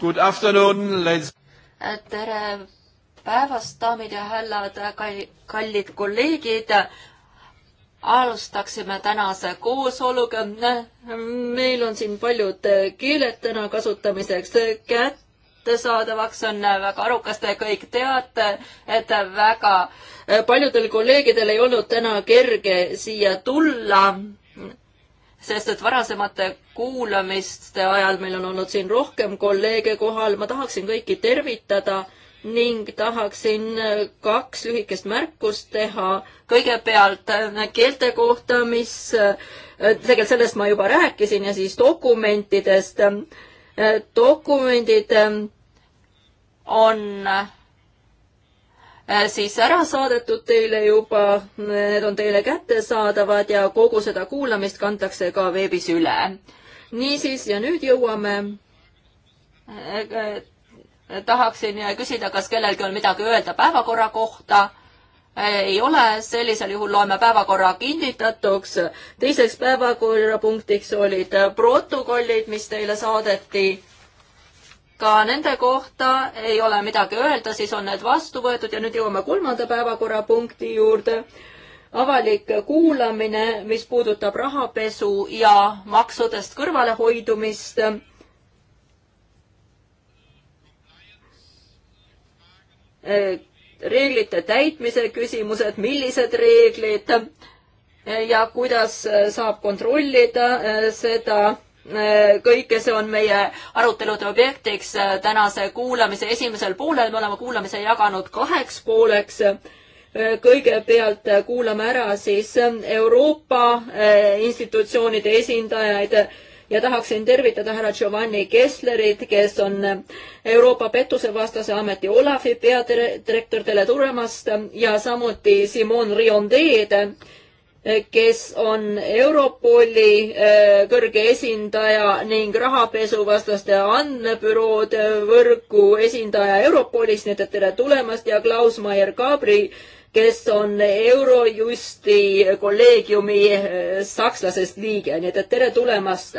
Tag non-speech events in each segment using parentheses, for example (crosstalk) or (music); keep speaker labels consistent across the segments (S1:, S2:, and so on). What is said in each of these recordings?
S1: Good afternoon, ladies.
S2: tere päevast, daamid ja härrad, kallid kolleegid. alustaksime tänase koosoleku. meil on siin paljud keeled täna kasutamiseks kättesaadavaks, on väga arukas, te kõik teate, et väga paljudel kolleegidel ei olnud täna kerge siia tulla sest et varasemate kuulamiste ajal meil on olnud siin rohkem kolleege kohal, ma tahaksin kõiki tervitada ning tahaksin kaks lühikest märkust teha. kõigepealt äh, keelte kohta, mis, äh, tegelikult sellest ma juba rääkisin ja siis dokumentidest. Äh, dokumendid on Äh, siis ära saadetud teile juba, need on teile kättesaadavad ja kogu seda kuulamist kantakse ka veebis üle. niisiis, ja nüüd jõuame äh, tahaksin äh, küsida, kas kellelgi on midagi öelda päevakorra kohta. ei ole, sellisel juhul loeme päevakorra kinnitatuks. teiseks päevakorrapunktiks olid protokollid, mis teile saadeti ka nende kohta ei ole midagi öelda, siis on need vastu võetud ja nüüd jõuame kolmanda päevakorrapunkti juurde. avalik kuulamine, mis puudutab rahapesu ja maksudest kõrvalehoidumist. reeglite täitmise küsimused, millised reeglid ja kuidas saab kontrollida seda Äh, kõike see on meie arutelude objektiks äh, tänase kuulamise esimesel poolel, me oleme kuulamise jaganud kaheks pooleks. Äh, kõigepealt kuulame ära siis Euroopa institutsioonide esindajaid ja tahaksin tervitada härra Giovanni Kesslerit, kes on Euroopa pettusevastase ameti Olavi peadirektor, tere tulemast ja samuti Simon Riondeed kes on Europoli äh, kõrge esindaja ning rahapesuvastaste andmebüroode võrgu esindaja Europolis, nii et tere tulemast ja Klaus Maier Kaabri, kes on Eurojusti kolleegiumi äh, sakslasest liige, nii et tere tulemast.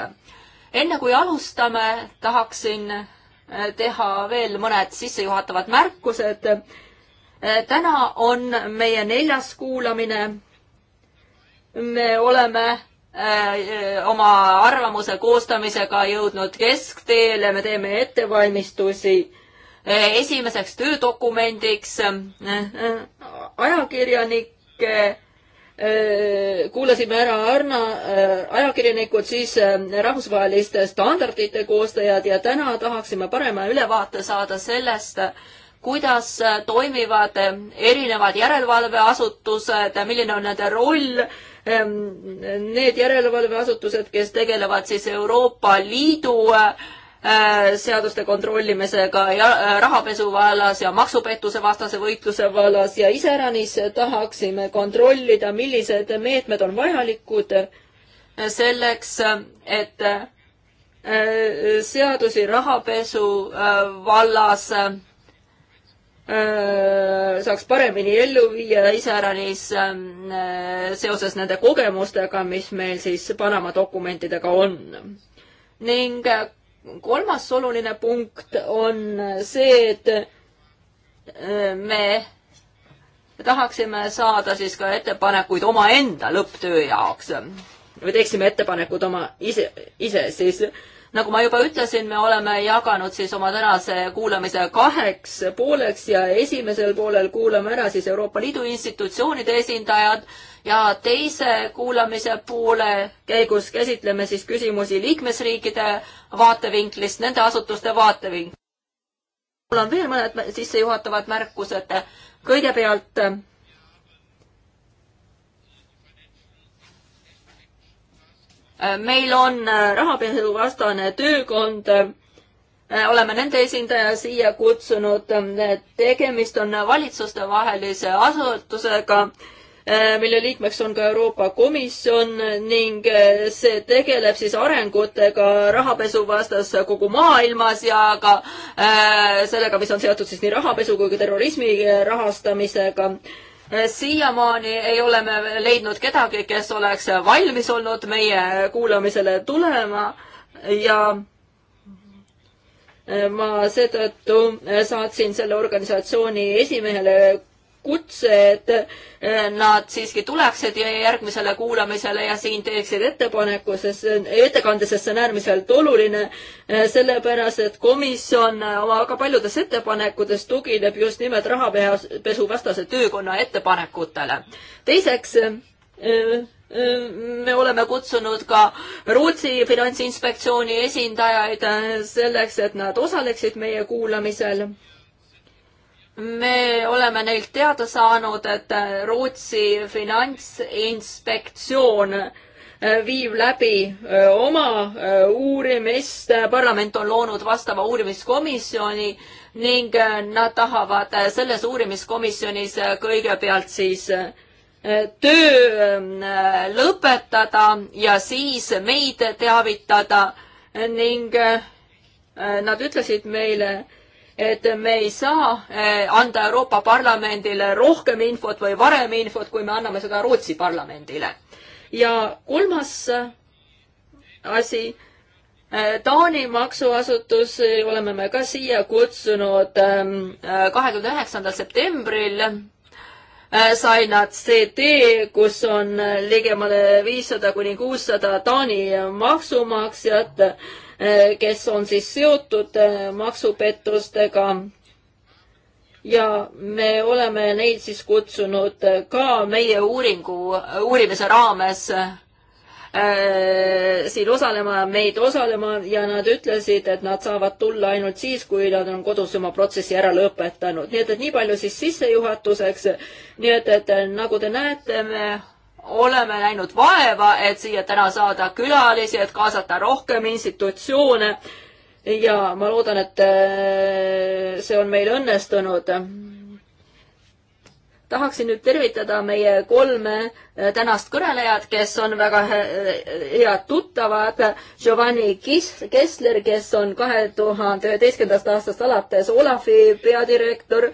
S2: enne kui alustame, tahaksin äh, teha veel mõned sissejuhatavad märkused. täna on meie neljas kuulamine me oleme äh, oma arvamuse koostamisega jõudnud keskteele, me teeme ettevalmistusi äh, esimeseks töödokumendiks. Äh, ajakirjanik, kuulasime ära Arna, ajakirjanikud, siis rahvusvaheliste standardite koostajad ja täna tahaksime parema ülevaate saada sellest, kuidas toimivad erinevad järelevalveasutused, milline on nende roll Ehm, need järelevalveasutused, kes tegelevad siis Euroopa Liidu äh, seaduste kontrollimisega ja äh, rahapesu vallas ja maksupettuse vastase võitluse vallas ja iseäranis tahaksime kontrollida, millised meetmed on vajalikud äh, selleks, et seadusi rahapesu vallas Äh, saaks paremini ellu viia iseäranis ähm, äh, seoses nende kogemustega, mis meil siis Panama dokumentidega on. ning äh, kolmas oluline punkt on see, et me tahaksime saada siis ka ettepanekuid omaenda lõpptöö jaoks või teeksime ettepanekud oma ise, ise siis äh, nagu ma juba ütlesin, me oleme jaganud siis oma tänase kuulamise kaheks pooleks ja esimesel poolel kuulame ära siis Euroopa Liidu institutsioonide esindajad ja teise kuulamise poole käigus käsitleme siis küsimusi liikmesriikide vaatevinklist, nende asutuste vaatevinklist. mul on veel mõned sissejuhatavad märkused. kõigepealt Äh, meil on äh, rahapesuvastane töökond, äh, oleme nende esindaja siia kutsunud, tegemist on valitsustevahelise asutusega, mille liikmeks on ka Euroopa Komisjon ning see tegeleb siis arengutega rahapesuvastas kogu maailmas ja ka sellega, mis on seotud siis nii rahapesu kui ka terrorismi rahastamisega Eh, siiamaani ei ole me leidnud kedagi, kes oleks valmis olnud meie kuulamisele tulema ja eh, ma seetõttu eh, saatsin selle organisatsiooni esimehele kutse, et eh, nad siiski tuleksid järgmisele kuulamisele ja siin teeksid ettepaneku, sest ettekande, sest see on äärmiselt oluline, eh, sellepärast et komisjon eh, oma väga paljudes ettepanekutes tugineb just nimelt rahapesuvastase töökonna ettepanekutele. teiseks, me oleme kutsunud ka Rootsi finantsinspektsiooni esindajaid selleks, et nad osaleksid meie kuulamisel me oleme neilt teada saanud, et Rootsi finantsinspektsioon äh, viib läbi äh, oma äh, uurimist, parlament on loonud vastava uurimiskomisjoni ning nad tahavad selles uurimiskomisjonis kõigepealt siis töö lõpetada ja siis meid teavitada ning nad ütlesid meile, et me ei saa eh, anda Euroopa Parlamendile rohkem infot või varem infot, kui me anname seda Rootsi parlamendile. ja kolmas eh, asi, eh, Taani maksuasutus oleme me ka siia kutsunud ehm, kahekümne üheksandal septembril sai nad CD, kus on ligemale viissada kuni kuussada Taani maksumaksjat Äh, kes on siis seotud äh, maksupettustega. ja me oleme neid siis kutsunud äh, ka meie uuringu, uurimise raames siin osalema, meid osalema ja nad ütlesid, et nad saavad tulla ainult siis, kui nad on kodus oma protsessi ära lõpetanud. nii et, et nii palju siis sissejuhatuseks. nii et, et nagu te näete, me oleme näinud vaeva, et siia täna saada külalisi, et kaasata rohkem institutsioone ja ma loodan, et äh, see on meil õnnestunud. tahaksin nüüd tervitada meie kolme äh, tänast kõnelejat, kes on väga head tuttavad. Giovanni Kessler, kes on kahe tuhande üheteistkümnendast aastast alates Olafi peadirektor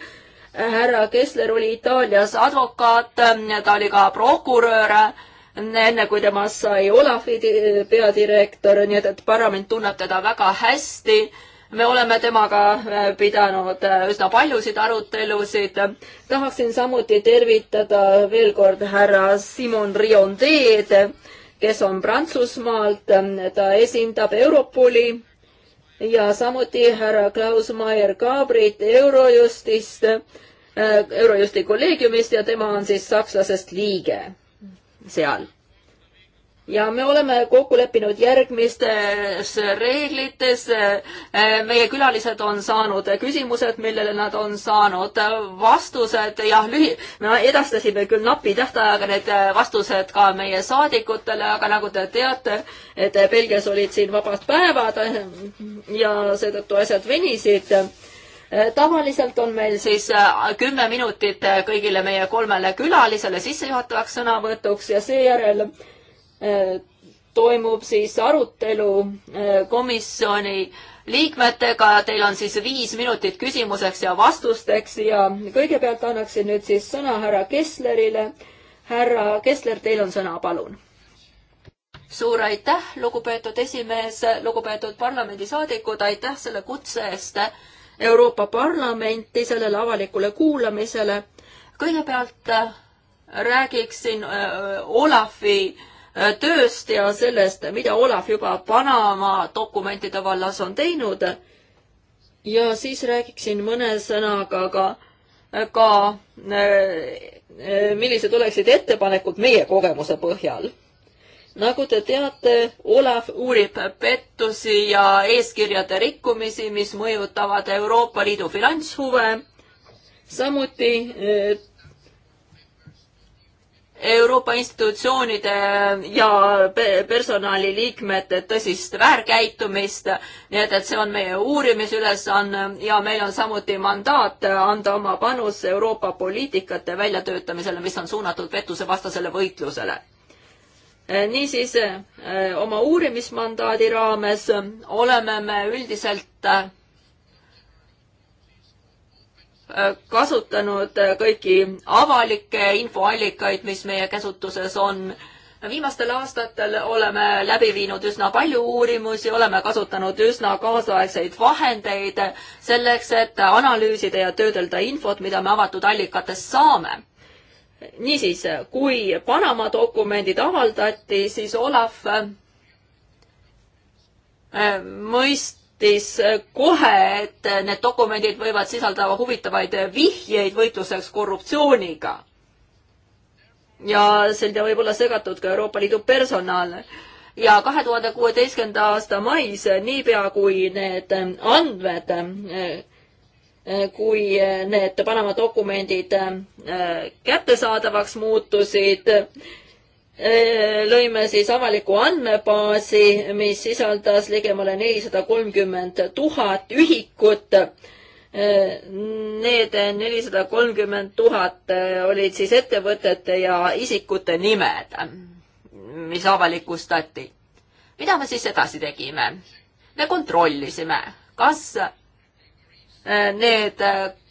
S2: härra Kessler oli Itaalias advokaat, ta oli ka prokurör, enne kui temast sai Olavi peadirektor, nii et, et parlament tunneb teda väga hästi me oleme temaga äh, pidanud äh, üsna paljusid arutelusid. tahaksin samuti tervitada veel kord härra Simon Riondeed, kes on Prantsusmaalt, ta esindab Europoli ja samuti härra Klaus Maier Kaabrit Eurojustist, äh, Eurojusti kolleegiumist ja tema on siis sakslasest liige seal ja me oleme kokku leppinud järgmistes reeglites. Äh, meie külalised on saanud küsimused, millele nad on saanud vastused, jah, lühi-, me edastasime küll napi tähtajaga need äh, vastused ka meie saadikutele, aga nagu te teate, et Belgias olid siin vabad päevad ja seetõttu asjad venisid äh, tavaliselt on meil siis kümme minutit kõigile meie kolmele külalisele sissejuhatavaks sõnavõtuks ja seejärel äh, toimub siis arutelu äh, komisjoni liikmetega ja teil on siis viis minutit küsimuseks ja vastusteks ja kõigepealt annaksin nüüd siis sõna härra Kesslerile. härra Kessler, teil on sõna, palun. suur aitäh, lugupeetud esimees, lugupeetud parlamendisaadikud, aitäh selle kutse eest Euroopa Parlamenti sellele avalikule kuulamisele. kõigepealt äh, räägiksin äh, Olafi äh, tööst ja sellest, mida Olav juba Panama dokumentide vallas on teinud. ja siis räägiksin mõne sõnaga ka, ka äh, millised oleksid ettepanekud meie kogemuse põhjal. nagu te teate, Olav uurib pettusi ja eeskirjade rikkumisi, mis mõjutavad Euroopa Liidu finantshuve. samuti äh, Euroopa institutsioonide ja personaliliikmete tõsist väärkäitumist. nii et, et see on meie uurimisülesanne ja meil on samuti mandaat anda oma panus Euroopa poliitikate väljatöötamisele, mis on suunatud pettusevastasele võitlusele niisiis oma uurimismandaadi raames oleme me üldiselt kasutanud kõiki avalikke infoallikaid, mis meie käsutuses on. viimastel aastatel oleme läbi viinud üsna palju uurimusi, oleme kasutanud üsna kaasaegseid vahendeid selleks, et analüüsida ja töödelda infot, mida me avatud allikatest saame. niisiis, kui Panama dokumendid avaldati, siis Olav äh, mõist-, teatis kohe, et need dokumendid võivad sisaldada huvitavaid vihjeid võitluseks korruptsiooniga. ja selge võib olla segatud ka Euroopa Liidu personal ja kahe tuhande kuueteistkümnenda aasta mais, niipea kui need andmed, kui need Panama dokumendid kättesaadavaks muutusid, Äh, lõime siis avaliku andmebaasi, mis sisaldas ligemale nelisada kolmkümmend tuhat ühikut. Äh, need nelisada kolmkümmend tuhat äh, olid siis ettevõtete ja isikute nimed, mis avalikustati. mida me siis edasi tegime? me kontrollisime, kas need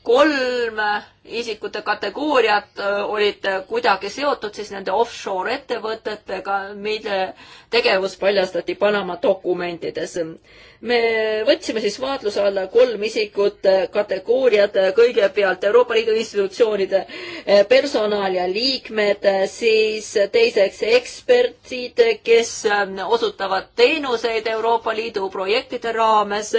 S2: kolm isikute kategooriad äh, olid kuidagi seotud siis nende offshore ettevõtetega, mille tegevus paljastati Panama dokumentides. me võtsime siis vaatluse alla kolm isikut äh, kategooriad, äh, kõigepealt Euroopa Liidu institutsioonide personal ja liikmed, siis teiseks eksperdid, kes osutavad teenuseid Euroopa Liidu projektide raames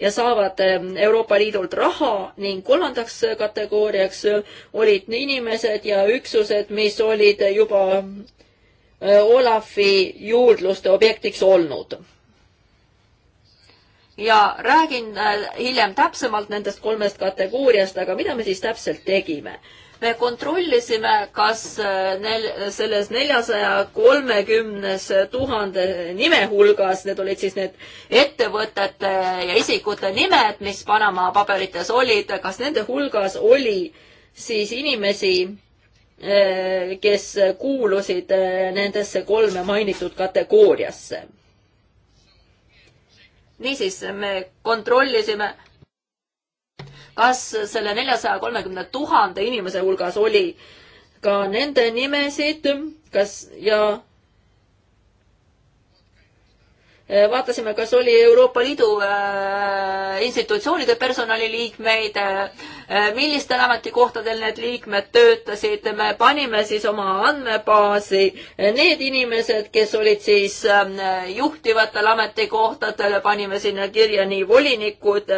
S2: ja saavad Euroopa Liidult raha ning kolmandaks kategooriaks ajaks äh, olid inimesed ja üksused, mis olid juba äh, Olafi juurdluste objektiks olnud. ja räägin äh, hiljem täpsemalt nendest kolmest kategooriast, aga mida me siis täpselt tegime me kontrollisime, kas äh, nel-, selles neljasaja kolmekümnes tuhande nime hulgas, need olid siis need ettevõtete ja isikute nimed, mis Panama paberites olid, kas nende hulgas oli siis inimesi, äh, kes kuulusid äh, nendesse kolme mainitud kategooriasse. niisiis, me kontrollisime kas selle neljasaja kolmekümne tuhande inimese hulgas oli ka nende nimesid, kas ja Äh, vaatasime, kas oli Euroopa Liidu äh, institutsioonide personaliliikmeid, äh, millistel ametikohtadel need liikmed töötasid, me panime siis oma andmebaasi need inimesed, kes olid siis juhtivatel ametikohtadel, panime sinna kirja nii volinikud,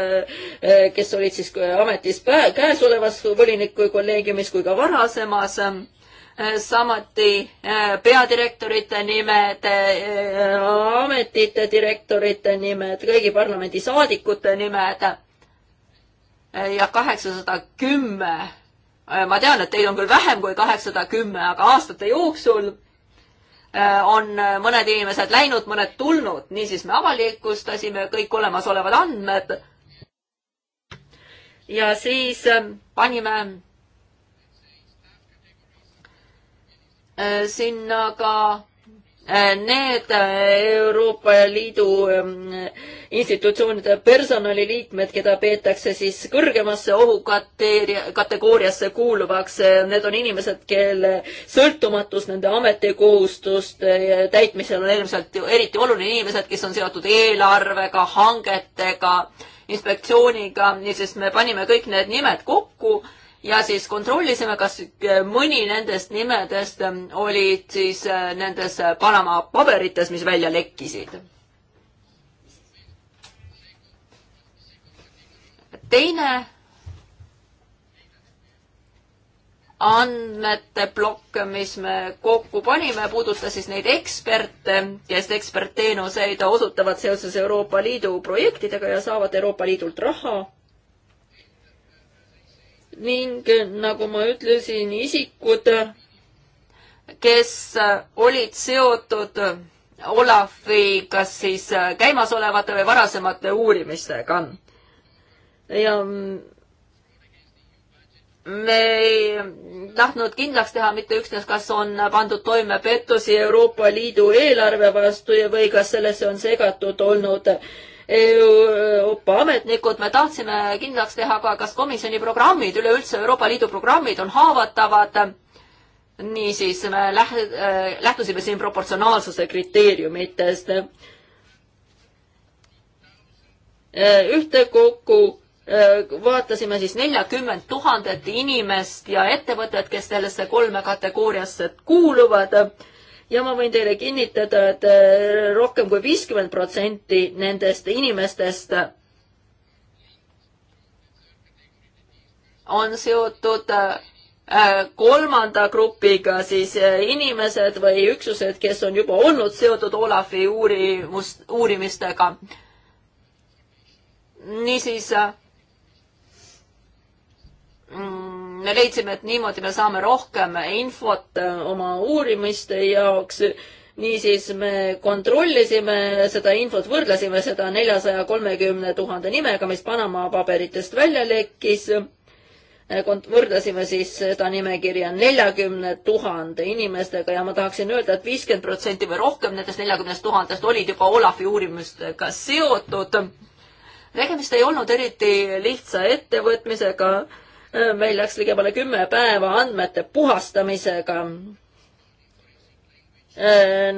S2: kes olid siis ametis käesolevas voliniku kolleegiumis kui ka varasemas Äh, samuti äh, peadirektorite nimed, äh, ametite direktorite nimed, kõigi parlamendisaadikute nimed ja kaheksasada kümme. ma tean, et teil on küll vähem kui kaheksasada kümme, aga aastate jooksul on mõned inimesed läinud, mõned tulnud, niisiis me avalikustasime kõik olemasolevad andmed. ja siis panime Äh, sinna ka äh, need äh, Euroopa Liidu ähm, institutsioonide personaliliikmed, keda peetakse siis kõrgemasse ohukategooriasse kuuluvaks, need on inimesed, kelle sõltumatus nende ametikohustuste täitmisel on ilmselt ju eriti oluline, inimesed, kes on seotud eelarvega, hangetega, inspektsiooniga, niisiis me panime kõik need nimed kokku ja siis kontrollisime, kas äh, mõni nendest nimedest ähm, olid siis äh, nendes äh, Panama paberites, mis välja lekkisid. teine andmete plokk, mis me kokku panime, puudutas siis neid eksperte, kes ekspertteenuseid osutavad seoses Euroopa Liidu projektidega ja saavad Euroopa Liidult raha ning nagu ma ütlesin, isikud, kes olid seotud Olafi kas siis käimasolevate või varasemate uurimistega. ja me ei tahtnud kindlaks teha mitte üksnes, kas on pandud toime pettusi Euroopa Liidu eelarve vastu või kas sellesse on segatud olnud äh, Eh, Euroopa ametnikud, me tahtsime kindlaks teha ka, kas komisjoni programmid, üleüldse Euroopa Liidu programmid on haavatavad. niisiis me läht-, eh, lähtusime siin proportsionaalsuse kriteeriumitest. Eh, ühtekokku vaatasime siis neljakümmend tuhandet inimest ja ettevõtet, kes sellesse kolme kategooriasse kuuluvad ja ma võin teile kinnitada, et äh, rohkem kui viiskümmend protsenti nendest inimestest on seotud äh, kolmanda grupiga siis äh, inimesed või üksused, kes on juba olnud seotud Olafi uurimust, uurimistega. niisiis me leidsime, et niimoodi me saame rohkem infot äh, oma uurimiste jaoks. niisiis me kontrollisime seda infot, võrdlesime seda neljasaja kolmekümne tuhande nimega, mis Panama paberitest välja lekkis äh, võrdlesime siis seda nimekirja neljakümne tuhande inimestega ja ma tahaksin öelda et, et viiskümmend protsenti või rohkem nendest neljakümnest tuhandest olid juba Olavi uurimustega seotud. tegemist ei olnud eriti lihtsa ettevõtmisega meil läks ligemale kümme päeva andmete puhastamisega äh,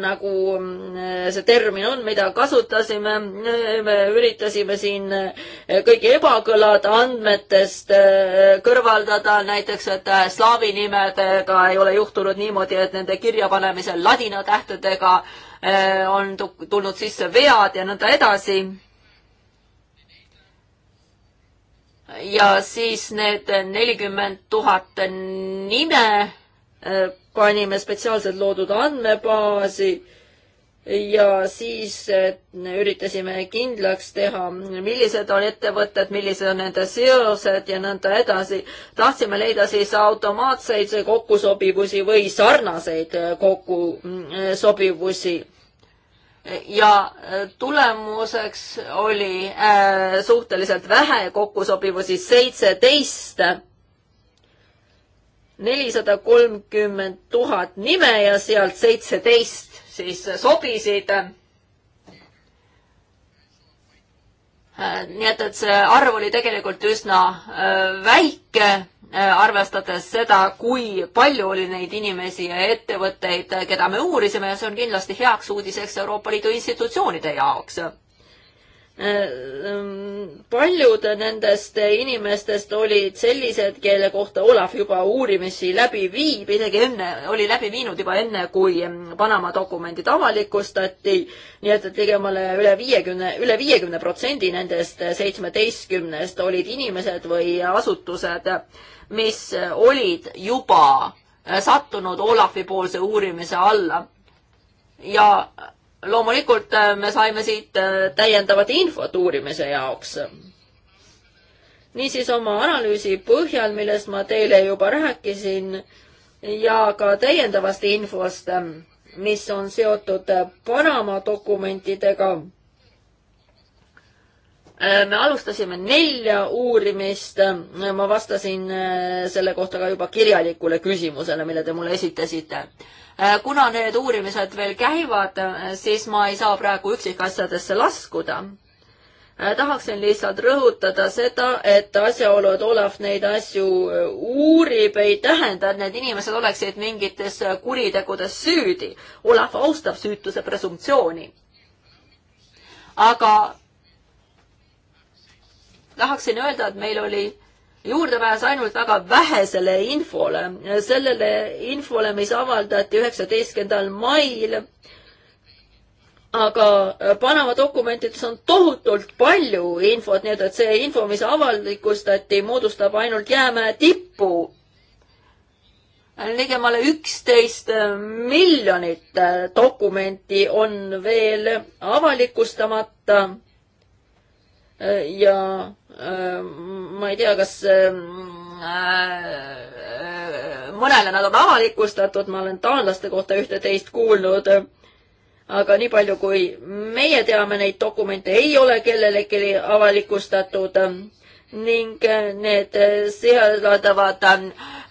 S2: nagu äh, see termin on, mida kasutasime, äh, me üritasime siin kõigi ebakõlad andmetest kõrvaldada, näiteks et slaavi nimedega ei ole juhtunud niimoodi, et nende kirjapanemisel ladina tähtedega on tulnud sisse vead ja nõnda edasi ja siis need nelikümmend tuhat nime äh, panime spetsiaalselt loodud andmebaasi ja siis äh, üritasime kindlaks teha, millised on ettevõtted, millised on nende seosed ja nõnda edasi. tahtsime leida siis automaatseid kokkusobivusi või sarnaseid kokkusobivusi mm, äh, ja äh, tulemuseks oli äh, suhteliselt vähe kokkusobivusi, seitseteist, nelisada kolmkümmend tuhat nime ja sealt seitseteist siis sobisid äh,. nii et, et see arv oli tegelikult üsna äh, väike Äh, arvestades seda, kui palju oli neid inimesi ja ettevõtteid, keda me uurisime ja see on kindlasti heaks uudiseks Euroopa Liidu institutsioonide jaoks paljud nendest inimestest olid sellised, kelle kohta Olav juba uurimisi läbi viib, isegi enne, oli läbi viinud juba enne, kui Panama dokumendid avalikustati. nii et, et ligemale üle viiekümne, üle viiekümne protsendi nendest seitsmeteistkümnest olid inimesed või asutused, mis olid juba sattunud Olavi poolse uurimise alla ja loomulikult äh, me saime siit äh, täiendavat infot uurimise jaoks. niisiis oma analüüsi põhjal, millest ma teile juba rääkisin ja ka täiendavast infost, mis on seotud Panama dokumentidega Äh, me alustasime nelja uurimist, äh, ma vastasin äh, selle kohta ka juba kirjalikule küsimusele, mille te mulle esitasite. kuna need uurimised veel käivad, siis ma ei saa praegu üksikasjadesse laskuda. tahaksin lihtsalt rõhutada seda, et asjaolu, et Olav neid asju uurib, ei tähenda, et need inimesed oleksid mingites kuritegudes süüdi. Olav austab süütuse presumptsiooni. aga tahaksin öelda, et meil oli juurdepääs ainult väga vähesele infole, sellele infole, mis avaldati üheksateistkümnendal mail. aga Panama dokumentides on tohutult palju infot, nii et, et see info, mis avalikustati, moodustab ainult jäämäe tippu. ligemale üksteist miljonit dokumenti on veel avalikustamata Äh, ja äh, ma ei tea, kas äh, mõnele nad on avalikustatud, ma olen taanlaste kohta ühte-teist kuulnud, aga nii palju, kui meie teame, neid dokumente ei ole kellelegi avalikustatud ning äh, need äh, sisaldavad äh,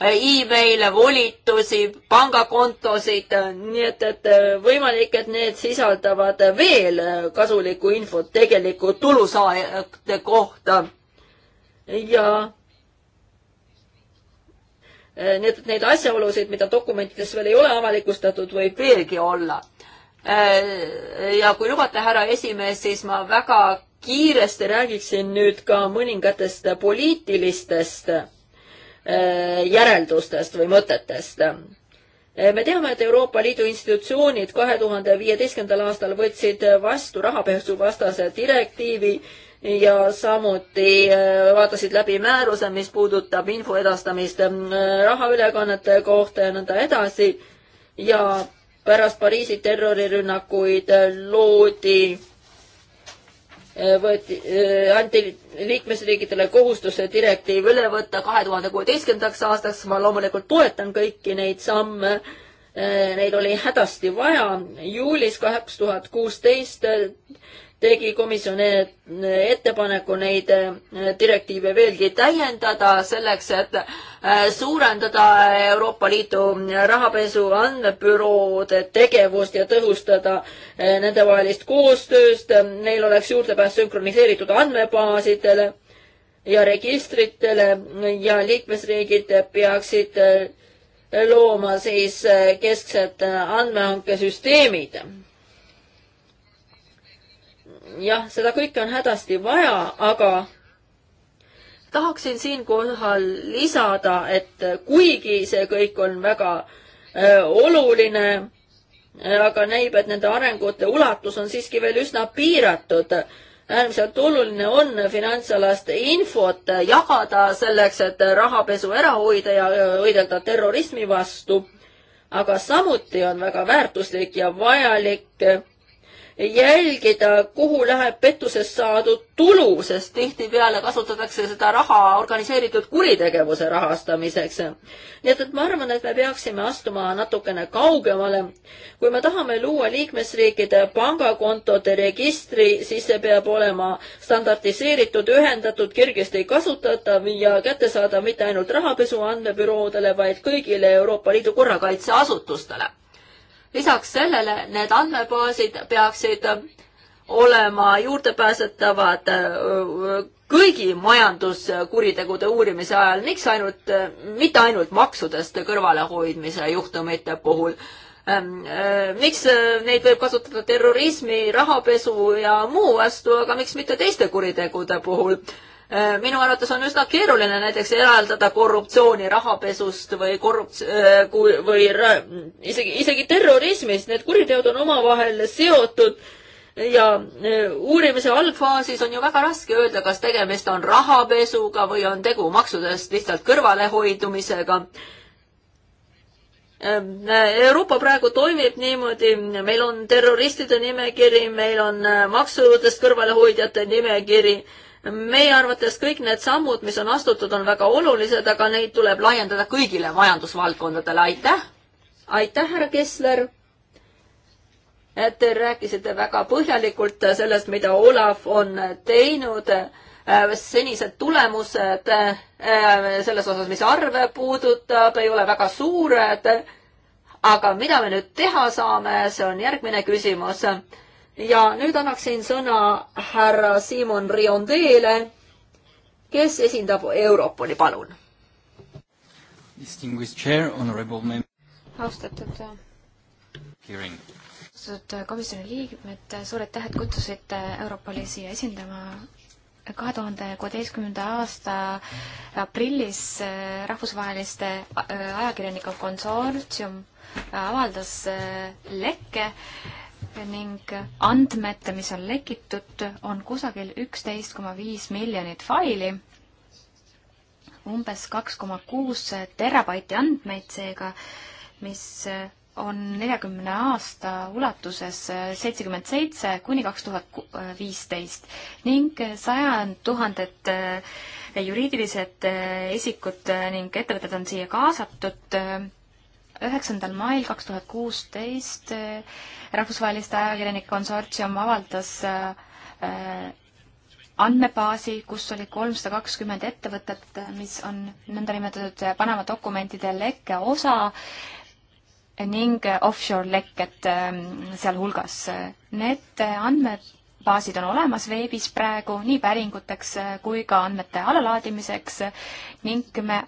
S2: email'e, volitusi, pangakontosid, nii et, et võimalik, et need sisaldavad veel kasulikku infot tegeliku tulusaajate kohta. ja need, neid asjaolusid, mida dokumentides veel ei ole avalikustatud, võib veelgi olla ja kui lubate, härra esimees, siis ma väga kiiresti räägiksin nüüd ka mõningatest poliitilistest äh, järeldustest või mõtetest. Äh, me teame, et Euroopa Liidu institutsioonid kahe tuhande viieteistkümnendal aastal võtsid vastu rahapesuvastase direktiivi ja samuti äh, vaatasid läbi määruse, mis puudutab info edastamist rahaülekannete kohta ja nõnda edasi. ja pärast Pariisi terrorirünnakuid loodi Eh, võeti, eh, anti liikmesriikidele kohustus see direktiiv üle võtta kahe tuhande kuueteistkümnendaks aastaks, ma loomulikult toetan kõiki neid samme, eh, neid oli hädasti vaja. juulis kaks tuhat kuusteist tegi komisjon e-, ettepaneku neid e, direktiive veelgi täiendada selleks, et e, suurendada Euroopa Liidu rahapesu andmebüroode tegevust ja tõhustada nendevahelist koostööst. Neil oleks juurdepääs sünkroniseeritud andmebaasidele ja registritele ja liikmesriigid peaksid looma siis kesksed andmehankesüsteemid jah, seda kõike on hädasti vaja, aga tahaksin siinkohal lisada, et kuigi see kõik on väga äh, oluline, äh, aga näib, et nende arengute ulatus on siiski veel üsna piiratud. äärmiselt oluline on finantsalast infot jagada selleks, et rahapesu ära hoida ja võidelda terrorismi vastu. aga samuti on väga väärtuslik ja vajalik jälgida, kuhu läheb pettusest saadud tulu, sest tihtipeale kasutatakse seda raha organiseeritud kuritegevuse rahastamiseks. nii et, et ma arvan, et me peaksime astuma natukene kaugemale. kui me tahame luua liikmesriikide pangakontode registri, siis see peab olema standardiseeritud, ühendatud, kergesti kasutatav ja kättesaadav mitte ainult rahapesu andmebüroodele, vaid kõigile Euroopa Liidu korrakaitseasutustele lisaks sellele need andmebaasid peaksid olema juurdepääsetavad äh, kõigi majanduskuritegude uurimise ajal, miks ainult, äh, mitte ainult maksudest kõrvalehoidmise juhtumite puhul. Ähm, äh, miks neid võib kasutada terrorismi, rahapesu ja muu vastu, aga miks mitte teiste kuritegude puhul? Äh, minu arvates on üsna keeruline näiteks eraldada korruptsiooni rahapesust või korrupt-, äh, või isegi, isegi terrorismist, need kuriteod on omavahel seotud ja äh, uurimise algfaasis on ju väga raske öelda, kas tegemist on rahapesuga või on tegu maksudest lihtsalt kõrvalehoidumisega. Ähm, Euroopa praegu toimib niimoodi, meil on terroristide nimekiri, meil on maksudest kõrvalehoidjate nimekiri meie arvates kõik need sammud, mis on astutud, on väga olulised, aga neid tuleb laiendada kõigile majandusvaldkondadele, aitäh! aitäh, härra Kessler! et te rääkisite väga põhjalikult sellest, mida Olav on teinud, äh, senised tulemused äh, selles osas, mis arve puudutab, ei ole väga suured, aga mida me nüüd teha saame, see on järgmine küsimus ja nüüd annaksin sõna härra Simon Riondeele, kes
S3: esindab Europoli, palun. austatud äh,
S1: austatud
S3: äh, komisjoni liikmed, äh, suur aitäh, et kutsusite Europoli siia esindama. kahe tuhande kuueteistkümnenda aasta aprillis rahvusvaheliste ajakirjanike konsortsium avaldas lekke ning andmed, mis on lekitud, on kusagil üksteist koma viis miljonit faili, umbes kaks koma kuus terabaiti andmeid seega, mis on neljakümne aasta ulatuses seitsekümmend seitse kuni kaks tuhat viisteist ning sajand tuhanded eh, juriidilised eh, isikud eh, ning ettevõtted on siia kaasatud üheksandal mail kaks tuhat kuusteist eh, rahvusvaheliste ajakirjanike konsortsium avaldas eh, eh, andmebaasi, kus oli kolmsada kakskümmend ettevõtet, mis on nõndanimetatud Panama dokumentide lekke osa ning offshore lekked sealhulgas. Need andmebaasid on olemas veebis praegu nii päringuteks kui ka andmete alalaadimiseks ning me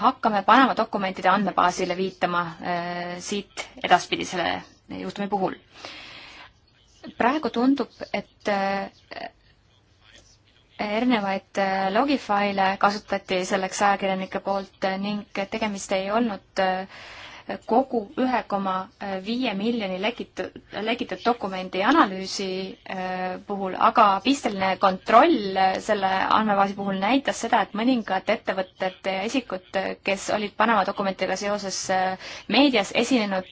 S3: hakkame Panama dokumentide andmebaasile viitama äh, siit edaspidi selle juhtumi puhul. praegu tundub, et äh, erinevaid äh, logifaile kasutati selleks ajakirjanike poolt ning tegemist ei olnud äh, kogu ühe koma viie miljoni lekit-, lekitud dokumendi analüüsi äh, puhul, aga pisteline kontroll äh, selle andmebaasi puhul näitas seda, et mõningad ettevõtted ja isikud, äh, kes olid Panama dokumentidega seoses meedias esinenud,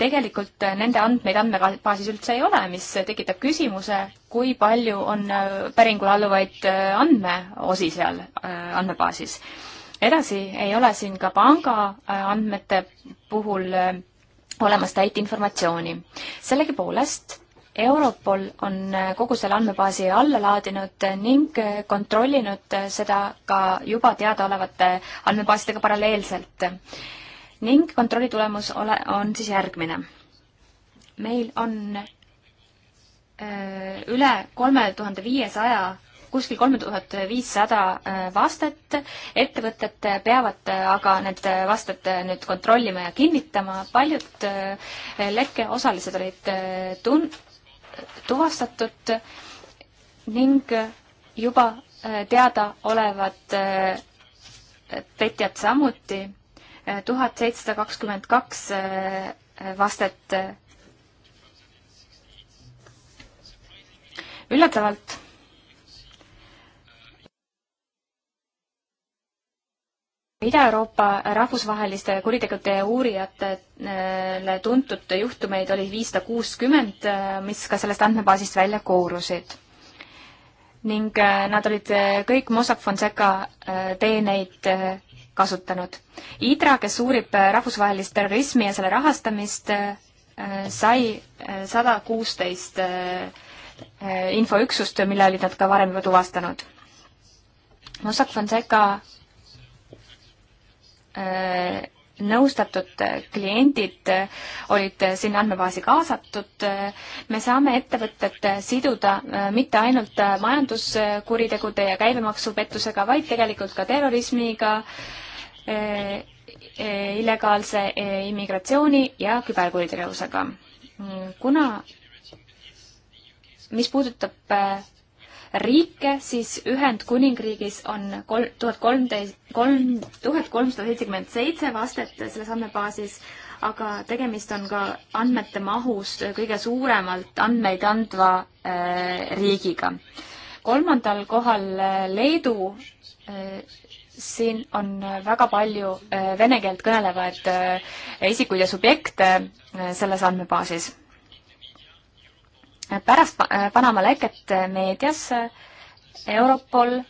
S3: tegelikult nende andmeid andmebaasis üldse ei ole, mis tekitab küsimuse, kui palju on päringule alluvaid andmeosi seal andmebaasis edasi ei ole siin ka panga äh, andmete puhul äh, olemas täit informatsiooni. sellegipoolest Europol on äh, kogu selle andmebaasi alla laadinud ning kontrollinud seda ka juba teadaolevate andmebaasidega paralleelselt. ning kontrolli tulemus ole, on siis järgmine. meil on öö, üle kolme tuhande viiesaja kuskil kolm tuhat viissada äh, vastet, ettevõtted peavad äh, aga need äh, vasted nüüd kontrollima ja kinnitama, paljud lekke osalised olid tun-, tuvastatud ning juba teada olevad petjad samuti, tuhat seitsesada kakskümmend kaks vastet üllatavalt Ida-Euroopa rahvusvaheliste kuritegude uurijatele tuntud juhtumeid oli viissada kuuskümmend, mis ka sellest andmebaasist välja koorusid. ning äh, nad olid äh, kõik Mossack Fonseca äh, teeneid kasutanud. IDRA, kes uurib rahvusvahelist terrorismi ja selle rahastamist, sai sada kuusteist infoüksust, mille olid nad ka varem juba tuvastanud. Mossack Fonseca Äh, nõustatud kliendid olid sinna andmebaasi kaasatud. me saame ettevõtted siduda äh, mitte ainult majanduskuritegude ja käibemaksupettusega, vaid tegelikult ka terrorismiga, äh, illegaalse immigratsiooni ja küberkuritegevusega. Mm, kuna, mis puudutab riike, siis Ühendkuningriigis on kolm, tuhat kolmteist, kolm, tuhat kolmsada seitsekümmend seitse vastet selles andmebaasis, aga tegemist on ka andmete mahus kõige suuremalt andmeid andva äh, riigiga. kolmandal kohal äh, Leedu äh, siin on väga palju äh, vene keelt kõnelevaid äh, isikuid ja subjekte äh, selles andmebaasis pärast Panama leket meedias Europol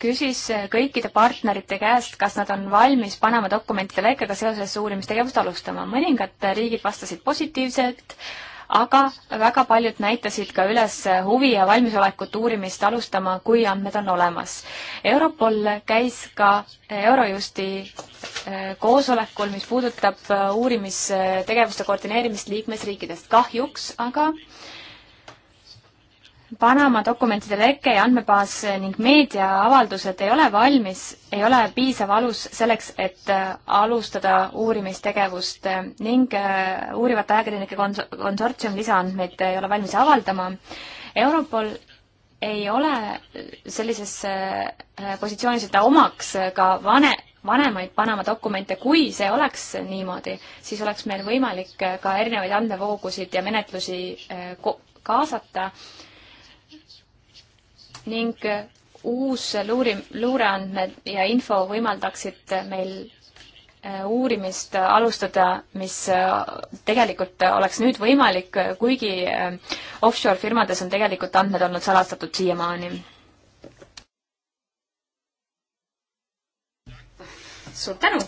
S3: küsis kõikide partnerite käest, kas nad on valmis Panama dokumentide lekkega seoses uurimistegevust alustama. mõningad riigid vastasid positiivselt, aga väga paljud näitasid ka üles huvi ja valmisolekut uurimist alustama, kui andmed on olemas. Europol käis ka Eurojusti äh, koosolekul, mis puudutab äh, uurimistegevuste koordineerimist liikmesriikidest. kahjuks aga äh, Panama dokumentide leke ja andmebaas ning meediaavaldused ei ole valmis, ei ole piisav alus selleks, et äh, alustada uurimistegevust äh, ning äh, uurivate ajakirjanike kons-, konsortsium lisaandmeid ei ole valmis avaldama. Europol ei ole sellises positsioonis, et ta omaks ka vane, vanemaid Panama dokumente, kui see oleks niimoodi, siis oleks meil võimalik ka erinevaid andmevoogusid ja menetlusi kaasata ning uus luuri, luureandmed ja info võimaldaksid meil äh, uurimist alustada, mis äh, tegelikult oleks nüüd võimalik, äh, kuigi offshore firmades on tegelikult andmed olnud salastatud siiamaani. suur tänu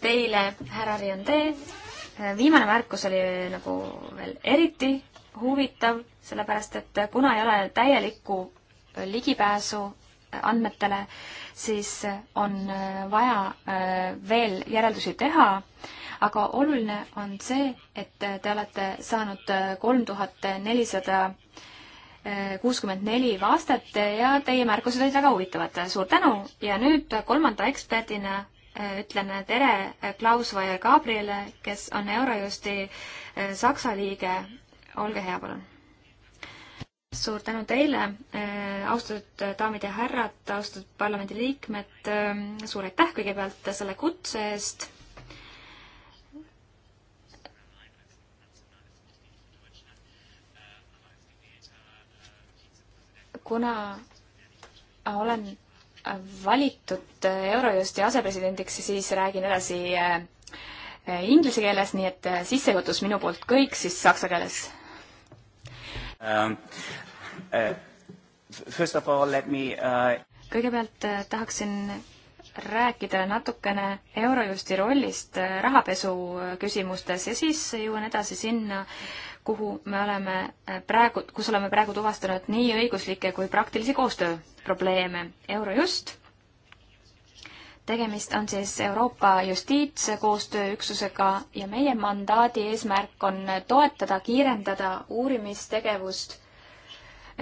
S3: teile, härra Riondee. viimane märkus oli nagu veel eriti huvitav sellepärast et kuna ei ole täielikku ligipääsu andmetele, siis on vaja äh, veel järeldusi teha, aga oluline on see, et te olete saanud äh, kolm tuhat nelisada äh, kuuskümmend neli vastet ja teie märkused olid väga huvitavad. suur tänu ja nüüd kolmanda eksperdina ütlen tere Klaus Vaier Gabriele, kes on Eurojusti Saksa liige. olge hea, palun suur tänu teile, eh, austatud daamid ja härrad, austatud parlamendiliikmed, eh, suur aitäh kõigepealt selle kutse eest kuna olen valitud Eurojusti asepresidendiks, siis räägin edasi eh, inglise keeles, nii et sissejuhatus minu poolt kõik siis saksa keeles
S4: um,. Uh, first of all, let me uh...
S3: kõigepealt uh, tahaksin rääkida natukene Eurojusti rollist uh, rahapesu küsimustes ja siis jõuan edasi sinna, kuhu me oleme praegu, kus oleme praegu tuvastanud nii õiguslikke kui praktilisi koostööprobleeme. Eurojust, tegemist on siis Euroopa justiitskoostööüksusega ja meie mandaadi eesmärk on toetada, kiirendada uurimistegevust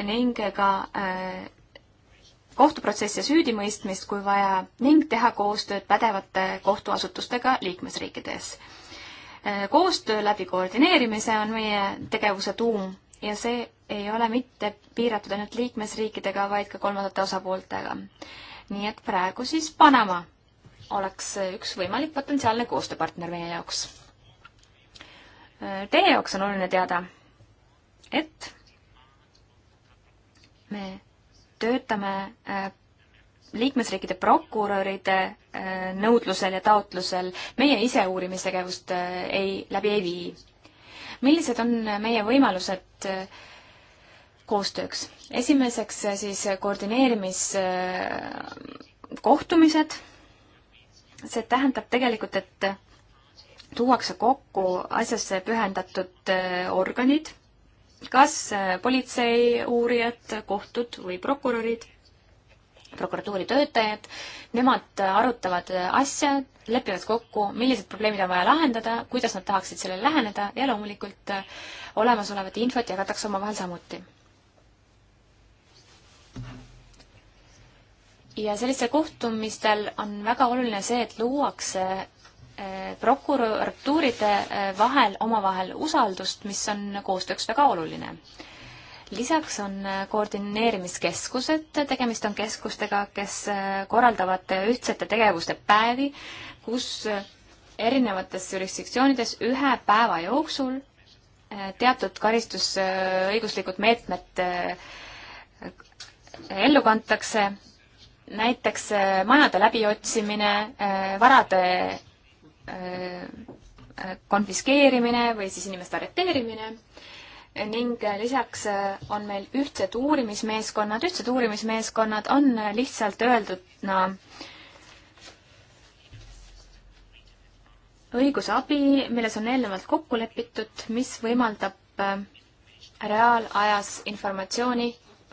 S3: ning ka äh, kohtuprotsessi ja süüdimõistmist, kui vaja, ning teha koostööd pädevate kohtuasutustega liikmesriikides. Äh, koostöö läbi koordineerimise on meie tegevuse tuum ja see ei ole mitte piiratud ainult liikmesriikidega, vaid ka kolmandate osapooltega. nii et praegu siis Panama oleks üks võimalik potentsiaalne koostööpartner meie jaoks. Äh, teie jaoks on oluline teada, et me töötame äh, liikmesriikide prokuröride äh, nõudlusel ja taotlusel meie ise uurimistegevust äh, ei, läbi ei vii. millised on meie võimalused koostööks? esimeseks siis koordineerimiskohtumised, see tähendab tegelikult, et tuuakse kokku asjasse pühendatud organid kas äh, politsei, uurijad, kohtud või prokurörid, prokuratuuri töötajad, nemad arutavad äh, asja, lepivad kokku, millised probleemid on vaja lahendada, kuidas nad tahaksid sellele läheneda ja loomulikult äh, olemasolevat infot jagatakse omavahel samuti. ja sellistel kohtumistel on väga oluline see, et luuakse Eh, prokuratuuride eh, vahel omavahel usaldust, mis on koostööks väga oluline. lisaks on eh, koordineerimiskeskused, tegemist on keskustega, kes korraldavad ühtsete tegevuste päevi, kus erinevates jurisdiktsioonides ühe päeva jooksul teatud karistusõiguslikud meetmed ellu kantakse, näiteks majade läbiotsimine, varade Äh, äh, konfiskeerimine või siis inimeste arreteerimine ning lisaks äh, on meil ühtsed uurimismeeskonnad, ühtsed uurimismeeskonnad on lihtsalt öelduna õigusabi, milles on eelnevalt kokku lepitud, mis võimaldab reaalajas informatsiooni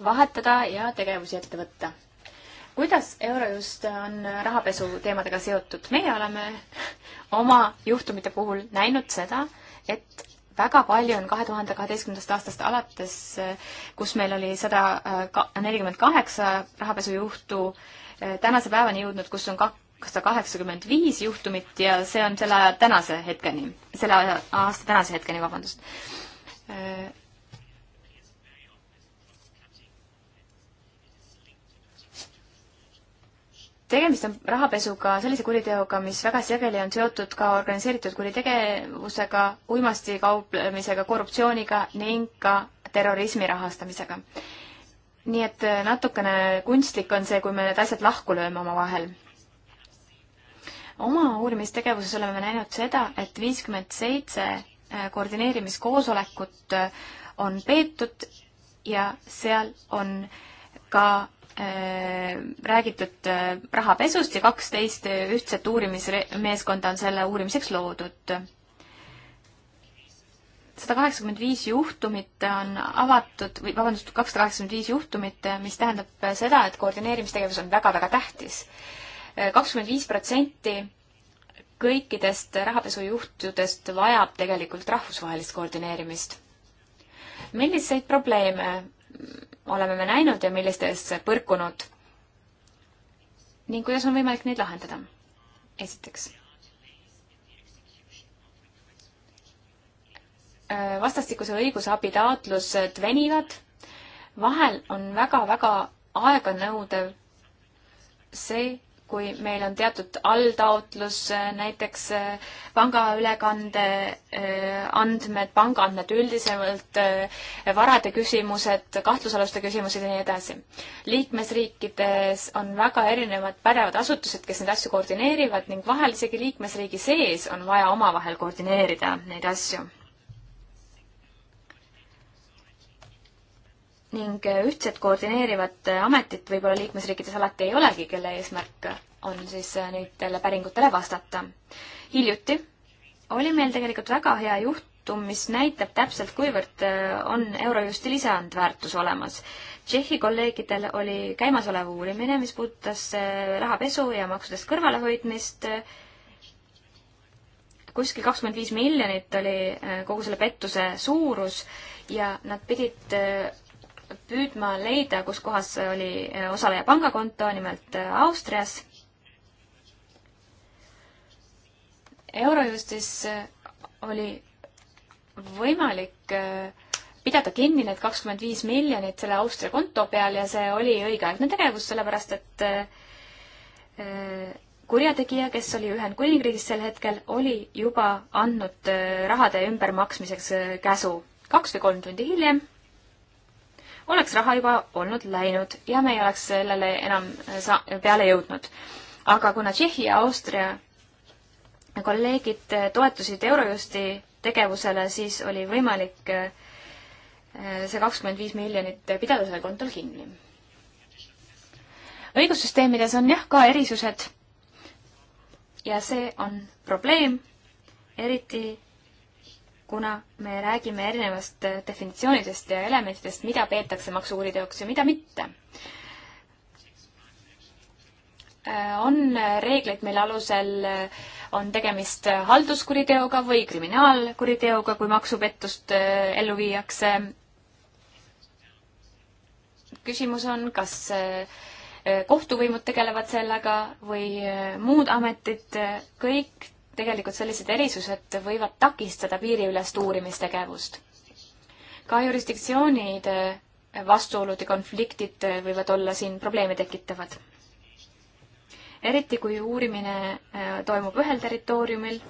S3: vahetada ja tegevusi ette võtta kuidas Eurojust on rahapesu teemadega seotud? meie oleme oma juhtumite puhul näinud seda, et väga palju on kahe tuhande kaheteistkümnendast aastast alates, kus meil oli sada äh, nelikümmend kaheksa rahapesujuhtu, äh, tänase päevani jõudnud, kus on kakssada kaheksakümmend viis juhtumit ja see on selle aja tänase hetkeni, selle aasta tänase hetkeni, vabandust äh, tegemist on rahapesuga, sellise kuriteoga, mis väga sageli on seotud ka organiseeritud kuritegevusega, uimasti kauplemisega, korruptsiooniga ning ka terrorismi rahastamisega. nii et natukene kunstlik on see, kui me need asjad lahku lööme omavahel. oma uurimistegevuses oleme näinud seda, et viiskümmend seitse äh, koordineerimiskoosolekut äh, on peetud ja seal on ka Äh, räägitud äh, rahapesust ja kaksteist äh, ühtset uurimismeeskonda on selle uurimiseks loodud. sada kaheksakümmend viis juhtumit on avatud või vabandust, kakssada kaheksakümmend viis juhtumit, mis tähendab seda, et koordineerimistegevus on väga-väga tähtis. kakskümmend viis protsenti kõikidest rahapesujuhtudest vajab tegelikult rahvusvahelist koordineerimist. milliseid probleeme oleme me näinud ja millistesse põrkunud ning kuidas on võimalik neid lahendada. esiteks. Äh, vastastikuse õigusabi taotlused venivad, vahel on väga-väga aeganõudev see, kui meil on teatud alltaotlus, näiteks äh, pangaülekande äh, andmed, pangaandmed üldisemalt, äh, varade küsimused, kahtlusaluste küsimused ja nii edasi. liikmesriikides on väga erinevad pädevad asutused, kes neid asju koordineerivad ning vahel isegi liikmesriigi sees on vaja omavahel koordineerida neid asju ning äh, ühtset koordineerivat äh, ametit võib-olla liikmesriikides alati ei olegi, kelle eesmärk on siis äh, nendele päringutele vastata. hiljuti oli meil tegelikult väga hea juhtum, mis näitab täpselt, kuivõrd on Eurojusti lisandväärtus olemas. Tšehhi kolleegidel oli käimasolev uurimine, mis puudutas rahapesu ja maksudest kõrvalehoidmist kuskil kakskümmend viis miljonit oli kogu selle pettuse suurus ja nad pidid püüdma leida, kus kohas oli äh, osaleja pangakonto, nimelt äh, Austrias. Eurojustis äh, oli võimalik pidada kinni need kakskümmend viis miljonit selle Austria konto peal ja see oli õigeaegne tegevus, sellepärast et kurjategija, kes oli Ühendkuningriigis sel hetkel, oli juba andnud rahade ümbermaksmiseks käsu. kaks või kolm tundi hiljem oleks raha juba olnud läinud ja me ei oleks sellele enam äh, sa-, peale jõudnud. aga kuna Tšehhi ja Austria kolleegid äh, toetusid Eurojusti tegevusele, siis oli võimalik äh, see kakskümmend viis miljonit pidada sellel kontol kinni. õigussüsteemides on jah ka erisused ja see on probleem, eriti kuna me räägime erinevast äh, definitsioonidest ja elementidest, mida peetakse maksukuriteoks ja mida mitte. Äh, on reegleid, mille alusel äh, on tegemist halduskuriteoga või kriminaalkuriteoga, kui maksupettust ellu viiakse. küsimus on, kas kohtuvõimud tegelevad sellega või muud ametid, kõik tegelikult sellised erisused võivad takistada piiriülest uurimistegevust. ka jurisdiktsioonide vastuolud ja konfliktid võivad olla siin probleeme tekitavad. eriti, kui uurimine äh, toimub ühel territooriumil,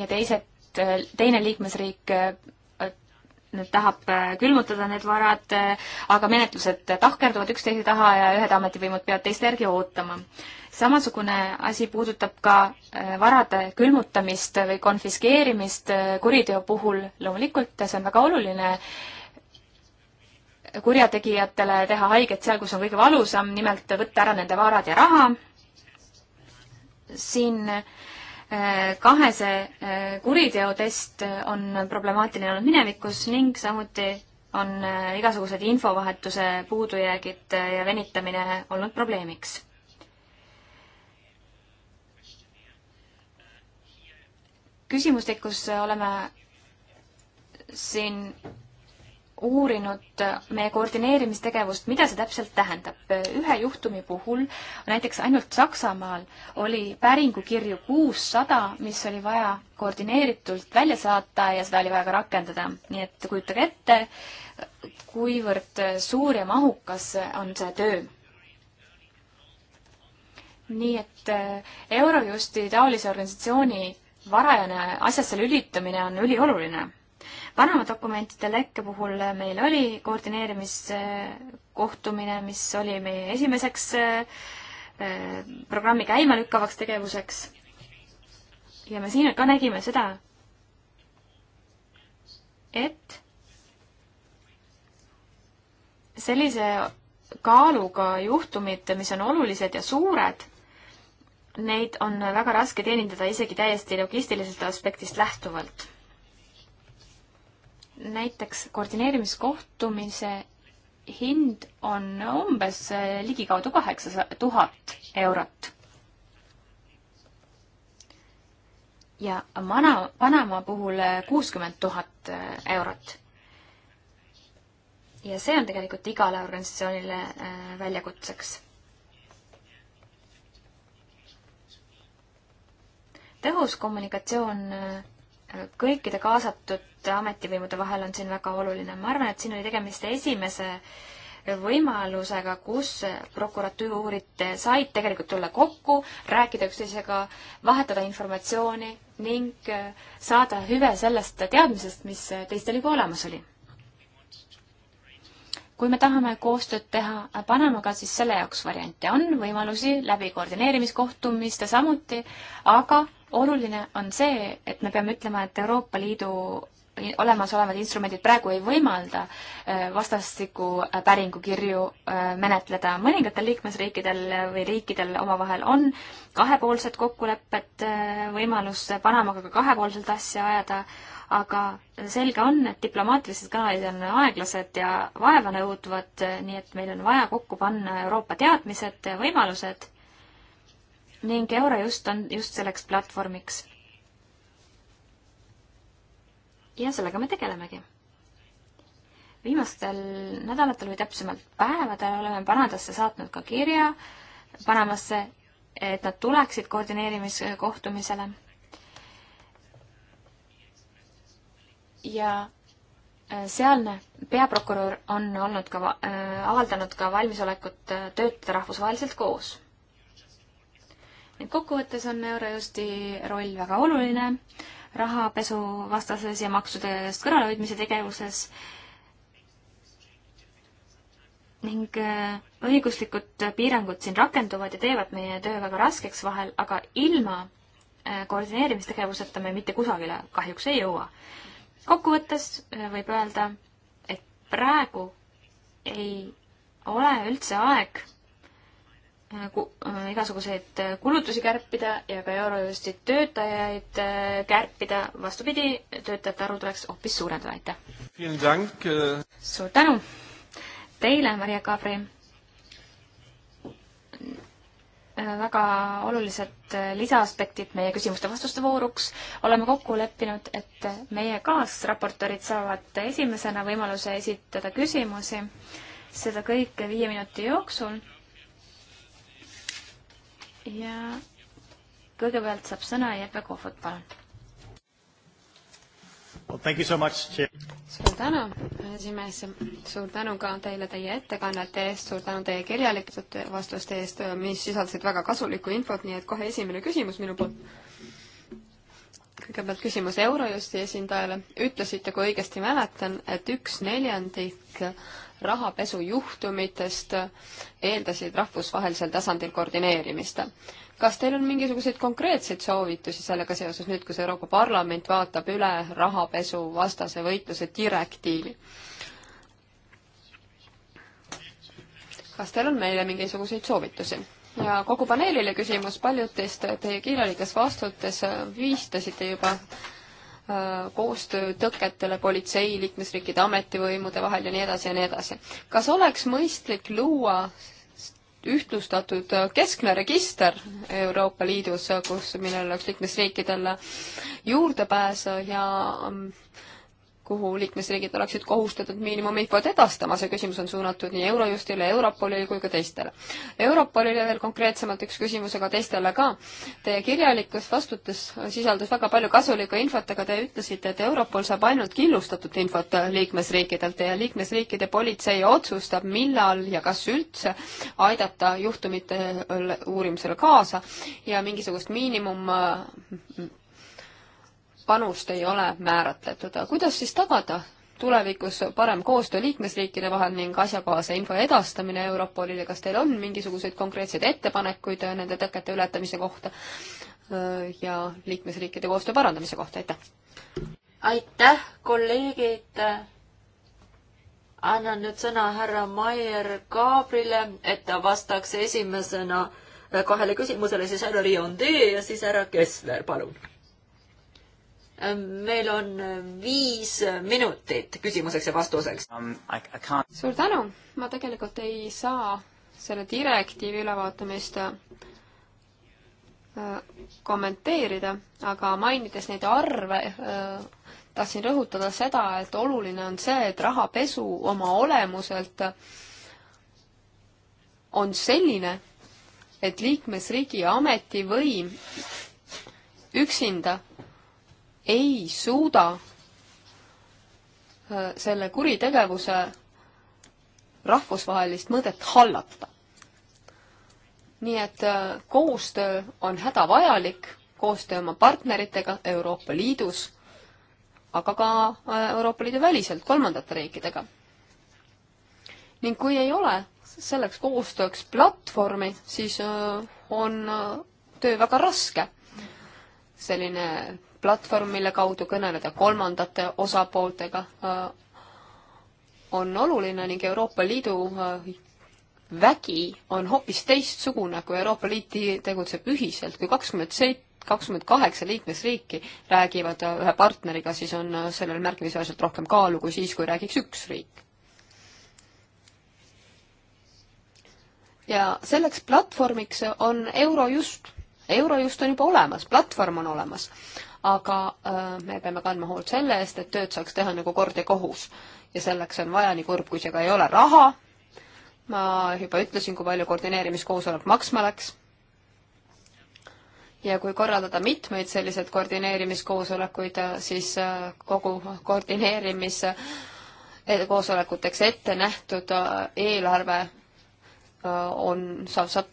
S3: ja teised, äh, teine liikmesriik äh, nüüd tahab äh, külmutada need varad, äh, aga menetlused tahkerduvad üksteise taha ja ühed ametivõimud peavad teiste järgi ootama. samasugune asi puudutab ka äh, varade külmutamist või konfiskeerimist kuriteo puhul, loomulikult see on väga oluline kurjategijatele teha haiget seal, kus on kõige valusam, nimelt võtta ära nende varad ja raha. siin äh, kahese eh, kuriteotest on problemaatiline olnud minevikus ning samuti on eh, igasugused infovahetuse puudujäägid eh, ja venitamine olnud probleemiks. küsimustikus oleme siin uurinud meie koordineerimistegevust, mida see täpselt tähendab. ühe juhtumi puhul, näiteks ainult Saksamaal, oli päringukirju kuussada, mis oli vaja koordineeritult välja saata ja seda oli vaja ka rakendada. nii et kujutage ette, kuivõrd suur ja mahukas on see töö. nii et eh, Eurojusti taolise organisatsiooni varajane asjasse lülitamine on ülioluline Panama dokumentide lekke puhul meil oli koordineerimiskohtumine, mis oli meie esimeseks äh, programmi käima lükkavaks tegevuseks. ja me siin ka nägime seda, et sellise kaaluga juhtumid, mis on olulised ja suured, neid on väga raske teenindada isegi täiesti logistilisest aspektist lähtuvalt näiteks koordineerimiskohtumise hind on umbes eh, ligikaudu kaheksasada tuhat eurot. ja Mana, Panama puhul eh, kuuskümmend tuhat eh, eurot. ja see on tegelikult igale organisatsioonile väljakutseks. tõhus kommunikatsioon kõikide kaasatud koostöö ametivõimude vahel on siin väga oluline. ma arvan, et siin oli tegemist esimese võimalusega, kus prokuratuurid said tegelikult tulla kokku, rääkida üksteisega, vahetada informatsiooni ning äh, saada hüve sellest teadmisest, mis teistel juba olemas oli. kui me tahame koostööd teha Panamaga, siis selle jaoks variante on, võimalusi läbi koordineerimiskohtumiste samuti, aga oluline on see, et me peame ütlema, et Euroopa Liidu olemasolevad instrumendid praegu ei võimalda äh, vastastikku äh, päringukirju äh, menetleda. mõningatel liikmesriikidel või riikidel omavahel on kahepoolsed kokkulepped, võimalus Panamaga ka kahepoolselt asja ajada, aga selge on, et diplomaatilised kanalid on aeglased ja vaeva nõudvad, nii et meil on vaja kokku panna Euroopa teadmised, võimalused ning Euro just on just selleks platvormiks ja sellega me tegelemegi. viimastel nädalatel või täpsemalt päevadel oleme Panadasse saatnud ka kirja Panamasse, et nad tuleksid koordineerimiskohtumisele. ja äh, sealne peaprokurör on olnud ka, äh, avaldanud ka valmisolekut äh, töötada rahvusvaheliselt koos. nii et kokkuvõttes on Eurojusti roll väga oluline rahapesuvastases ja maksudest kõrvalehoidmise tegevuses ning äh, õiguslikud piirangud siin rakenduvad ja teevad meie töö väga raskeks vahel, aga ilma äh, koordineerimistegevuseta me mitte kusagile kahjuks ei jõua. kokkuvõttes äh, võib öelda, et praegu ei ole üldse aeg Äh, äh, igasuguseid äh, kulutusi kärpida ja ka Eurojusti töötajaid kärpida. vastupidi, töötajate arvu tuleks hoopis suurendada,
S1: aitäh!
S3: suur tänu teile, Maria Kaabri! väga olulised lisaaspektid meie küsimuste-vastuste vooruks. oleme kokku leppinud, et meie kaasraportorid saavad esimesena võimaluse esitada küsimusi, seda kõike viie minuti jooksul ja kõigepealt saab sõna Jeppe Kohvut, palun. Well, thank you so much, Chair. suur tänu, esimees, suur tänu ka
S4: teile teie ettekannete eest, suur tänu teie kirjalike vastuste eest, mis sisaldasid väga kasulikku infot, nii et kohe esimene küsimus minu poolt kõigepealt küsimus Eurojusti esindajale. ütlesite, kui õigesti mäletan, et üks neljandik rahapesujuhtumitest eeldasid rahvusvahelisel tasandil koordineerimist. kas teil on mingisuguseid konkreetseid soovitusi sellega seoses nüüd, kus Euroopa Parlament vaatab üle rahapesuvastase võitluse direktiivi? kas teil on meile mingisuguseid soovitusi? ja kogu paneelile küsimus, paljud teist teie kirjalikes vastutes viitasite juba koostöö tõketele politsei, liikmesriikide ametivõimude vahel ja nii edasi ja nii edasi. kas oleks mõistlik luua ühtlustatud keskne register Euroopa Liidus, kus, millel oleks liikmesriikidel juurdepääs ja mm, kuhu liikmesriigid oleksid kohustatud miinimuminfot edastama, see küsimus on suunatud nii Eurojustile, Europolile kui ka teistele. Europolile veel konkreetsemalt üks küsimus, aga teistele ka. Teie kirjalikus vastutes sisaldus väga palju kasulikku infot, aga te ütlesite, et Europol saab ainult killustatud infot liikmesriikidelt ja liikmesriikide politsei otsustab, millal ja kas üldse aidata juhtumite uurimisele kaasa ja mingisugust miinimum panust ei ole määratletud. kuidas siis tagada tulevikus parem koostöö liikmesriikide vahel ning asjakohase info edastamine Europolile, kas teil on mingisuguseid konkreetseid ettepanekuid nende tõkete ületamise kohta ja liikmesriikide koostöö parandamise kohta, aitäh!
S2: aitäh, kolleegid! annan nüüd sõna härra Maier Kaabrile, et ta vastaks esimesena kahele küsimusele, siis härra Riondee ja siis härra Kessler, palun Ehm, meil on
S4: ehm, viis
S2: ehm, minutit küsimuseks ja vastuseks um,. suur
S4: tänu, ma tegelikult ei saa selle direktiivi ülevaatamist kommenteerida, aga mainides neid arve, tahtsin rõhutada seda, et oluline on see, et rahapesu oma olemuselt on selline, et liikmesriigi ametivõim üksinda ei suuda äh, selle kuritegevuse rahvusvahelist mõõdet hallata. nii et äh, koostöö on hädavajalik, koostöö oma partneritega Euroopa Liidus, aga ka äh, Euroopa Liidu väliselt kolmandate riikidega. ning kui ei ole selleks koostööks platvormi, siis on töö väga raske. selline platvorm, mille kaudu kõneleda kolmandate osapooltega, äh, on oluline ning Euroopa Liidu äh, vägi on hoopis teistsugune, kui Euroopa Liit tegutseb ühiselt, kui kakskümmend seit-, kakskümmend kaheksa liikmesriiki räägivad äh, ühe partneriga, siis on sellel märkimisväärselt rohkem kaalu kui siis, kui räägiks üks riik. ja selleks platvormiks on Eurojust. Eurojust on juba olemas, platvorm on olemas aga äh, me peame kandma hoolt selle eest, et tööd saaks teha nagu kord ja kohus. ja selleks on vaja, nii kurb kui see ka ei ole, raha, ma juba ütlesin, kui palju koordineerimiskoosolek maksma läks, ja kui korraldada mitmeid selliseid koordineerimiskoosolekuid, äh, siis äh, kogu koordineerimis koosolekuteks ette nähtud eelarve on, saab, saab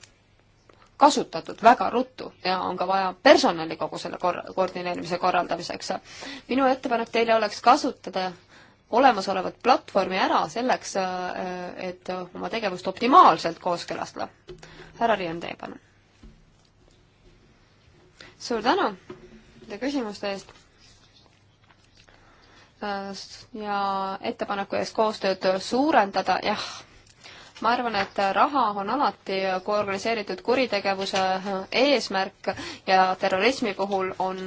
S4: kasutatud väga ruttu ja on ka vaja personali kogu selle kor-, koordineerimise korraldamiseks. minu ettepanek teile oleks kasutada olemasolevat platvormi ära selleks, äh, et oma tegevust optimaalselt kooskõlastada. härra Riian Tee, palun. suur tänu nende küsimuste eest äh, ja ettepaneku eest koostööd suurendada, jah ma arvan, et raha on alati organiseeritud kuritegevuse eesmärk ja terrorismi puhul on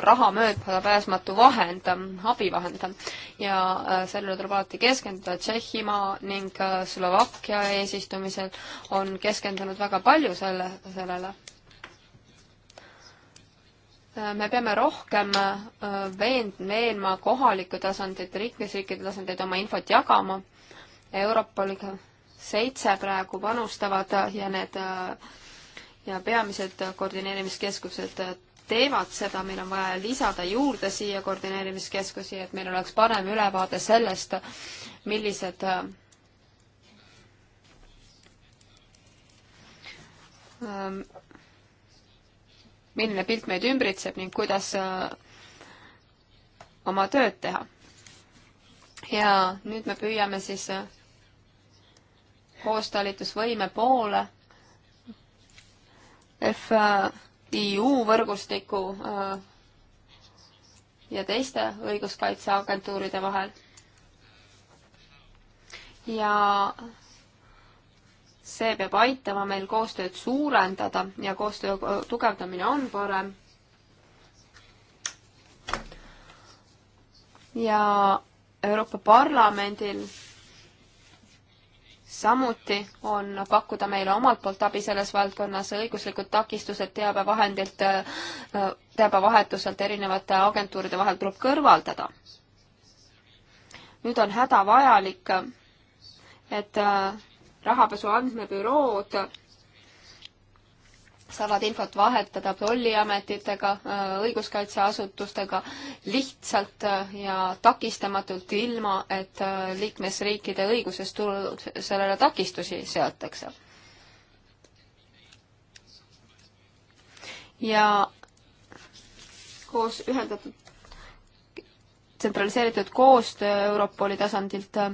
S4: raha möödapääsmatu vahend, abivahend. ja sellele tuleb alati keskenduda. Tšehhimaa ning Slovakkia eesistumisel on keskendunud väga palju selle, sellele me peame rohkem veend-, veenma kohalikku tasandit, liikmesriikide tasandit oma infot jagama Europoliga seitse praegu panustavad ja need ja peamised koordineerimiskeskused teevad seda, meil on vaja lisada juurde siia koordineerimiskeskusi, et meil oleks parem ülevaade sellest, millised ähm, milline pilt meid ümbritseb ning kuidas äh, oma tööd teha. ja nüüd me püüame siis äh, koostalitusvõime poole FIU võrgustiku äh, ja teiste õiguskaitseagentuuride vahel. ja see peab aitama meil koostööd suurendada ja koostöö äh, tugevdamine on parem. ja Euroopa Parlamendil samuti on pakkuda meile omalt poolt abi selles valdkonnas, õiguslikud takistused teabevahendilt, äh, äh, teabevahetuselt erinevate agentuuride vahel tuleb kõrvaldada. nüüd on hädavajalik, et äh, rahapesu andmebürood saavad infot vahetada tolliametitega, äh, õiguskaitseasutustega lihtsalt äh, ja takistamatult, ilma et äh, liikmesriikide õiguses sellele takistusi seatakse. ja koos ühendatud tsentraliseeritud koostöö Europoli tasandilt öö,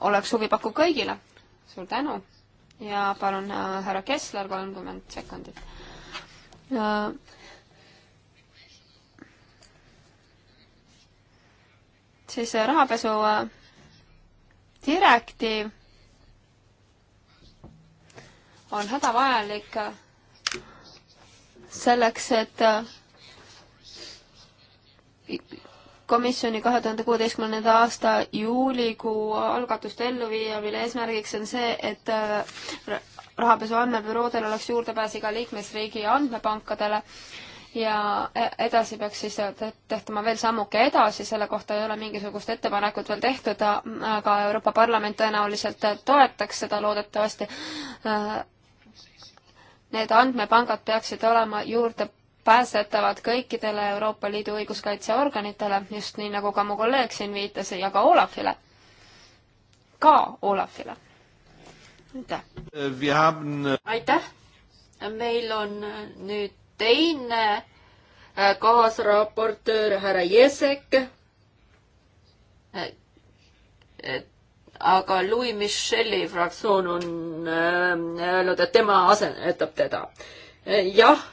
S4: oleks huvipakkuv kõigile. suur tänu! ja palun äh, härra Kessler kolmkümmend sekundit. Äh, siis äh, rahapesu direktiiv on hädavajalik selleks, et komisjoni kahe tuhande kuueteistkümnenda aasta juulikuu algatust ellu viia, mille eesmärgiks on see, et äh, rahapesu andmebüroodel oleks juurdepääs iga liikmesriigi andmepankadele ja e, edasi peaks siis äh, tehtama veel sammuke edasi, selle kohta ei ole mingisugust ettepanekut veel tehtud, äh, aga Euroopa Parlament tõenäoliselt toetaks seda loodetavasti. Need andmepangad peaksid olema juurde pääsetavad kõikidele Euroopa Liidu õiguskaitseorganitele, just nii, nagu ka mu kolleeg siin viitas, ja ka Olafile. ka Olafile. aitäh! aitäh! meil
S2: on nüüd teine äh, kaasraportöör, härra Jesek. Äh, äh, aga Louis Michel'i fraktsioon on öelnud, et tema asendab teda. jah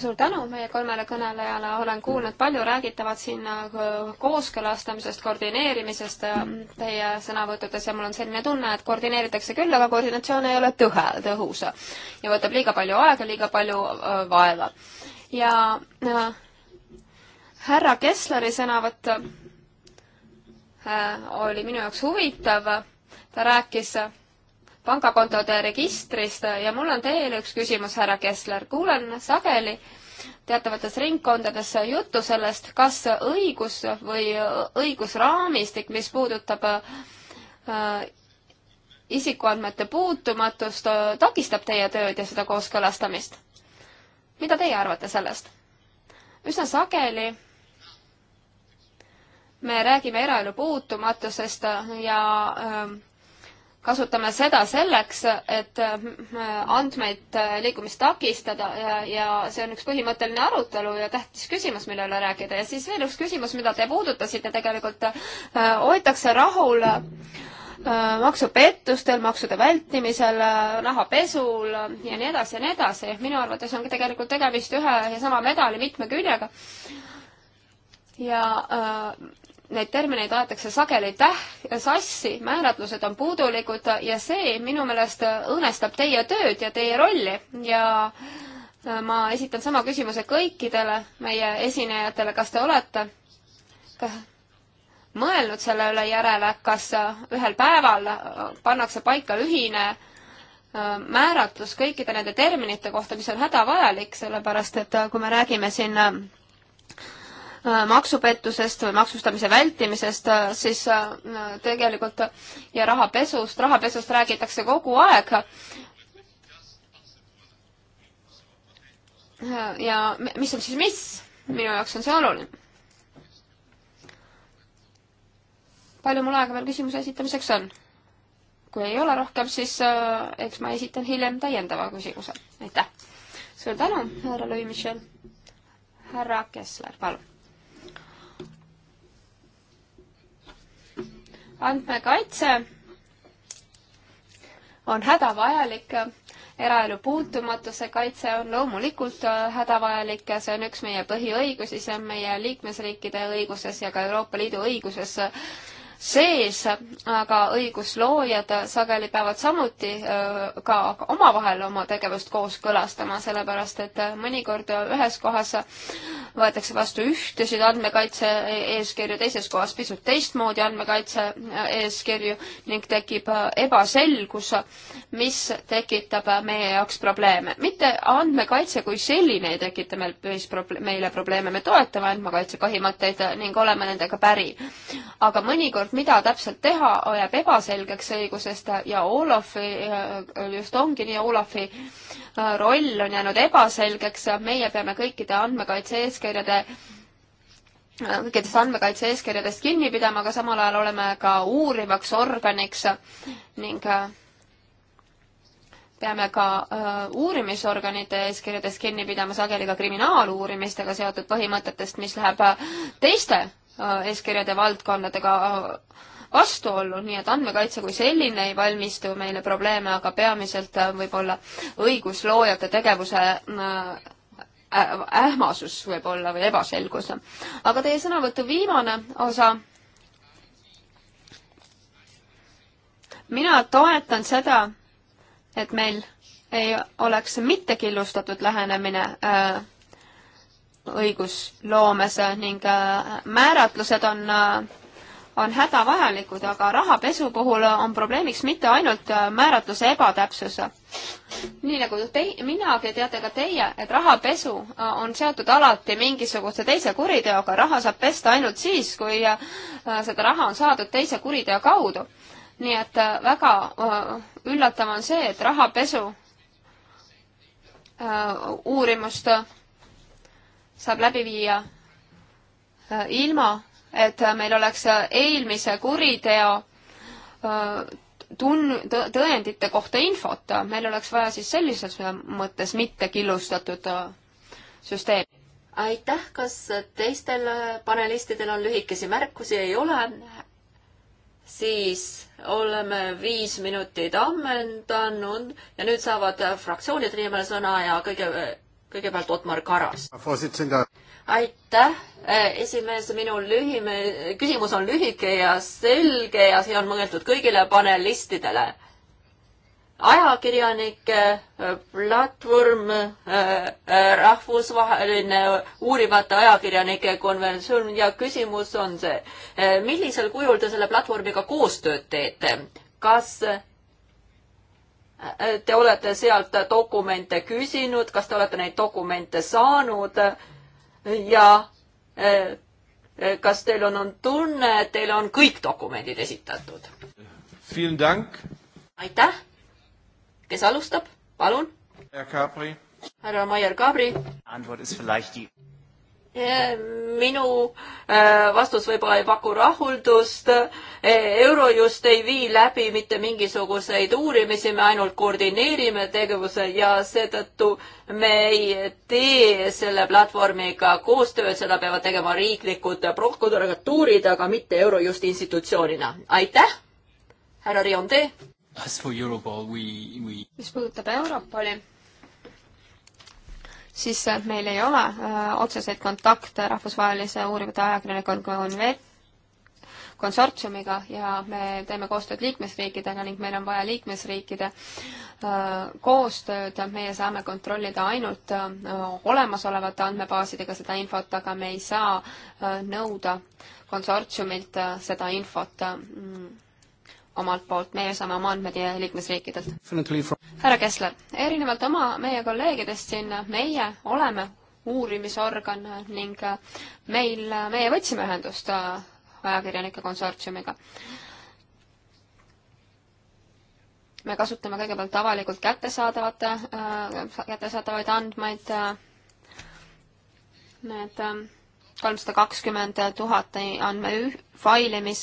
S4: suur tänu meie kolmele kõnelejale, olen kuulnud palju räägitavat siin nagu kooskõlastamisest, koordineerimisest äh, teie sõnavõttudes ja mul on selline tunne, et koordineeritakse küll, aga koordinatsioon ei ole tõhe, tõhus. ja võtab liiga palju aega, liiga palju äh, vaeva. ja äh, härra Kessleri sõnavõtt äh, oli minu jaoks huvitav, ta rääkis äh, pangakontode registrist ja mul on teile üks küsimus, härra Kessler. kuulen sageli teatavates ringkondades juttu sellest, kas õigus või õigusraamistik, mis puudutab äh, isikuandmete puutumatust, takistab teie tööd ja seda kooskõlastamist. mida teie arvate sellest? üsna sageli me räägime eraelu puutumatusest ja äh, kasutame seda selleks, et äh, andmeid äh, liikumist takistada ja, ja see on üks põhimõtteline arutelu ja tähtis küsimus, mille üle rääkida. ja siis veel üks küsimus, mida te puudutasite tegelikult äh,, hoitakse rahul äh, maksupettustel, maksude vältimisel, äh, rahapesul ja nii edasi ja nii edasi. minu arvates on tegelikult tegemist ühe ja sama medali mitme küljega. ja äh, neid termineid aetakse sageli täh-, sassi, määratlused on puudulikud ja see minu meelest õõnestab teie tööd ja teie rolli ja äh, ma esitan sama küsimuse kõikidele meie esinejatele, kas te olete ka mõelnud selle üle järele, kas äh, ühel päeval äh, pannakse paika ühine määratlus kõikide nende terminite kohta, mis on hädavajalik, sellepärast et kui me räägime siin Äh, maksupettusest või maksustamise vältimisest, äh, siis äh, tegelikult ja rahapesust, rahapesust räägitakse kogu aeg. ja mis on siis mis? minu jaoks on see oluline. palju mul aega veel küsimuse esitamiseks on? kui ei ole rohkem, siis eks ma esitan hiljem täiendava küsimuse. aitäh! suur tänu, härra Louis Michel! härra Kessler, palun! andmekaitse on hädavajalik, eraelu puutumatuse kaitse on loomulikult äh, hädavajalik ja see on üks meie põhiõigusi, see on meie liikmesriikide õiguses ja ka Euroopa Liidu õiguses sees, aga õigusloojad sageli peavad samuti äh, ka omavahel oma tegevust kooskõlastama, sellepärast et äh, mõnikord ühes kohas võetakse vastu ühtesid andmekaitse eeskirju, teises kohas pisut teistmoodi andmekaitse äh, eeskirju ning tekib ebaselgus, mis tekitab meie jaoks probleeme. mitte andmekaitse kui selline ei tekita meil, meile probleeme, me toetame andmekaitse põhimõtteid ning oleme nendega päri. aga mõnikord olukord, mida täpselt teha, jääb ebaselgeks õigusest ja Olafi, just ongi nii, Olafi äh, roll on jäänud ebaselgeks ja meie peame kõikide andmekaitse eeskirjade äh, kõikidest andmekaitse eeskirjadest kinni pidama, aga samal ajal oleme ka uurivaks organiks ning äh, peame ka uurimisorganite eeskirjadest kinni pidama, sageli ka kriminaaluurimistega seotud põhimõtetest, mis läheb teiste Äh, eeskirjade valdkondadega äh, vastuollu, nii et andmekaitse kui selline ei valmistu meile probleeme, aga peamiselt äh, võib-olla õigusloojate tegevuse ähmasus võib-olla või ebaselgus. aga teie sõnavõtu viimane osa. mina toetan seda, et meil ei oleks mittekillustatud lähenemine äh, õigusloomes ning äh, määratlused on, äh, on hädavajalikud, aga rahapesu puhul on probleemiks mitte ainult äh, määratluse ebatäpsus. nii nagu te, minagi teate ka teie, et rahapesu on seotud alati mingisuguse teise kuriteoga, raha saab pesta ainult siis, kui seda raha on saadud teise kuriteo kaudu. nii et väga üllatav on see, et rahapesu uurimust saab läbi viia äh, ilma, et meil oleks äh, eelmise kuriteo äh, tun-, tõendite kohta infot, meil oleks vaja siis sellises mõttes mitte killustatud süsteemi. aitäh, kas teistel panelistidel on lühikesi märkusi, ei ole?
S2: siis oleme viis minutit ammendanud ja nüüd saavad fraktsioonide nimel sõna ja kõige kõigepealt Otmar Karas. aitäh, eh, esimees, minu lühime, küsimus on lühike ja selge ja see on mõeldud kõigile panelistidele. ajakirjanike eh, platvorm äh,, rahvusvaheline uurivate ajakirjanike konventsioon ja küsimus on see, millisel kujul te selle platvormiga koostööd teete? kas Te olete sealt dokumente küsinud, kas te olete neid dokumente saanud ja eh, kas teil on, on tunne, et teile on kõik dokumendid esitatud? aitäh. kes alustab, palun? härra Maier Kabri minu äh, vastus võib-olla ei paku rahuldust. Äh, Eurojust ei vii läbi mitte mingisuguseid uurimisi, me ainult koordineerime tegevuse ja seetõttu me ei tee selle platvormiga koostööd, seda peavad tegema riiklikud prokuratuurid, aga mitte Eurojust institutsioonina.
S4: aitäh, härra Rion Tee! mis puudutab Europoli siis äh, meil ei ole äh, otseseid kontakte rahvusvahelise uurivate ajakirjanike konver-, konsortsiumiga ja me teeme koostööd liikmesriikidega ning meil on vaja liikmesriikide äh, koostööd, meie saame kontrollida ainult olemasolevate andmebaasidega seda infot, aga me ei saa nõuda konsortsiumilt seda infot omalt poolt, meie saame oma andmed liikmesriikidelt. härra Kessler, erinevalt oma, meie kolleegidest siin, meie oleme uurimisorgan ning äh, meil, meie võtsime ühendust äh, ajakirjanike konsortsiumiga. me kasutame kõigepealt avalikult kättesaadavate, äh, kättesaadavaid andmeid, need kolmsada kakskümmend tuhat andmefaili, mis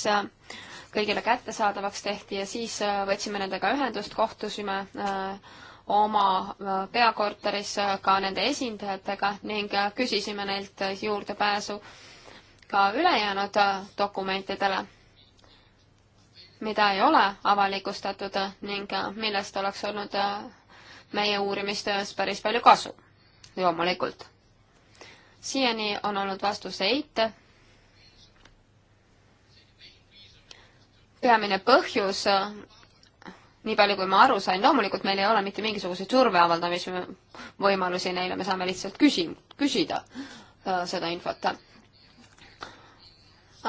S4: kõigile kättesaadavaks tehti ja siis äh, võtsime nendega ühendust, kohtusime äh, oma äh, peakorteris ka nende esindajatega ning küsisime neilt juurdepääsu ka ülejäänud dokumentidele, mida ei ole avalikustatud ning millest oleks olnud meie uurimistöös päris palju kasu, loomulikult. siiani on olnud vastus eitav peamine põhjus, nii palju kui ma aru sain, loomulikult meil ei ole mitte mingisuguseid surve avaldamise võimalusi neile, me saame lihtsalt küsi-, küsida äh, seda infot.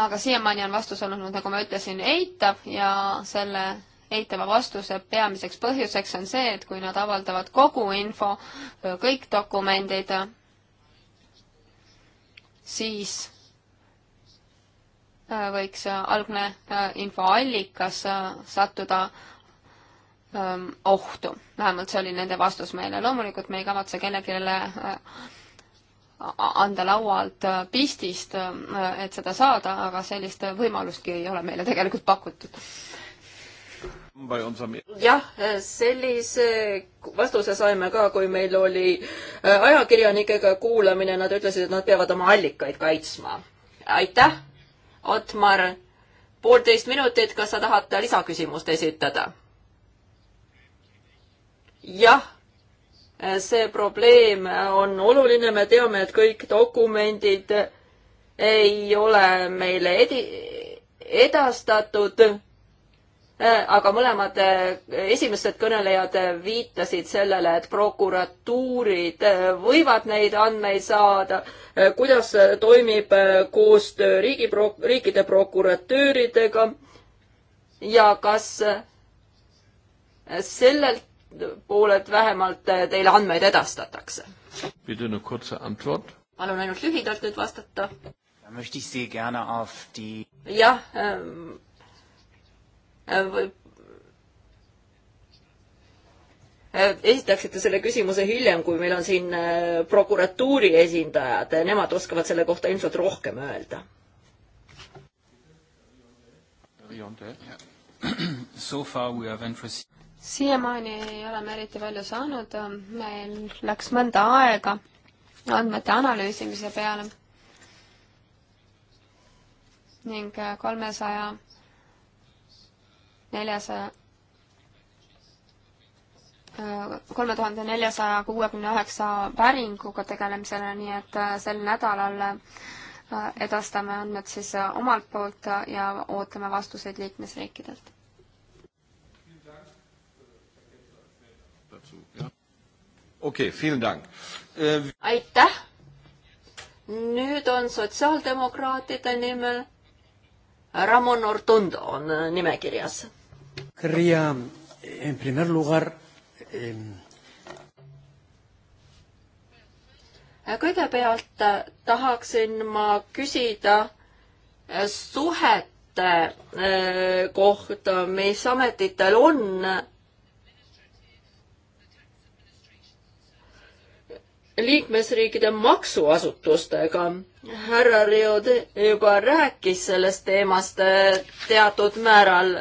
S4: aga siiamaani on vastus olnud, nagu ma ütlesin, eitav ja selle eitava vastuse peamiseks põhjuseks on see, et kui nad avaldavad kogu info, kõik dokumendid, siis võiks äh, algne äh, infoallikas äh, sattuda ähm, ohtu. vähemalt see oli nende vastus meile. loomulikult me ei kavatse kellelegi anda laua alt pistist, et seda saada, aga sellist võimalustki ei ole meile tegelikult pakutud.
S1: jah,
S2: sellise vastuse saime ka, kui meil oli ajakirjanikega kuulamine, nad ütlesid, et nad peavad oma allikaid kaitsma. aitäh Otmar, poolteist minutit, kas sa tahad lisaküsimust esitada? jah, see probleem on oluline, me teame, et kõik dokumendid ei ole meile edi-, edastatud Äh, aga mõlemad äh, esimesed kõnelejad äh, viitasid sellele, et prokuratuurid võivad neid andmeid saada. kuidas toimib koostöö riigi, riikide prokuratööridega ja kas sellelt poolelt vähemalt teile andmeid edastatakse? palun ainult lühidalt nüüd vastata. jah võib esitaksite selle küsimuse hiljem, kui meil on siin äh, prokuratuuri esindajad, nemad oskavad selle kohta ilmselt rohkem öelda.
S4: siiamaani ei ole me eriti palju saanud, meil läks mõnda aega andmete analüüsimise peale ning äh, kolmesaja neljas kolme tuhande neljasaja kuuekümne üheksa päringuga tegelemisele, nii et äh, sel nädalal äh, edastame andmed siis äh, omalt poolt ja ootame vastuseid liikmesriikidelt.
S2: okei okay,, vielen dank. aitäh. nüüd on sotsiaaldemokraatide nimel Ramon Ortundo on nimekirjas
S1: Querría, en primer lugar,
S2: kõigepealt eh, tahaksin ma küsida eh, suhete eh, kohta, mis ametitel on liikmesriikide maksuasutustega. härra Riod juba rääkis sellest teemast teatud määral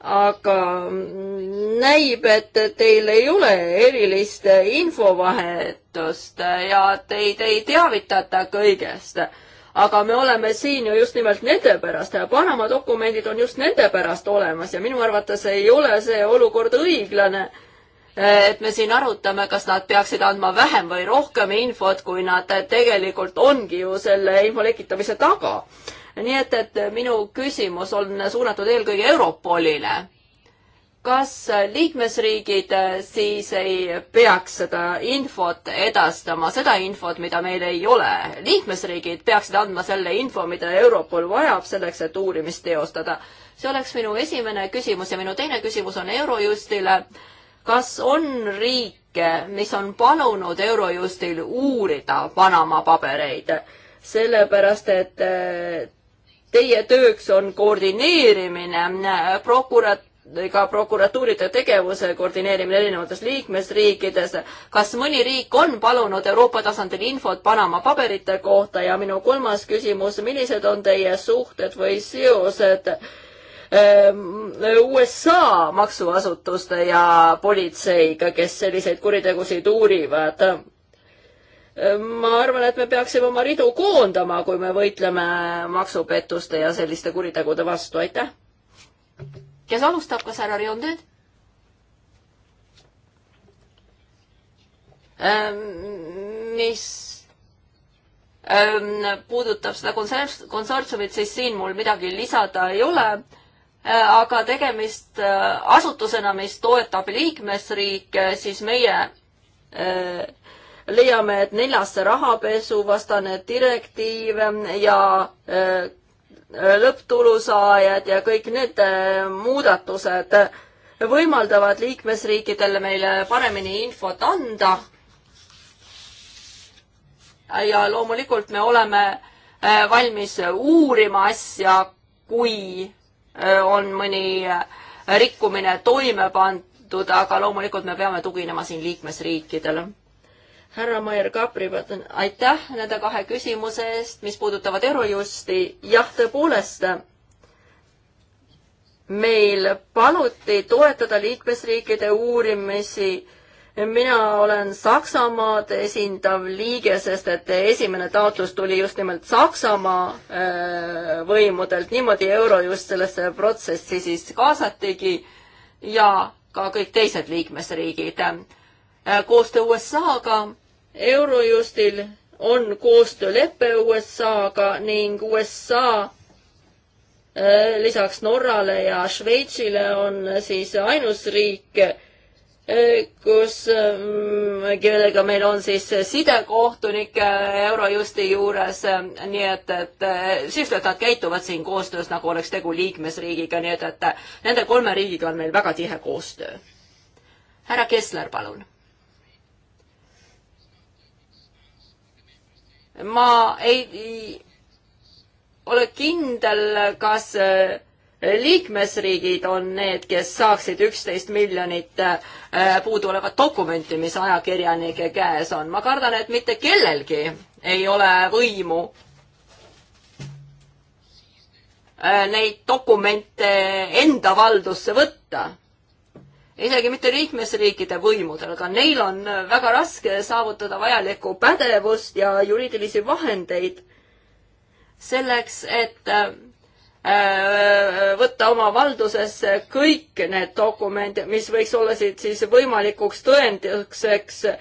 S2: aga näib, et teil ei ole erilist infovahetust ja teid ei teavitata kõigest. aga me oleme siin ju just nimelt nende pärast ja Panama dokumendid on just nende pärast olemas ja minu arvates ei ole see olukord õiglane et me siin arutame, kas nad peaksid andma vähem või rohkem infot, kui nad tegelikult ongi ju selle info lekitamise taga nii et, et minu küsimus on suunatud eelkõige Europolile. kas liikmesriigid siis ei peaks seda infot edastama, seda infot, mida meil ei ole? liikmesriigid peaksid andma selle info, mida Europol vajab selleks, et uurimist teostada. see oleks minu esimene küsimus ja minu teine küsimus on Eurojustile. kas on riike, mis on palunud Eurojustil uurida Panama pabereid? sellepärast, et teie tööks on koordineerimine, prokurat-, ka prokuratuuride tegevuse koordineerimine erinevates liikmesriikides. kas mõni riik on palunud Euroopa tasandil infot Panama paberite kohta ja minu kolmas küsimus, millised on teie suhted või seosed ähm, USA maksuasutuste ja politseiga, kes selliseid kuritegusid uurivad? ma arvan, et me peaksime oma ridu koondama, kui me võitleme maksupettuste ja selliste kuritegude vastu, aitäh. kes alustab, kas härra Rionded? Ähm, mis ähm, puudutab seda konsors-, konsortsiumit, siis siin mul midagi lisada ei ole äh, aga tegemist äh, asutusena, mis toetab liikmesriike, siis meie äh, leiame, et neljas rahapesuvastane direktiiv ja äh, lõpptulusaajad ja kõik need äh, muudatused võimaldavad liikmesriikidele meile paremini infot anda. ja loomulikult me oleme äh, valmis uurima asja, kui on mõni rikkumine toime pandud, aga loomulikult me peame tuginema siin liikmesriikidele härra Maier Kapri, aitäh nende kahe küsimuse eest, mis puudutavad Eurojusti. jah, tõepoolest, meil paluti toetada liikmesriikide uurimisi. mina olen Saksamaad esindav liige, sest et esimene taotlus tuli just nimelt Saksamaa äh, võimudelt, niimoodi Eurojust sellesse protsessi siis kaasatigi ja ka kõik teised liikmesriigid Äh, koostöö USA-ga. Eurojustil on koostöölepe USA-ga ning USA äh, lisaks Norrale ja Šveitsile on siis ainus riik, äh, kus, mm, kellega meil on siis sidekohtunik Eurojusti juures, nii et, et sest, et nad käituvad siin koostöös, nagu oleks tegu liikmesriigiga, nii et, et nende kolme riigiga on meil väga tihe koostöö. härra Kessler, palun ma ei, ei ole kindel, kas eh, liikmesriigid on need, kes saaksid üksteist miljonit eh, puuduolevat dokumenti, mis ajakirjanike käes on. ma kardan, et mitte kellelgi ei ole võimu eh, neid dokumente enda valdusse võtta isegi mitte liikmesriikide võimudel, aga neil on väga raske saavutada vajalikku pädevust ja juriidilisi vahendeid selleks, et äh, võtta oma valdusesse kõik need dokumendid, mis võiks olla siit siis võimalikuks tõenduseks äh,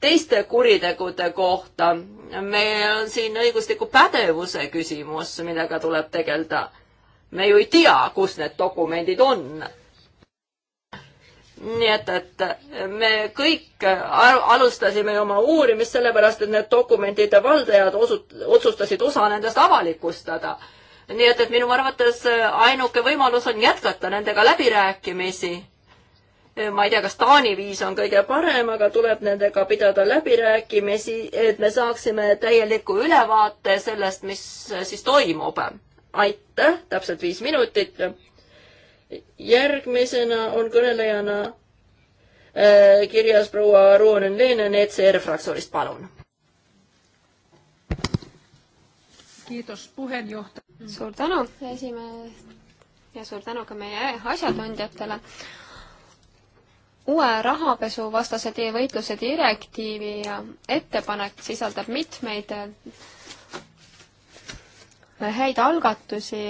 S2: teiste kuritegude kohta. meil on siin õigusliku pädevuse küsimus, millega tuleb tegeleda. me ju ei tea, kus need dokumendid on nii et, et me kõik alustasime oma uurimist sellepärast, et need dokumentide valdajad osut-, otsustasid osa nendest avalikustada. nii et, et minu arvates ainuke võimalus on jätkata nendega läbirääkimisi. ma ei tea, kas Taani viis on kõige parem, aga tuleb nendega pidada läbirääkimisi, et me saaksime täieliku ülevaate sellest, mis siis toimub. aitäh, täpselt viis minutit järgmisena on kõnelejana äh, kirjas proua Ruonen Leenen ECR fraktsioonist, palun.
S4: suur tänu, esimees ja suur tänu ka meie asjatundjatele uue rahapesuvastase tee võitluse direktiivi ettepanek sisaldab mitmeid äh, häid algatusi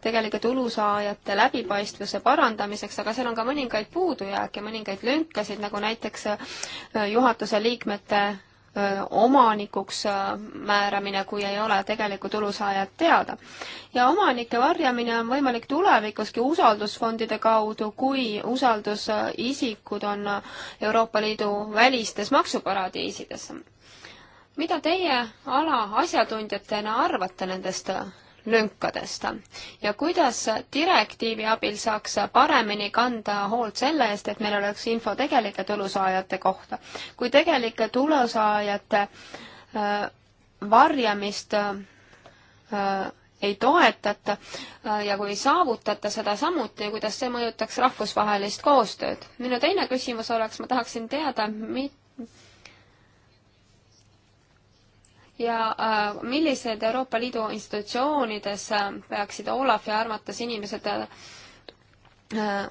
S4: tegelike tulusaajate läbipaistvuse parandamiseks, aga seal on ka mõningaid puudujääke, mõningaid lünkasid, nagu näiteks äh, juhatuse liikmete äh, omanikuks äh, määramine, kui ei ole tegelikku tulusaajat teada. ja omanike varjamine on võimalik tulevikuski usaldusfondide kaudu, kui usaldusisikud on Euroopa Liidu välistes maksuparadiisides. mida teie ala asjatundjatena arvate nendest lünkadest ja kuidas direktiivi abil saaks paremini kanda hoolt selle eest, et meil oleks info tegelike tulusaajate kohta. kui tegelike tulusaajate äh, varjamist äh, ei toetata äh, ja kui ei saavutata seda samuti, kuidas see mõjutaks rahvusvahelist koostööd. minu teine küsimus oleks, ma tahaksin teada, ja äh, millised Euroopa Liidu institutsioonides äh, peaksid Olafi arvates inimesed äh,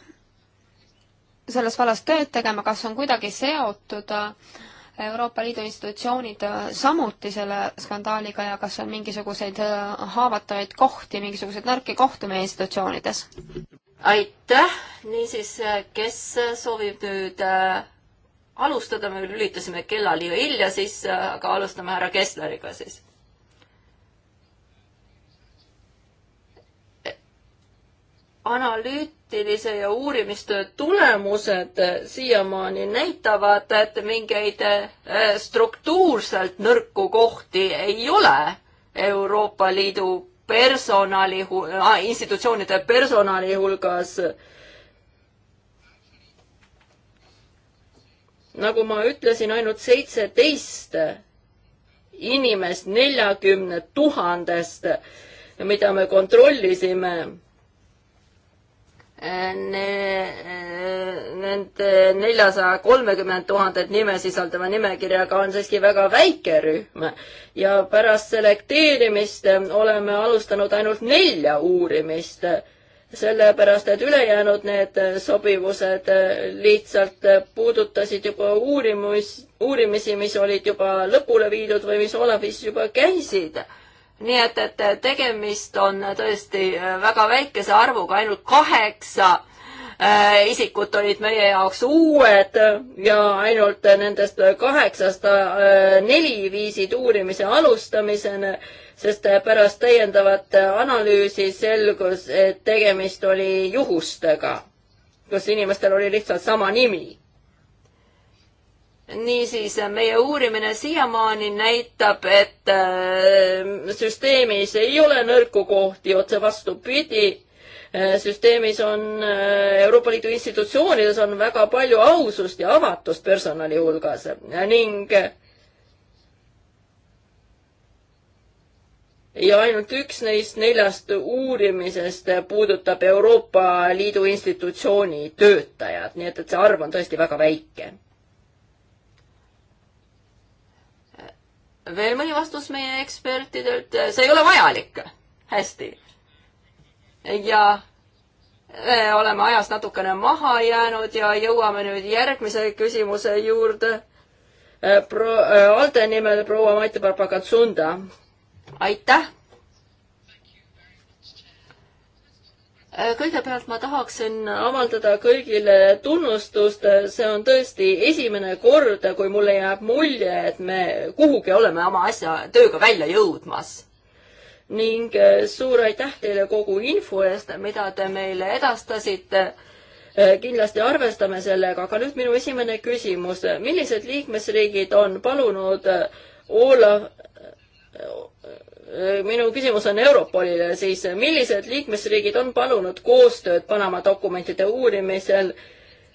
S4: selles vallas tööd tegema, kas on kuidagi seotud Euroopa Liidu institutsioonid samuti selle skandaaliga ja kas on mingisuguseid haavatavaid kohti, mingisuguseid nõrki kohti meie institutsioonides?
S2: aitäh, niisiis, kes soovib nüüd alustada, me lülitasime kella liiga hilja sisse, aga alustame härra Kessleriga siis. analüütilise ja uurimistöö tulemused siiamaani näitavad, et mingeid äh, struktuurselt nõrku kohti ei ole Euroopa Liidu personali, äh, institutsioonide personali hulgas äh, nagu ma ütlesin, ainult seitseteist inimest neljakümne tuhandest, mida me kontrollisime ne,. Nende neljasaja kolmekümmend tuhandet nime sisaldava nimekirjaga on siiski väga väike rühm ja pärast selekteerimist oleme alustanud ainult nelja uurimist sellepärast et ülejäänud need sobivused lihtsalt puudutasid juba uurimus, uurimisi, mis olid juba lõpule viidud või mis Olavis juba käisid. nii et, et tegemist on tõesti väga väikese arvuga, ainult kaheksa Äh, isikud olid meie jaoks uued ja ainult nendest kaheksast äh, neli viisid uurimise alustamiseni, sest pärast täiendavat analüüsi selgus, et tegemist oli juhustega, kus inimestel oli lihtsalt sama nimi niisiis meie uurimine siiamaani näitab, et äh, süsteemis ei ole nõrku kohti, otse vastupidi. Äh, süsteemis on, äh, Euroopa Liidu institutsioonides on väga palju ausust ja avatust personali hulgas ning ja ainult üks neist neljast uurimisest puudutab Euroopa Liidu institutsiooni töötajad, nii et, et see arv on tõesti väga väike. veel mõni vastus meie ekspertidelt, see ei ole vajalik. hästi ja me oleme ajas natukene maha jäänud ja jõuame nüüd järgmise küsimuse juurde. Eh, pro-, eh, Alde nimel proua Maite Papagatsunda. aitäh! Eh, kõigepealt ma tahaksin avaldada kõigile tunnustust, see on tõesti esimene kord, kui mulle jääb mulje, et me kuhugi oleme oma asja, tööga välja jõudmas ning äh, suur aitäh teile kogu info eest, mida te meile edastasite. Äh, kindlasti arvestame sellega, aga nüüd minu esimene küsimus. millised liikmesriigid on palunud äh, Olav, minu küsimus on Europolile siis, millised liikmesriigid on palunud koostööd Panama dokumentide uurimisel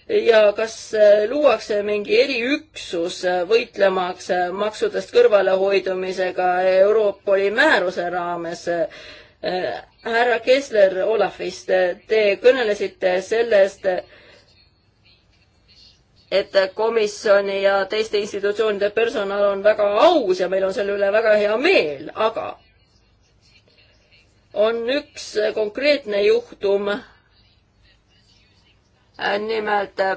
S2: ja kas äh, luuakse mingi eriüksus äh, võitlemaks äh, maksudest kõrvalehoidumisega Euroopa Liidu määruse raames? härra Kessler Olafist, te kõnelesite sellest, et komisjoni ja teiste institutsioonide personal on väga aus ja meil on selle üle väga hea meel, aga on üks konkreetne juhtum Äh, nimelt äh,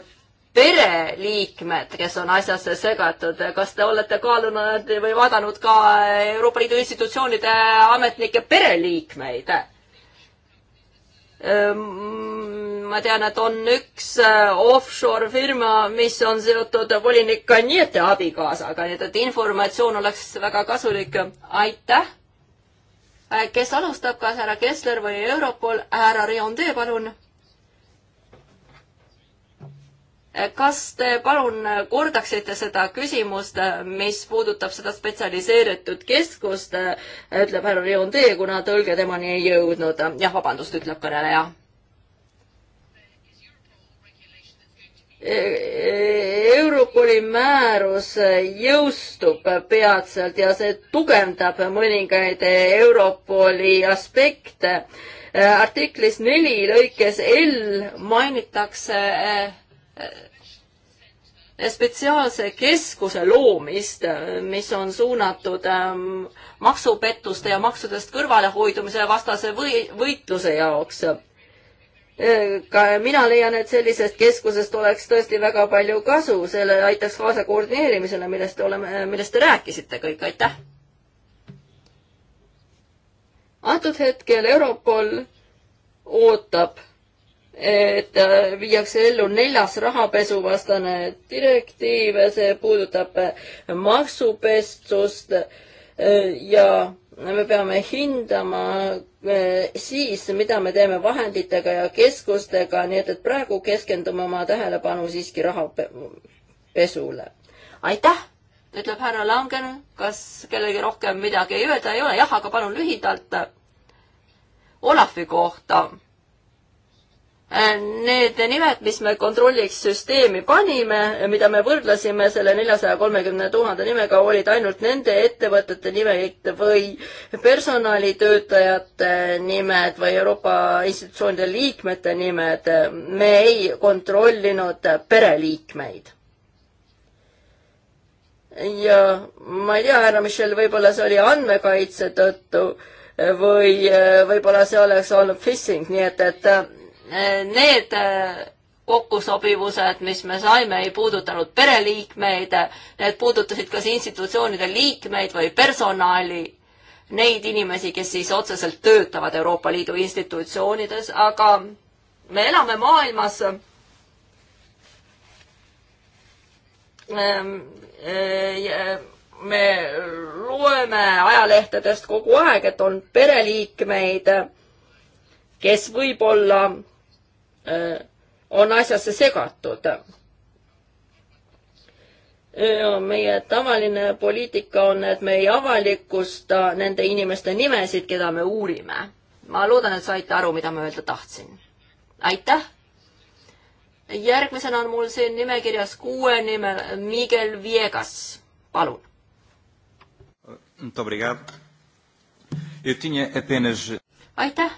S2: pereliikmed, kes on asjasse segatud, kas te olete kaalunud või vaadanud ka Euroopa Liidu institutsioonide ametnike pereliikmeid? Äh, ma tean, et on üks offshore firma, mis on seotud volinik Kaniete abikaasaga, nii et informatsioon oleks väga kasulik. aitäh! kes alustab, kas härra Kessler või Europol? härra Rion Tee, palun kas te palun kordaksite seda küsimust, mis puudutab seda spetsialiseeritud keskust, ütleb härra Riondee, kuna tõlge temani ei jõudnud. jah, vabandust, ütleb kõneleja.
S3: E-, e-,
S2: Europoli määrus jõustub peatselt ja see tugevdab mõningaid Europoli aspekte. artiklis neli lõikes L mainitakse Äh, spetsiaalse keskuse loomist, mis on suunatud ähm, maksupettuste ja maksudest kõrvalehoidumise vastase või, võitluse jaoks. Äh, ka mina leian, et sellisest keskusest oleks tõesti väga palju kasu, selle aitaks kaasa koordineerimisele, millest oleme, millest te rääkisite kõik, aitäh! antud hetkel Europol ootab et äh, viiakse ellu neljas rahapesuvastane direktiiv, see puudutab äh, maksupestust äh, ja me peame hindama siis, mida me teeme vahenditega ja keskustega, nii et, et praegu keskendume oma tähelepanu siiski rahapesule. aitäh, ütleb härra Langen, kas kellelgi rohkem midagi ei öelda ei ole, jah, aga palun lühidalt Olafi kohta Äh, need nimed, mis me kontrolliks süsteemi panime, mida me võrdlesime selle neljasaja kolmekümne tuhande nimega, olid ainult nende ettevõtete nimed või personalitöötajate nimed või Euroopa institutsioonide liikmete nimed. me ei kontrollinud pereliikmeid. ja ma ei tea, härra Michel, võib-olla see oli andmekaitse tõttu või äh, võib-olla see oleks olnud phishing, nii et, et äh, need äh, kokkusobivused, mis me saime, ei puudutanud pereliikmeid, need puudutasid kas institutsioonide liikmeid või personali, neid inimesi, kes siis otseselt töötavad Euroopa Liidu institutsioonides, aga me elame maailmas, ähm, äh, me loeme ajalehtedest kogu aeg, et on pereliikmeid, kes võib-olla Äh, on asjasse segatud. Äh, meie tavaline poliitika on, et me ei avalikusta nende inimeste nimesid, keda me uurime. ma loodan, et saite aru, mida ma öelda tahtsin. aitäh! järgmisena on mul siin nimekirjas kuue nimel Miguel Viegas, palun. aitäh!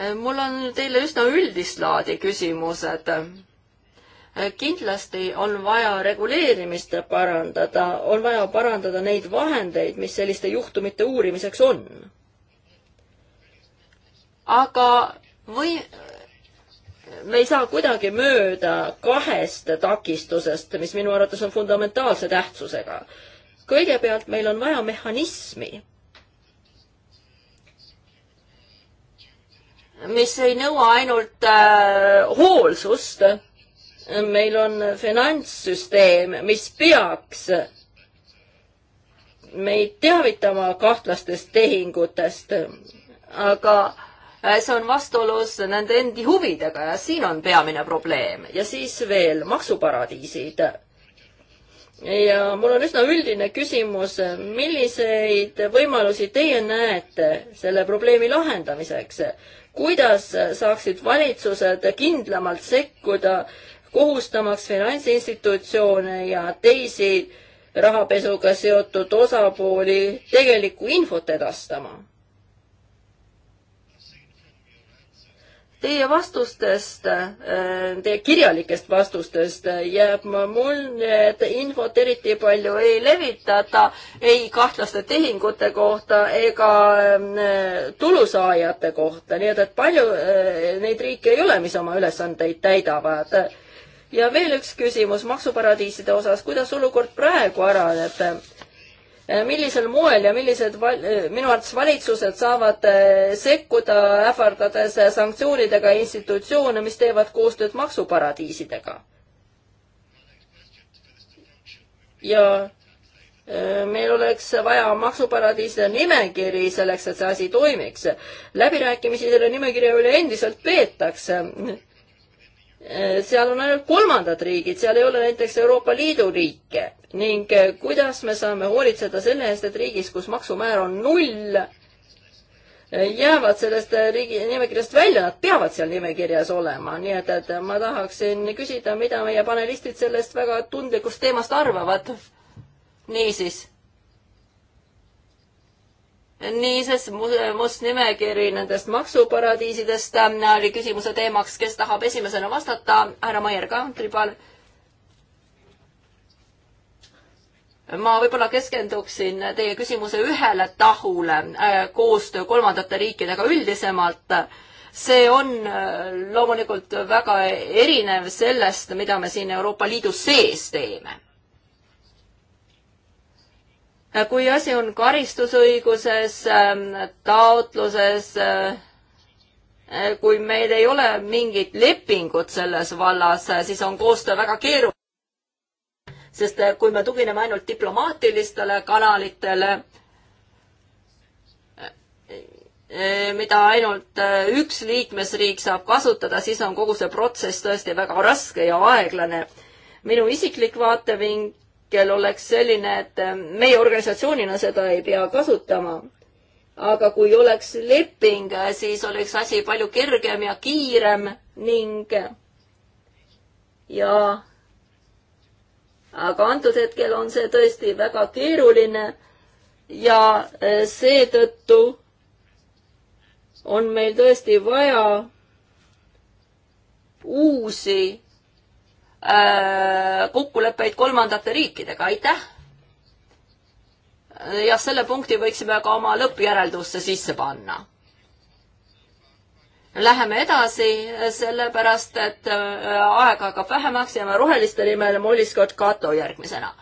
S2: Äh, mul on teile üsna üldist laadi küsimused. Äh, kindlasti on vaja reguleerimist parandada, on vaja parandada neid vahendeid, mis selliste juhtumite uurimiseks on. aga või me ei saa kuidagi mööda kahest takistusest, mis minu arvates on fundamentaalse tähtsusega. kõigepealt meil on vaja mehhanismi mis ei nõua ainult äh, hoolsust. meil on finantssüsteem, mis peaks meid teavitama kahtlastest tehingutest, aga äh, see on vastuolus nende endi huvidega ja siin on peamine probleem. ja siis veel maksuparadiisid. ja mul on üsna üldine küsimus, milliseid võimalusi teie näete selle probleemi lahendamiseks? kuidas saaksid valitsused kindlamalt sekkuda, kohustamaks finantsinstitutsioone ja teisi rahapesuga seotud osapooli tegelikku infot edastama Teie vastustest, äh, teie kirjalikest vastustest jääb mulje, et infot eriti palju ei levitata ei kahtlaste tehingute kohta ega äh, tulusaajate kohta, nii et, et palju äh, neid riike ei ole, mis oma ülesandeid täidavad. ja veel üks küsimus maksuparadiiside osas, kuidas olukord praegu areneb? Eh, millisel moel ja millised val-, eh, minu arvates valitsused saavad eh, sekkuda, ähvardades sanktsioonidega institutsioone, mis teevad koostööd maksuparadiisidega? ja meil oleks vaja maksuparadiiside nimekiri selleks, et see asi toimiks. läbirääkimisi selle nimekirja üle endiselt peetakse Äh, seal on ainult kolmandad riigid, seal ei ole näiteks Euroopa Liidu riike ning äh, kuidas me saame hoolitseda selle eest, et riigis, kus maksumäär on null, äh, jäävad sellest riigi nimekirjast välja, nad peavad seal nimekirjas olema, nii et, et ma tahaksin küsida, mida meie panelistid sellest väga tundlikust teemast arvavad. niisiis niisiis must nimekiri nendest maksuparadiisidest äh, oli küsimuse teemaks, kes tahab esimesena vastata, härra Maier Kantri, palun. ma võib-olla keskenduksin teie küsimuse ühele tahule, äh, koostöö kolmandate riikidega üldisemalt. see on äh, loomulikult väga erinev sellest, mida me siin Euroopa Liidu sees teeme kui asi on karistusõiguses, ähm, taotluses, äh, äh, kui meil ei ole mingit lepingut selles vallas, äh, siis on koostöö väga keeruline. sest kui me tugineme ainult diplomaatilistele kanalitele, mida ainult üks liikmesriik saab kasutada, siis on kogu see protsess tõesti väga raske ja aeglane. minu isiklik vaatevinkel artikkel oleks selline, et äh, meie organisatsioonina seda ei pea kasutama. aga kui oleks leping, äh, siis oleks asi palju kergem ja kiirem ning äh, ja aga antud hetkel on see tõesti väga keeruline ja seetõttu on meil tõesti vaja uusi Äh, kokkuleppeid kolmandate riikidega, aitäh! Äh, jah, selle punkti võiksime ka oma lõppjäreldusse sisse panna. Läheme edasi, sellepärast et äh, aega hakkab vähemaks, jääme roheliste nimel Molly Scott Cato järgmisena.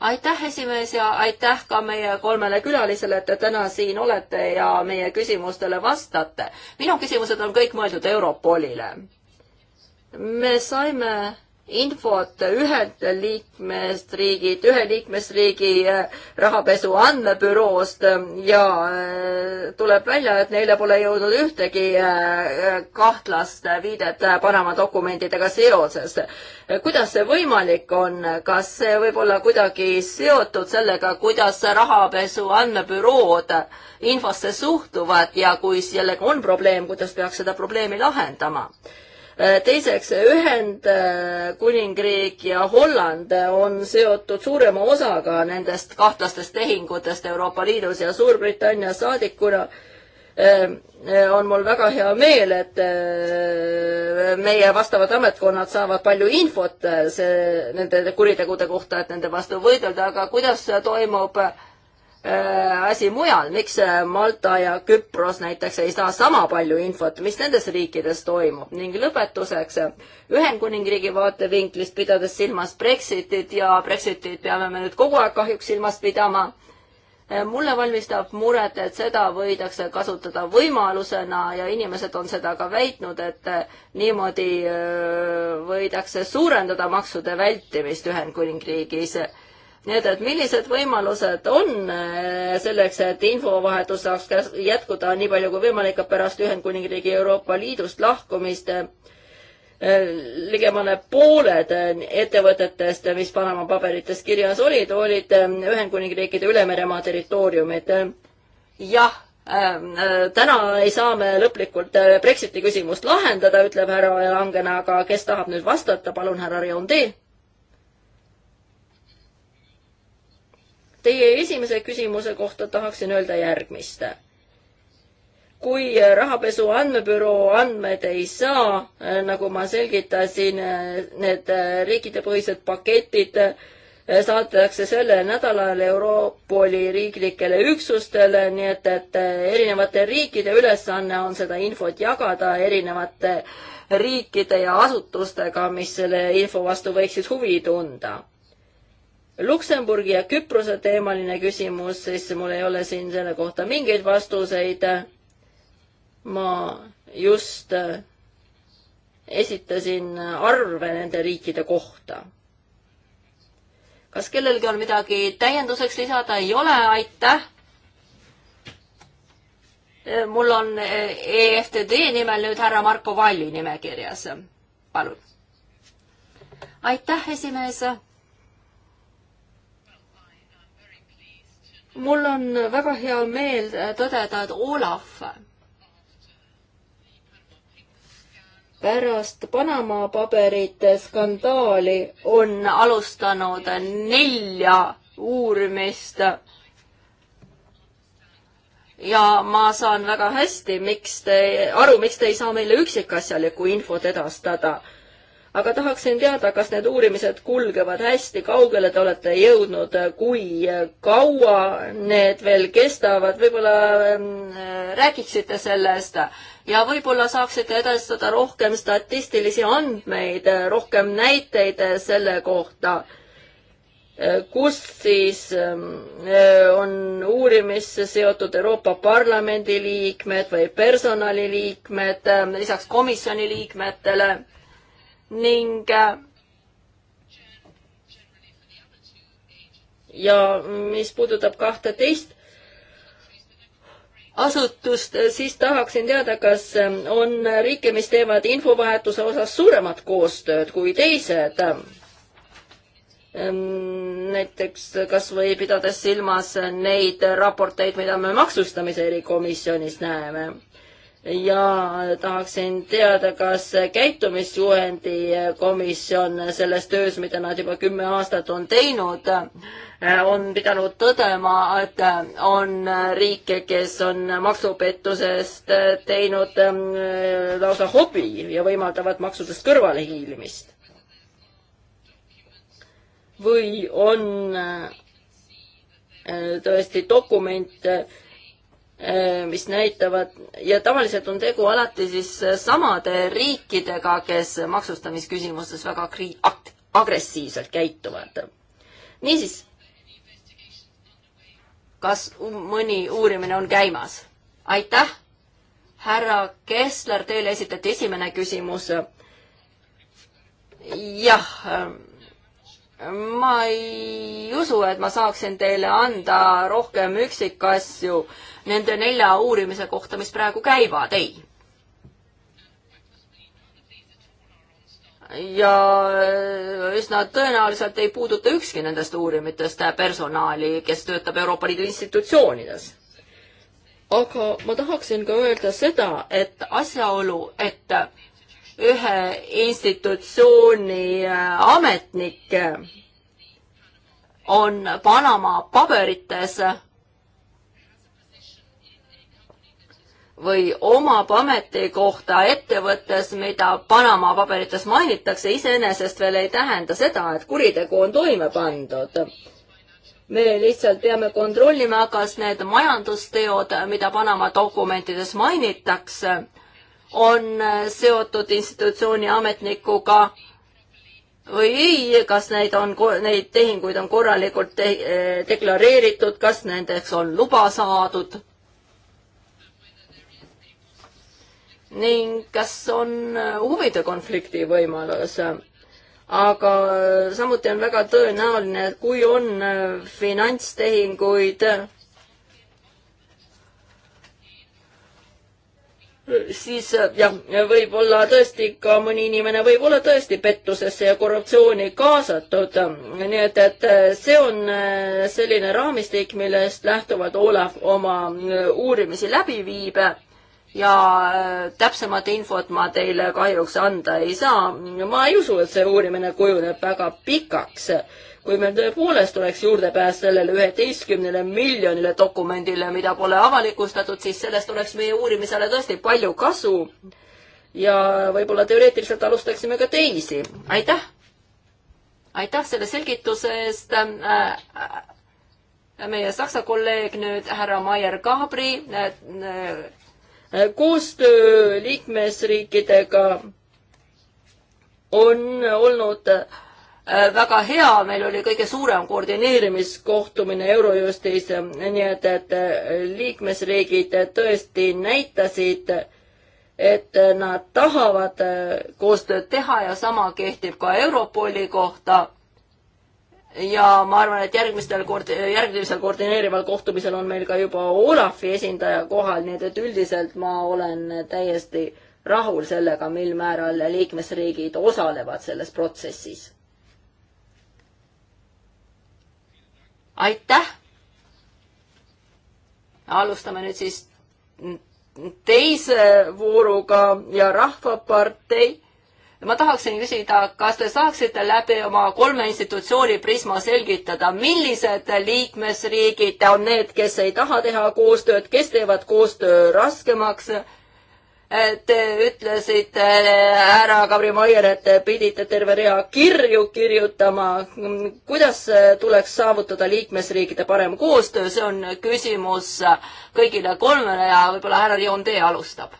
S2: aitäh, esimees, ja aitäh ka meie kolmele külalisele, et te täna siin olete ja meie küsimustele vastate. minu küsimused on kõik mõeldud Europolile. me saime infot ühelt liikmesriigilt, ühe liikmesriigi äh, rahapesu andmebüroost ähm, ja äh, tuleb välja, et neile pole jõudnud ühtegi äh, kahtlast viidet Panama dokumentidega seoses. kuidas see võimalik on, kas see võib olla kuidagi seotud sellega, kuidas rahapesu andmebürood infosse suhtuvad ja kui sellega on probleem, kuidas peaks seda probleemi lahendama? Äh, teiseks, Ühendkuningriik ja Holland on seotud suurema osaga nendest kahtlastest tehingutest Euroopa Liidus ja Suurbritannia saadikuna äh, äh, on mul väga hea meel, et meie vastavad ametkonnad saavad palju infot see, nende kuritegude kohta, et nende vastu võidelda, aga kuidas toimub äh, Äh, asi mujal, miks äh, Malta ja Küpros näiteks ei saa sama palju infot, mis nendes riikides toimub ning lõpetuseks Ühendkuningriigi vaatevinklist pidades silmas Brexitit ja Brexitit peame me nüüd kogu aeg kahjuks silmas pidama. Äh, mulle valmistab muret, et seda võidakse kasutada võimalusena ja inimesed on seda ka väitnud, et niimoodi võidakse suurendada maksude vältimist Ühendkuningriigis nii et, et millised võimalused on äh, selleks, et infovahetus saaks jätkuda nii palju kui võimalik ka pärast Ühendkuningriigi Euroopa Liidust lahkumist äh, ligemale pooled äh, ettevõtetest, mis Panama paberites kirjas olid, olid Ühendkuningriikide Ülemeremaa territooriumid. jah ähm, äh,, täna ei saa me lõplikult Brexiti küsimust lahendada, ütleb härra Langen, aga kes tahab nüüd vastata, palun, härra Reondee. Teie esimese küsimuse kohta tahaksin öelda järgmist. kui rahapesu andmebüroo andmed ei saa, nagu ma selgitasin, need riikidepõhised paketid saadetakse sellel nädalal Europoli riiklikele üksustele, nii et, et erinevate riikide ülesanne on seda infot jagada erinevate riikide ja asutustega, mis selle info vastu võiksid huvi tunda. Luksemburgi ja Küprose teemaline küsimus, siis mul ei ole siin selle kohta mingeid vastuseid. ma just äh, esitasin arve nende riikide kohta. kas kellelgi on midagi täienduseks lisada? ei ole, aitäh. Äh, mul on äh, EFTD nimel nüüd härra Marko Valli nimekirjas. palun. aitäh, esimees mul on väga hea meel tõdeda, et Olav pärast Panama paberite skandaali on alustanud nelja uurimist. ja ma saan väga hästi, miks te, aru, miks te ei saa meile üksikasjalikku infot edastada aga tahaksin teada, kas need uurimised kulgevad hästi, kaugele te olete jõudnud, kui kaua need veel kestavad, võib-olla ähm, räägiksite sellest ja võib-olla saaksite edastada rohkem statistilisi andmeid, rohkem näiteid selle kohta, äh, kus siis ähm, äh, on uurimisse seotud Euroopa Parlamendi liikmed või personaliliikmed, äh, lisaks komisjoni liikmetele
S4: ning äh,
S2: ja mis puudutab kahteteist asutust, äh, siis tahaksin teada, kas äh, on riike, mis teevad infovahetuse osas suuremat koostööd kui teised. Ähm, näiteks kas või pidades silmas neid raporteid, mida me maksustamise erikomisjonis näeme ja tahaksin teada, kas käitumisjuhendi komisjon selles töös, mida nad juba kümme aastat on teinud, on pidanud tõdema, et on riike, kes on maksupettusest teinud ähm, lausa hobi ja võimaldavad maksudest kõrvalehiilimist. või on äh, tõesti dokument, Äh, mis näitavad ja tavaliselt on tegu alati siis äh, samade riikidega, kes maksustamisküsimustes väga kri-, agressiivselt käituvad. niisiis, kas mõni uurimine on käimas? aitäh, härra Kessler, teile esitati esimene küsimus. jah ähm, ma ei usu, et ma saaksin teile anda rohkem üksikasju nende nelja uurimise kohta, mis praegu käivad, ei. ja üsna tõenäoliselt ei puuduta ükski nendest uurimitest personali, kes töötab Euroopa Liidu institutsioonides. aga ma tahaksin ka öelda seda, et asjaolu, et ühe institutsiooni äh, ametnik äh, on Panama paberites või omab ametikohta ettevõttes, mida Panama paberites mainitakse, iseenesest veel ei tähenda seda, et kuritegu on toime pandud me lihtsalt peame kontrollima, kas need majandusteod, mida Panama dokumentides mainitakse, on seotud institutsiooni ametnikuga või ei, kas neid on, neid tehinguid on korralikult te, deklareeritud, kas nendeks on luba saadud ning kas on huvide konflikti võimalus. aga samuti on väga tõenäoline, et kui on finantstehinguid, siis äh, jah, võib-olla tõesti ka mõni inimene võib olla tõesti pettusesse ja korruptsiooni kaasatud. nii et, et äh, see on äh, selline raamistik, millest lähtuvalt Olav oma uurimisi läbi viib ja täpsemat infot ma teile kahjuks anda ei saa. ma ei usu, et see uurimine kujuneb väga pikaks kui meil tõepoolest oleks juurdepääs sellele üheteistkümnele miljonile dokumendile, mida pole avalikustatud, siis sellest oleks meie uurimisele tõesti palju kasu. ja võib-olla teoreetiliselt alustaksime ka teisi. aitäh! aitäh selle selgituse eest äh,. äh meie saksa kolleeg nüüd härra Maier Kabri äh, äh, koostöö liikmesriikidega on olnud äh, Äh, väga hea, meil oli kõige suurem koordineerimiskohtumine Eurojustis, nii et, et äh, liikmesriigid tõesti näitasid, et nad tahavad äh, koostööd teha ja sama kehtib ka Europoli kohta. ja ma arvan, et järgmistel kord-, järgmisel koordineerival kohtumisel on meil ka juba Olafi esindaja kohal, nii et, et üldiselt ma olen täiesti rahul sellega, mil määral liikmesriigid osalevad selles protsessis aitäh! alustame nüüd siis teise vooruga ja Rahvapartei. ma tahaksin küsida, kas te saaksite läbi oma kolme institutsiooni prisma selgitada, millised liikmesriigid on need, kes ei taha teha koostööd, kes teevad koostöö raskemaks Te ütlesite, härra Kabrimajer, et te pidite terve rea kirju kirjutama. kuidas tuleks saavutada liikmesriikide parem koostöö, see on küsimus kõigile kolmele ja võib-olla härra Leon Tee alustab.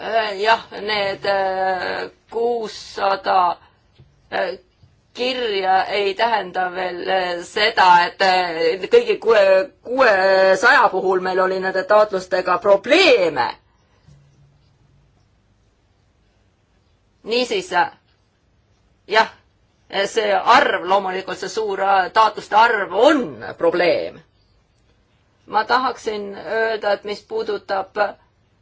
S2: Äh, jah, need äh, kuussada 600 äh, kuussada kirja ei tähenda veel eh, seda, et eh, kõigi kuue, kuuesaja puhul meil oli nende taotlustega probleeme. niisiis, jah, see arv, loomulikult see suur äh, taotluste arv on probleem. ma tahaksin öelda, et mis puudutab äh,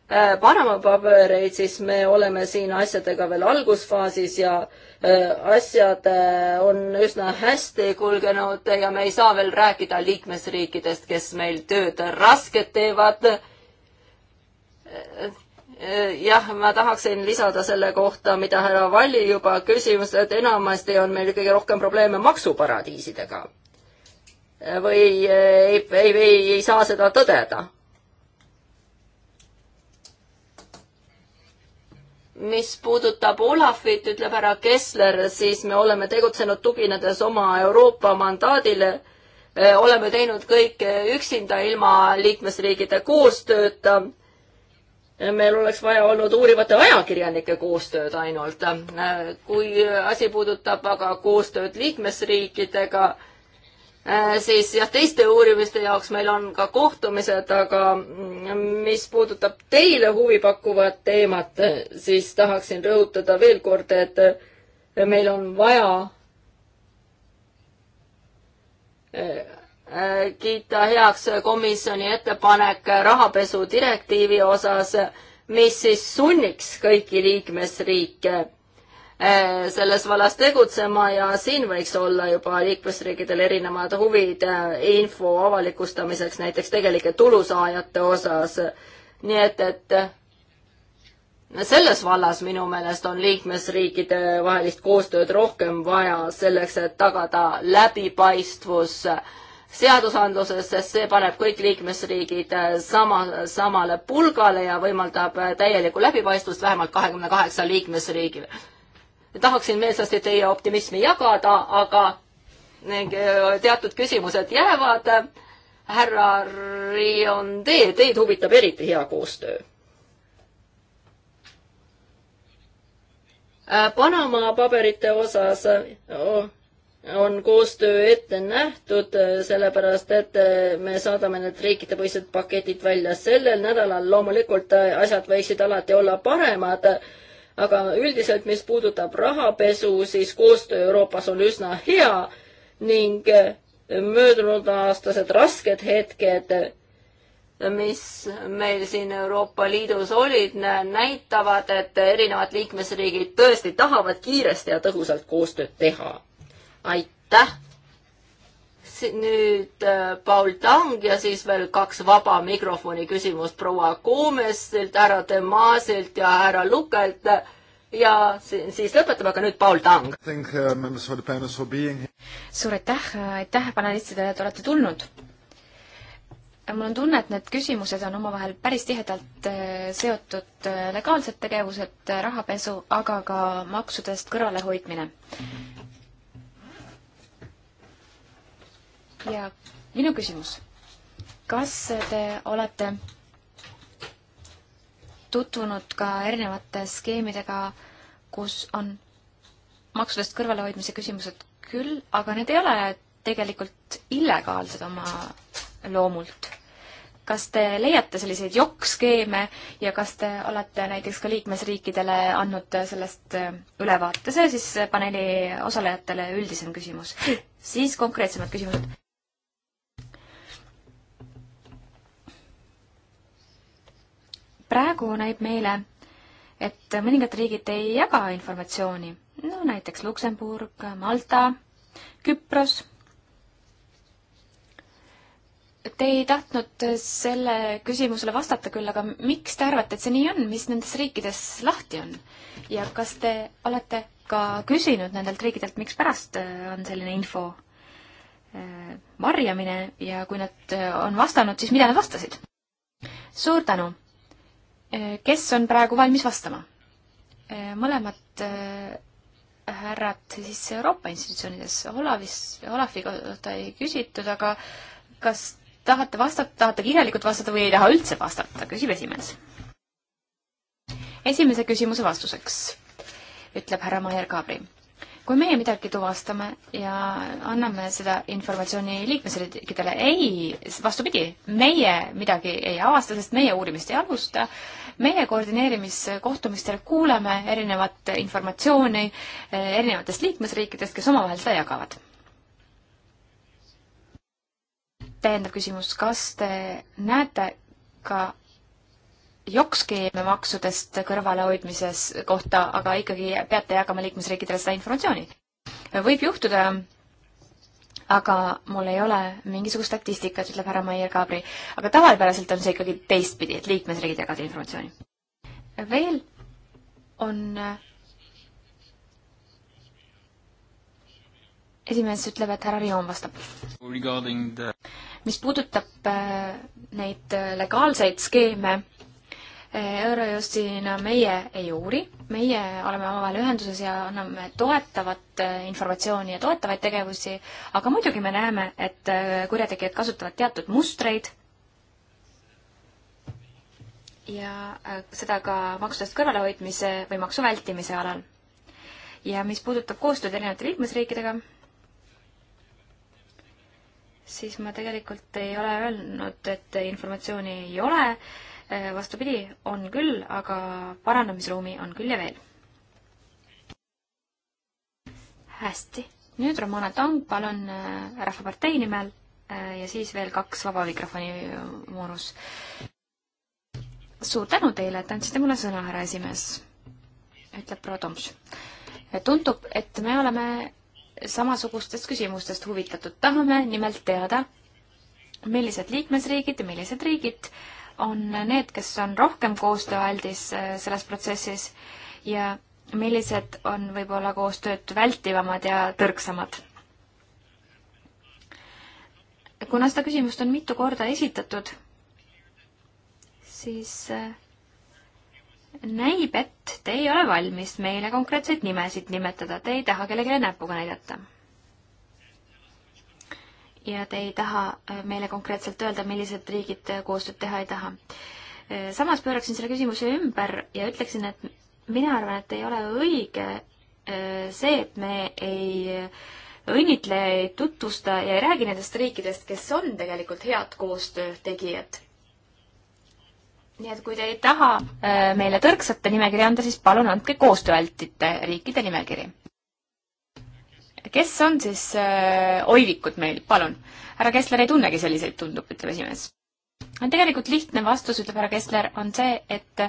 S2: Äh, Panama pabereid, siis me oleme siin asjadega veel algusfaasis ja äh, asjad äh, on üsna hästi kulgenud ja me ei saa veel rääkida liikmesriikidest, kes meil tööd rasket teevad. jah, ma tahaksin lisada selle kohta, mida härra Valli juba küsimus, et enamasti on meil kõige rohkem probleeme maksuparadiisidega. või ei, ei, ei, ei saa seda tõdeda mis puudutab Olafit, ütleb härra Kessler, siis me oleme tegutsenud tuginedes oma Euroopa mandaadile. Äh, oleme teinud kõik äh, üksinda ilma liikmesriigide koostööta. Äh, meil oleks vaja olnud uurivate ajakirjanike koostööd ainult. kui asi puudutab aga koostööd liikmesriikidega, Äh, siis jah, teiste uurimiste jaoks meil on ka kohtumised, aga mm, mis puudutab teile huvipakkuvat teemat, siis tahaksin rõhutada veel kord, et äh, meil on vaja äh, kiita heaks komisjoni ettepanek rahapesu direktiivi osas, mis siis sunniks kõiki liikmesriike Äh, selles vallas tegutsema ja siin võiks olla juba liikmesriikidel erinevad huvid äh, info avalikustamiseks näiteks tegelike tulusaajate osas. nii et, et selles vallas minu meelest on liikmesriikide vahelist koostööd rohkem vaja selleks, et tagada läbipaistvus seadusandluses, sest see paneb kõik liikmesriigid äh, sama, samale pulgale ja võimaldab täielikku läbipaistvust vähemalt kahekümne kaheksa liikmesriigile tahaksin meelsasti teie optimismi jagada, aga äh, teatud küsimused jäävad. härra Riondee, teid huvitab eriti hea koostöö äh, Panama paberite osas äh, on koostöö ette nähtud, sellepärast et me saadame need riikidepõhised paketid välja sellel nädalal. loomulikult asjad võiksid alati olla paremad, aga üldiselt, mis puudutab rahapesu, siis koostöö Euroopas on üsna hea ning eh, möödunud aastased rasked hetked, eh, mis meil siin Euroopa Liidus olid, näitavad, et erinevad liikmesriigid tõesti tahavad kiiresti ja tõhusalt koostööd teha. aitäh! nüüd äh, Paul Tang ja siis veel kaks vaba mikrofoni küsimust proua Koomestilt, härra Demasilt ja härra Lukelt. ja siis lõpetame, aga nüüd Paul Tang. Uh,
S3: suur aitäh, aitäh panelistidele, et olete tulnud. mul on tunne, et need küsimused on omavahel päris tihedalt äh, seotud äh, legaalsed tegevused, rahapesu, aga ka maksudest kõrvalehoidmine ja minu küsimus, kas te olete tutvunud ka erinevate skeemidega, kus on maksudest kõrvalehoidmise küsimused küll, aga need ei ole tegelikult illegaalsed oma loomult. kas te leiate selliseid jokk-skeeme ja kas te olete näiteks ka liikmesriikidele andnud sellest ülevaate? see siis paneeli osalejatele üldisem küsimus. siis konkreetsemad küsimused praegu näib meile, et mõningad riigid ei jaga informatsiooni, no näiteks Luksemburg, Malta, Küpros. Te ei tahtnud selle küsimusele vastata küll, aga miks te arvate, et see nii on, mis nendes riikides lahti on? ja kas te olete ka küsinud nendelt riikidelt, mikspärast äh, on selline info äh, varjamine ja kui nad äh, on vastanud, siis mida nad vastasid? suur tänu kes on praegu valmis vastama? mõlemad äh, härrad siis Euroopa institutsioonides, Olavis, Olavi kohta ei küsitud, aga kas tahate vastata, tahate kirjalikult vastata või ei taha üldse vastata, küsib esimees. esimese küsimuse vastuseks ütleb härra Maier Kaabri kui meie midagi tuvastame ja anname seda informatsiooni liikmesriikidele, ei, vastupidi, meie midagi ei avasta, sest meie uurimist ei alusta, meie koordineerimiskohtumistel kuuleme erinevat informatsiooni eh, erinevatest liikmesriikidest, kes omavahel seda jagavad. täiendav küsimus, kas te näete ka jokkskeeme maksudest kõrvalehoidmises kohta, aga ikkagi peate jagama liikmesriikidele seda informatsiooni. võib juhtuda, aga mul ei ole mingisugust statistikat, ütleb härra Maier Kaabri, aga tavapäraselt on see ikkagi teistpidi, et liikmesriigid jagavad informatsiooni. veel on esimees ütleb, et härra Rion vastab.
S1: The...
S3: mis puudutab äh, neid äh, legaalseid skeeme, Eurojustina meie ei uuri, meie oleme omavahel ühenduses ja anname toetavat äh, informatsiooni ja toetavaid tegevusi, aga muidugi me näeme, et äh, kurjategijad kasutavad teatud mustreid ja äh, seda ka maksudest kõrvalehoidmise või maksu vältimise alal. ja mis puudutab koostööd erinevate liikmesriikidega, siis ma tegelikult ei ole öelnud, et informatsiooni ei ole Äh, vastupidi, on küll, aga parandamisruumi on küll ja veel. hästi, nüüd Romana Tang, palun äh, Rahvapartei nimel äh, ja siis veel kaks vaba mikrofoni voorus. suur tänu teile, et andsite mulle sõna, härra esimees, ütleb proua Toms. tundub, et me oleme samasugustest küsimustest huvitatud, tahame nimelt teada, millised liikmesriigid ja millised riigid äh, on need, kes on rohkem koostööaldis äh, selles protsessis ja millised on võib-olla koostööd vältivamad ja tõrksamad? kuna seda küsimust on mitu korda esitatud, siis äh, näib, et te ei ole valmis meile konkreetseid nimesid nimetada, te ei taha kellelegi näpuga näidata ja te ei taha äh, meile konkreetselt öelda, millised riigid äh, koostööd teha ei taha. Äh, samas pööraksin selle küsimuse ümber ja ütleksin, et mina arvan, et ei ole õige see, et me ei õnnitle, ei tutvusta ja ei räägi nendest riikidest, kes on tegelikult head koostöö tegijad. nii et kui te ei taha meile tõrksate nimekirja anda, siis palun andke koostööaltite riikide nimekiri kes on siis äh, oivikud meil, palun? härra Kessler ei tunnegi selliseid, tundub, ütleb esimees. tegelikult lihtne vastus, ütleb härra Kessler, on see, et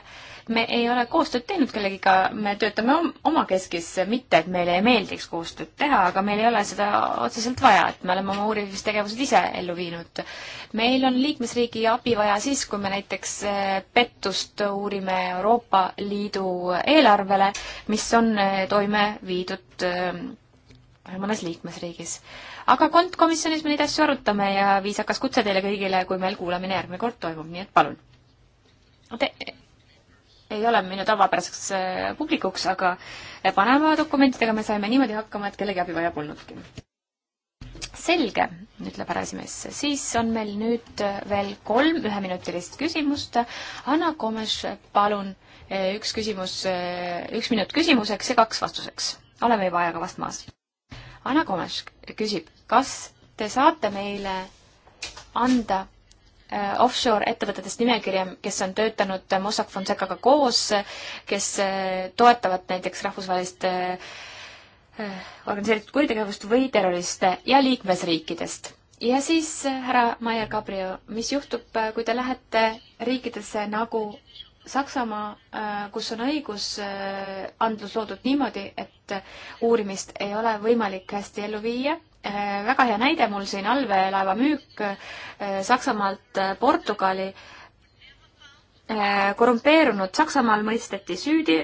S3: me ei ole koostööd teinud kellegiga, me töötame om omakeskis, mitte et meile ei meeldiks koostööd teha, aga meil ei ole seda otseselt vaja, et me oleme oma uurimistegevused ise ellu viinud. meil on liikmesriigi abi vaja siis, kui me näiteks äh, pettust uurime Euroopa Liidu eelarvele, mis on äh, toime viidud äh, mõnes liikmesriigis. aga kontkomisjonis me neid asju arutame ja viisakas kutse teile kõigile, kui meil kuulamine järgmine kord toimub, nii et palun. Te ei ole minu tavapäraseks äh, publikuks, aga Panama dokumentidega me saime niimoodi hakkama, et kellegi abi vaja polnudki. selge, ütleb härra esimees, siis on meil nüüd äh, veel kolm üheminutilist küsimust. Anna Komes, palun, äh, üks küsimus, üks minut küsimuseks ja kaks vastuseks. oleme juba ajaga vast maas Anna Komes küsib, kas te saate meile anda äh, offshore-ettevõtetest nimekirja, kes on töötanud Mossack Fonsecaga koos, kes äh, toetavad näiteks rahvusvahelist äh, organiseeritud kuritegevust või terroriste ja liikmesriikidest. ja siis, härra Maier Gabriel, mis juhtub, kui te lähete riikidesse nagu Saksamaa, äh, kus on õigusandlus loodud niimoodi, et äh, uurimist ei ole võimalik hästi ellu viia. Äh, väga hea näide mul siin allveelaeva müük Saksamaalt Portugali. korrumpeerunud Saksamaal mõisteti süüdi,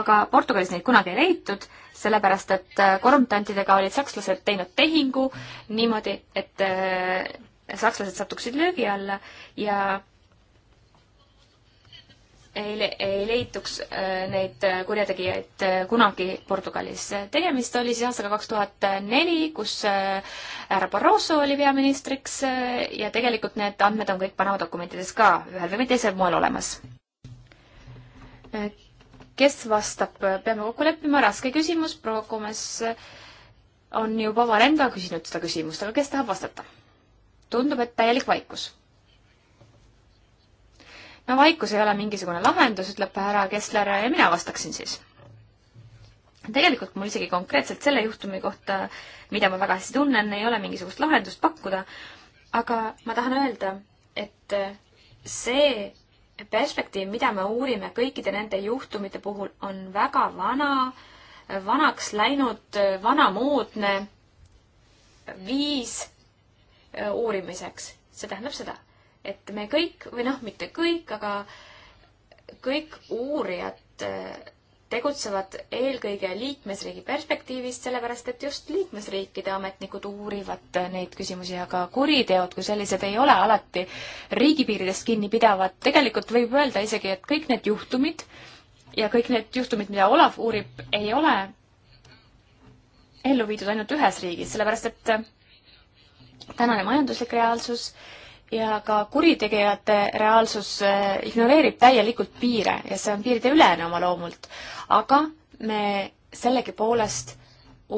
S3: aga Portugalis neid kunagi ei leitud, sellepärast et korruptantidega olid sakslased teinud tehingu niimoodi, et sakslased satuksid löögi alla ja ei, ei leituks äh, neid äh, kurjategijaid äh, kunagi Portugalis. tegemist oli siis aastaga kaks tuhat neli, kus härra Barroso oli peaministriks ja tegelikult need andmed on kõik Panama dokumentides ka ühel või teisel moel olemas. kes vastab, peame kokku leppima, raske küsimus, proua Kumes on juba varem ka küsinud seda küsimust, aga kes tahab vastata? tundub, et täielik vaikus no vaikus ei ole mingisugune lahendus, ütleb härra Kessler ja mina vastaksin siis. tegelikult mul isegi konkreetselt selle juhtumi kohta, mida ma väga hästi tunnen, ei ole mingisugust lahendust pakkuda, aga ma tahan öelda, et see perspektiiv, mida me uurime kõikide nende juhtumite puhul, on väga vana, vanaks läinud, vanamoodne viis uurimiseks. see tähendab seda, et me kõik, või noh, mitte kõik, aga kõik uurijad eh, tegutsevad eelkõige liikmesriigi perspektiivist, sellepärast et just liikmesriikide ametnikud uurivad eh, neid küsimusi, aga kuriteod kui sellised ei ole alati riigipiiridest kinni pidavad. tegelikult võib öelda isegi, et kõik need juhtumid ja kõik need juhtumid, mida Olav uurib, ei ole ellu viidud ainult ühes riigis, sellepärast et eh, tänane majanduslik reaalsus äh, ja ka kuritegijate reaalsus eh, ignoreerib täielikult piire ja see on piirideülene oma loomult. aga me sellegipoolest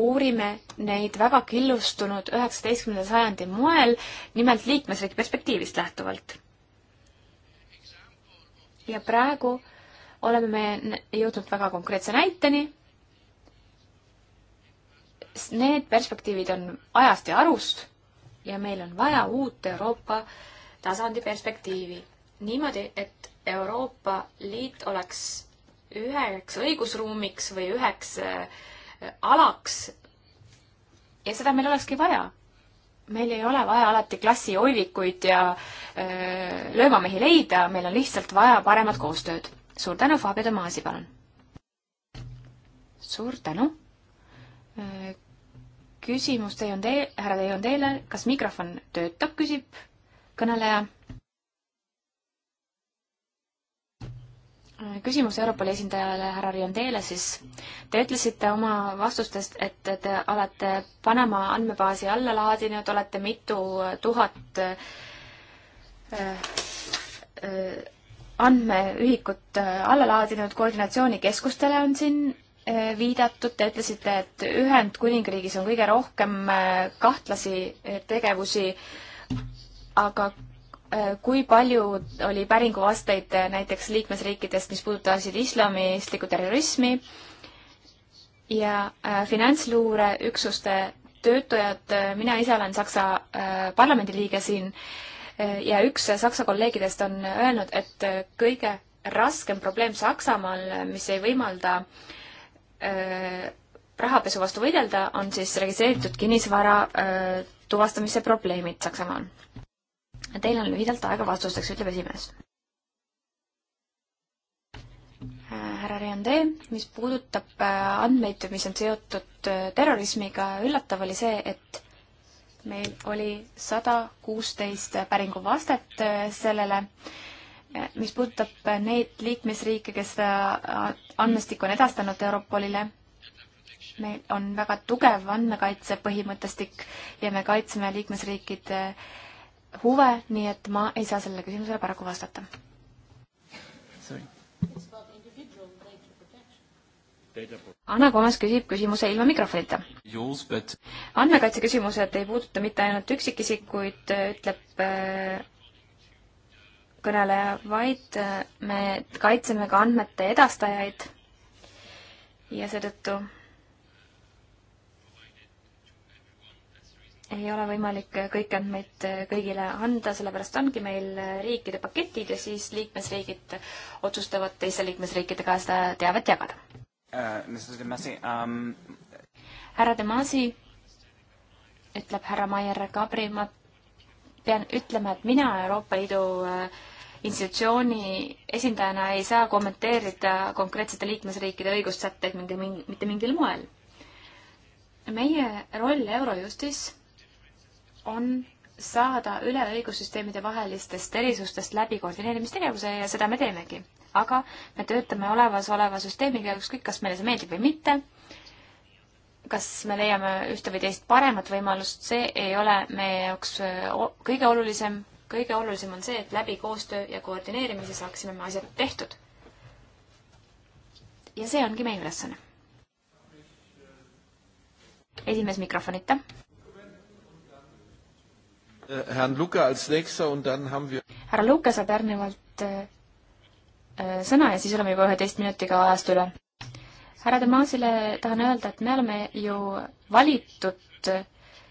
S3: uurime neid väga killustunud üheksateistkümnenda sajandi moel, nimelt liikmesriigi perspektiivist lähtuvalt. ja praegu oleme me jõudnud väga konkreetse näiteni. Need perspektiivid on ajast ja arust ja meil on vaja uut Euroopa tasandi perspektiivi. niimoodi, et Euroopa Liit oleks üheks õigusruumiks või üheks äh, alaks. ja seda meil olekski vaja. meil ei ole vaja alati klassioivikuid ja öö, äh, löömamehi leida, meil on lihtsalt vaja paremat koostööd. suur tänu, Fabio Tomasi, palun! suur tänu! Äh, küsimus teie on teel, härra Teie on teile, kas mikrofon töötab, küsib kõneleja. küsimus Europoli esindajale härra Riondele siis. Te ütlesite oma vastustest, et te olete Panama andmebaasi alla laadinud, olete mitu tuhat äh, äh, andmeühikut äh, alla laadinud, koordinatsioonikeskustele on siin viidatud, te ütlesite, et Ühendkuningriigis on kõige rohkem äh, kahtlasi äh, tegevusi, aga äh, kui palju oli päringuvasteid näiteks liikmesriikidest, mis puudutasid islamistlikku terrorismi ja finantsluureüksuste töötajad, mina ise olen Saksa parlamendiliige siin ja üks Saksa kolleegidest on öelnud, et kõige raskem probleem Saksamaal, mis ei võimalda äh, Äh, rahapesu vastu võidelda, on siis registreeritud kinnisvara äh, tuvastamise probleemid Saksamaal. Teil on lühidalt aega vastusteks, ütleb esimees. Äh, härra Riande, mis puudutab andmeid, mis on seotud terrorismiga, üllatav oli see, et meil oli sada kuusteist päringu vastet sellele äh, mis puudutab neid liikmesriike, kes seda äh, andmestikku on edastanud Europolile, meil on väga tugev andmekaitse põhimõttestik ja me kaitseme liikmesriikide huve, nii et ma ei saa sellele küsimusele paraku vastata.
S1: Anna Komas küsib küsimuse ilma mikrofonita.
S3: andmekaitse küsimused ei puuduta mitte ainult üksikisikuid, ütleb äh, kõneleja, vaid äh, me kaitseme ka andmete edastajaid ja seetõttu ei ole võimalik kõiki andmeid kõigile anda, sellepärast ongi meil riikide paketid ja siis liikmesriigid otsustavad teiste liikmesriikidega seda äh, teavet jagada
S1: uh,.
S3: härra Demasi ütleb härra Maier Kabri, ma pean ütlema, et mina Euroopa Liidu institutsiooni esindajana ei saa kommenteerida konkreetsete liikmesriikide õigussätteid mingi, mitte mingil moel. meie roll Eurojustis on saada üle õigussüsteemide vahelistest erisustest läbi koordineerimistegevuse ja seda me teemegi. aga me töötame olemasoleva süsteemiga, ükskõik kas meile see meeldib või mitte, kas me leiame ühte või teist paremat võimalust, see ei ole meie jaoks kõige olulisem, kõige olulisem on see, et läbi koostöö ja koordineerimise saaksime me asjad tehtud. ja see ongi meie ülesanne. esimees mikrofonita. Äh, härra Luka saab järgnevalt äh, äh, sõna ja siis oleme juba üheteist minutiga ajast üle. härra Demasile tahan öelda, et me oleme ju valitud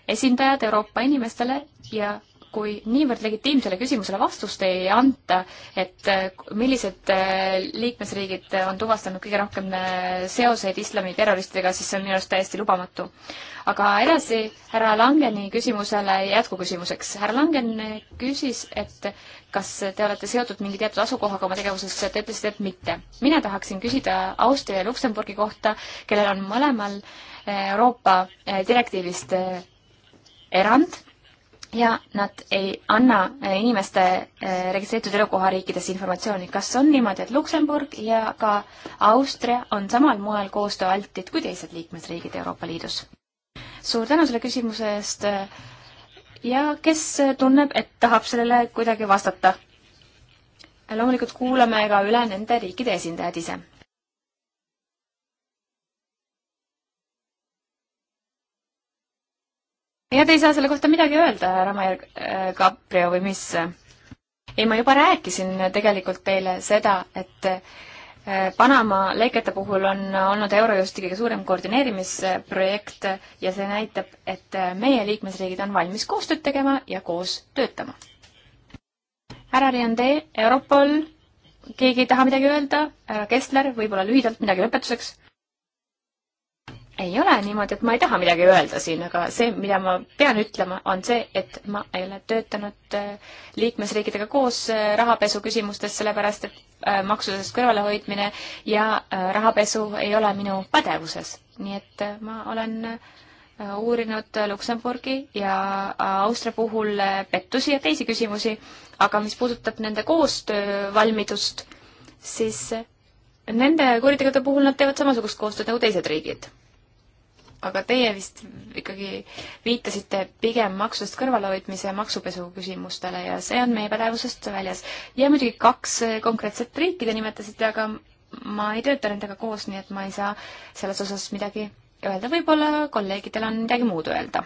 S3: esindajad Euroopa inimestele ja kui niivõrd legitiimsele küsimusele vastust ei anta, et äh, millised äh, liikmesriigid on tuvastanud kõige rohkem äh, seoseid islami terroristidega, siis see on minu arust täiesti lubamatu. aga edasi härra Langeni küsimusele jätkuküsimuseks. härra Langen küsis, et kas te olete seotud mingi teatud asukohaga oma tegevuses, te ütlesite, et mitte. mina tahaksin küsida Austria ja Luksemburgi kohta, kellel on mõlemal Euroopa direktiivist erand ja nad ei anna eh, inimeste eh, registreeritud elukohariikides informatsiooni. kas on niimoodi, et Luksemburg ja ka Austria on samal moel koostööaltid kui teised liikmesriigid Euroopa Liidus? suur tänu selle küsimuse eest eh, ja kes tunneb, et tahab sellele kuidagi vastata? loomulikult kuulame ka üle nende riikide esindajad ise. ja te ei saa selle kohta midagi öelda, Ramajer Kaprio äh, või mis? ei, ma juba rääkisin tegelikult teile seda, et äh, Panama lekete puhul on olnud Eurojusti kõige suurem koordineerimisprojekt ja see näitab, et äh, meie liikmesriigid on valmis koostööd tegema ja koos töötama. härra Riande, Europol, keegi ei taha midagi öelda, härra Kessler, võib-olla lühidalt midagi lõpetuseks ei ole niimoodi, et ma ei taha midagi öelda siin, aga see, mida ma pean ütlema, on see, et ma ei ole töötanud äh, liikmesriikidega koos äh, rahapesu küsimustes, sellepärast et äh, maksusest kõrvalehoidmine ja rahapesu ei ole minu pädevuses. nii et ma olen uurinud Luksemburgi ja Austria puhul pettusi ja teisi küsimusi, aga mis puudutab nende koostöövalmidust, siis nende kuritegude puhul nad teevad samasugust koostööd nagu teised riigid aga teie vist ikkagi viitasite pigem maksudest kõrvalehoidmise ja maksupesu küsimustele ja see on meie pädevusest väljas. ja muidugi kaks eh, konkreetset riiki te nimetasite, aga ma ei tööta nendega koos, nii et ma ei saa selles osas midagi öelda, võib-olla kolleegidel on midagi muud öelda.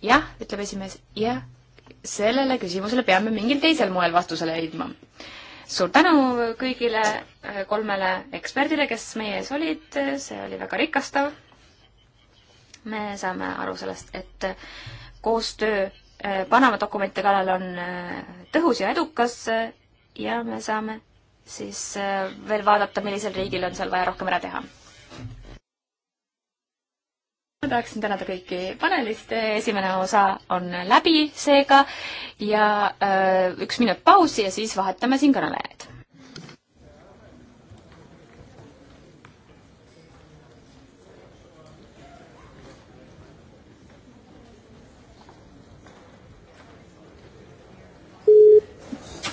S3: jah, ütleb esimees, jah, sellele küsimusele peame mingil teisel moel vastuse leidma suur tänu kõigile eh, kolmele eksperdile, kes meie ees olid, eh, see oli väga rikastav me saame aru sellest, et koostöö äh, Panama dokumente kallal on äh, tõhus ja edukas äh, ja me saame siis veel vaadata, millisel riigil on seal vaja rohkem ära teha. ma tahaksin tänada kõiki paneliste, esimene osa on läbi seega ja üks minut pausi ja siis vahetame siin kõnelejaid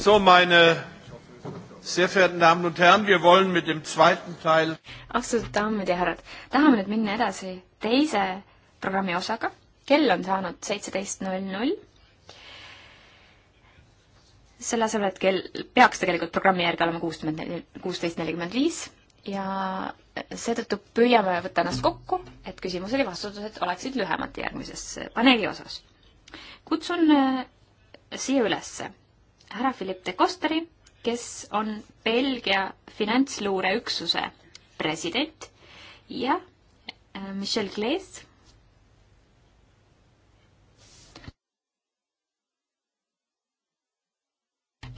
S1: So, meine sehr verehrten Damen und Herren, wir wollen mit dem zweiten Teil
S3: austatud daamid ja härrad, tahame nüüd minna edasi teise programmi osaga. kell on saanud seitseteist null null. selle asemel, et kell peaks tegelikult programmi järgi olema kuuskümmend, kuusteist nelikümmend viis ja seetõttu püüame võtta ennast kokku, et küsimused ja vastused oleksid lühemad järgmises paneeli osas. kutsun äh, siia ülesse härra Philip de Costeri, kes on Belgia finantsluureüksuse president ja äh, Michel Glaes,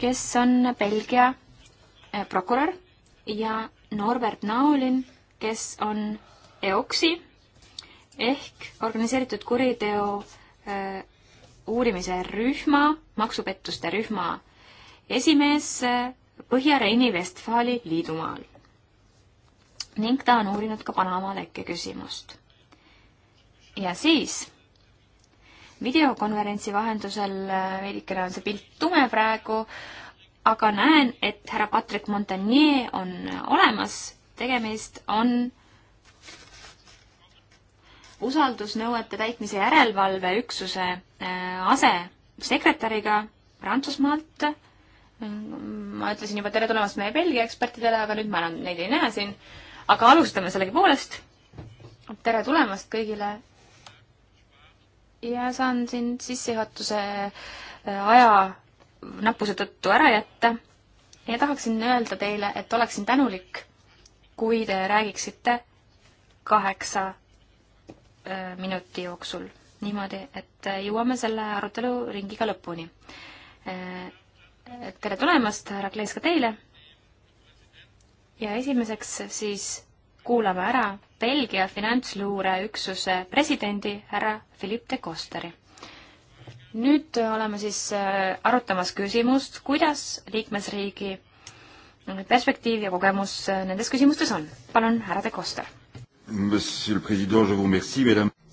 S3: kes on Belgia äh, prokurör ja Norbert Naolin, kes on EOX-i ehk organiseeritud kuriteo äh, uurimise rühma, maksupettuste rühma esimees eh, Põhja-Reini-Vestfaali liidumaal. ning ta on uurinud ka Panama lekke küsimust. ja siis videokonverentsi vahendusel eh, veidikene on see pilt tume praegu, aga näen, et härra Patrick Montagnier on olemas, tegemist on usaldusnõuete täitmise järelevalveüksuse Äh, asesekretäriga Prantsusmaalt. ma ütlesin juba tere tulemast meie Belgia ekspertidele, aga nüüd ma enam neid ei näe siin. aga alustame sellegipoolest. tere tulemast kõigile. ja saan siin sissejuhatuse äh, aja nappuse tõttu ära jätta. ja tahaksin öelda teile, et oleksin tänulik, kui te räägiksite kaheksa äh, minuti jooksul niimoodi, et jõuame selle aruteluringiga lõpuni. tere tulemast, härra Klees, ka teile. ja esimeseks siis kuulame ära Belgia finantsluureüksuse presidendi härra Philippe de Costeri nüüd oleme siis äh, arutamas küsimust, kuidas liikmesriigi äh, perspektiiv ja kogemus äh, nendes küsimustes on. palun, härra De Koster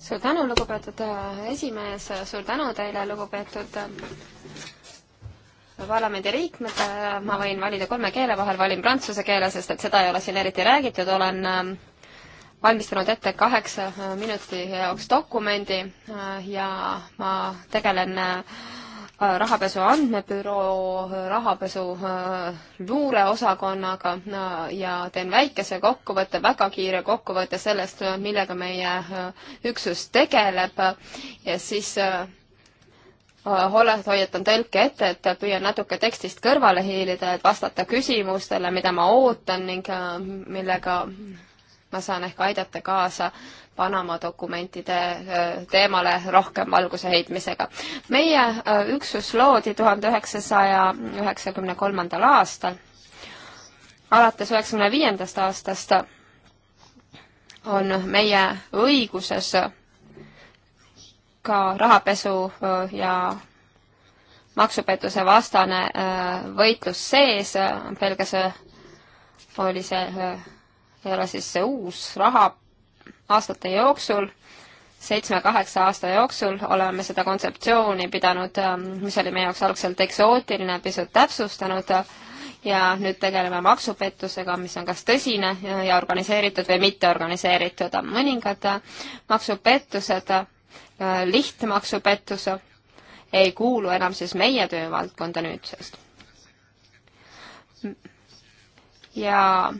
S4: suur tänu, lugupeetud äh, esimees, suur tänu teile, lugupeetud äh, parlamendi liikmed, äh, ma võin valida kolme keele vahel, valin prantsuse keele, sest et seda ei ole siin eriti räägitud, olen valmistanud ette kaheksa minuti jaoks dokumendi ja ma tegelen Äh, rahapesu andmebüroo äh, rahapesu äh, luureosakonnaga ja teen väikese kokkuvõtte, väga kiire kokkuvõtte sellest, millega meie üksus tegeleb ja siis olles, hoiatan tõlke ette, et püüan natuke tekstist kõrvale hiilida, et vastata küsimustele, mida ma ootan ning millega ma saan ehk aidata kaasa Panama dokumentide teemale rohkem valguse heitmisega. meie üksus loodi tuhande üheksasaja üheksakümne kolmandal aastal. alates üheksakümne viiendast aastast on meie õiguses ka rahapesu ja maksupettuse vastane võitlus sees, Belgias oli see, ei ole siis see uus raha aastate jooksul, seitsme-kaheksa aasta jooksul oleme seda kontseptsiooni pidanud, ähm, mis oli meie jaoks algselt eksootiline, pisut täpsustanud äh, ja nüüd tegeleme maksupettusega, mis on kas tõsine äh, ja organiseeritud või mitteorganiseeritud. mõningad äh, maksupettused, lihtmaksupettus ei kuulu enam siis meie töövaldkonda nüüdsest. ja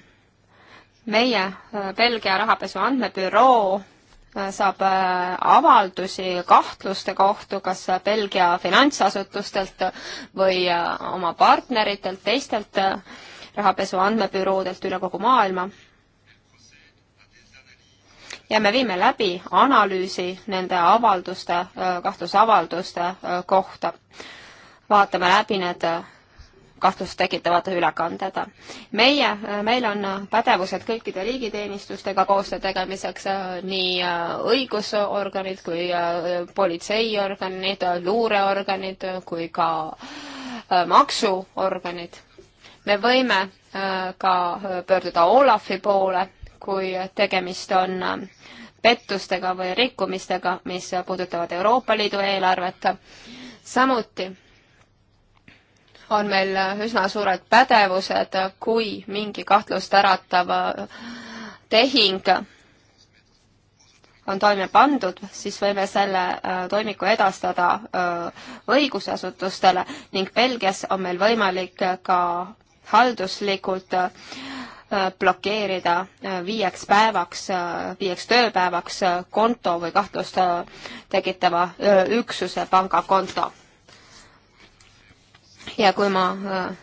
S4: meie äh, Belgia rahapesu andmebüroo äh, saab äh, avaldusi kahtluste kohta kas Belgia finantsasutustelt või oma partneritelt, teistelt rahapesu andmebüroodelt üle kogu maailma. ja me viime läbi analüüsi nende avalduste, kahtlusavalduste kohta. vaatame läbi need kahtlust tekitavad ülekanded. meie, meil on pädevused kõikide riigiteenistustega koostöö tegemiseks, äh, nii äh, õigusorganid kui äh, politseiorganid, luureorganid kui ka maksuorganid. me võime ka pöörduda Olafi poole, kui tegemist on pettustega või rikkumistega, mis puudutavad Euroopa Liidu eelarvet. samuti on meil üsna suured pädevused, kui mingi kahtlust äratav tehing on toime pandud, siis võime selle äh, toimiku edastada äh, õigusasutustele ning Belgias on meil võimalik ka halduslikult äh, blokeerida viieks päevaks, viieks tööpäevaks konto või kahtlust tekitava üksuse pangakonto ja kui ma äh,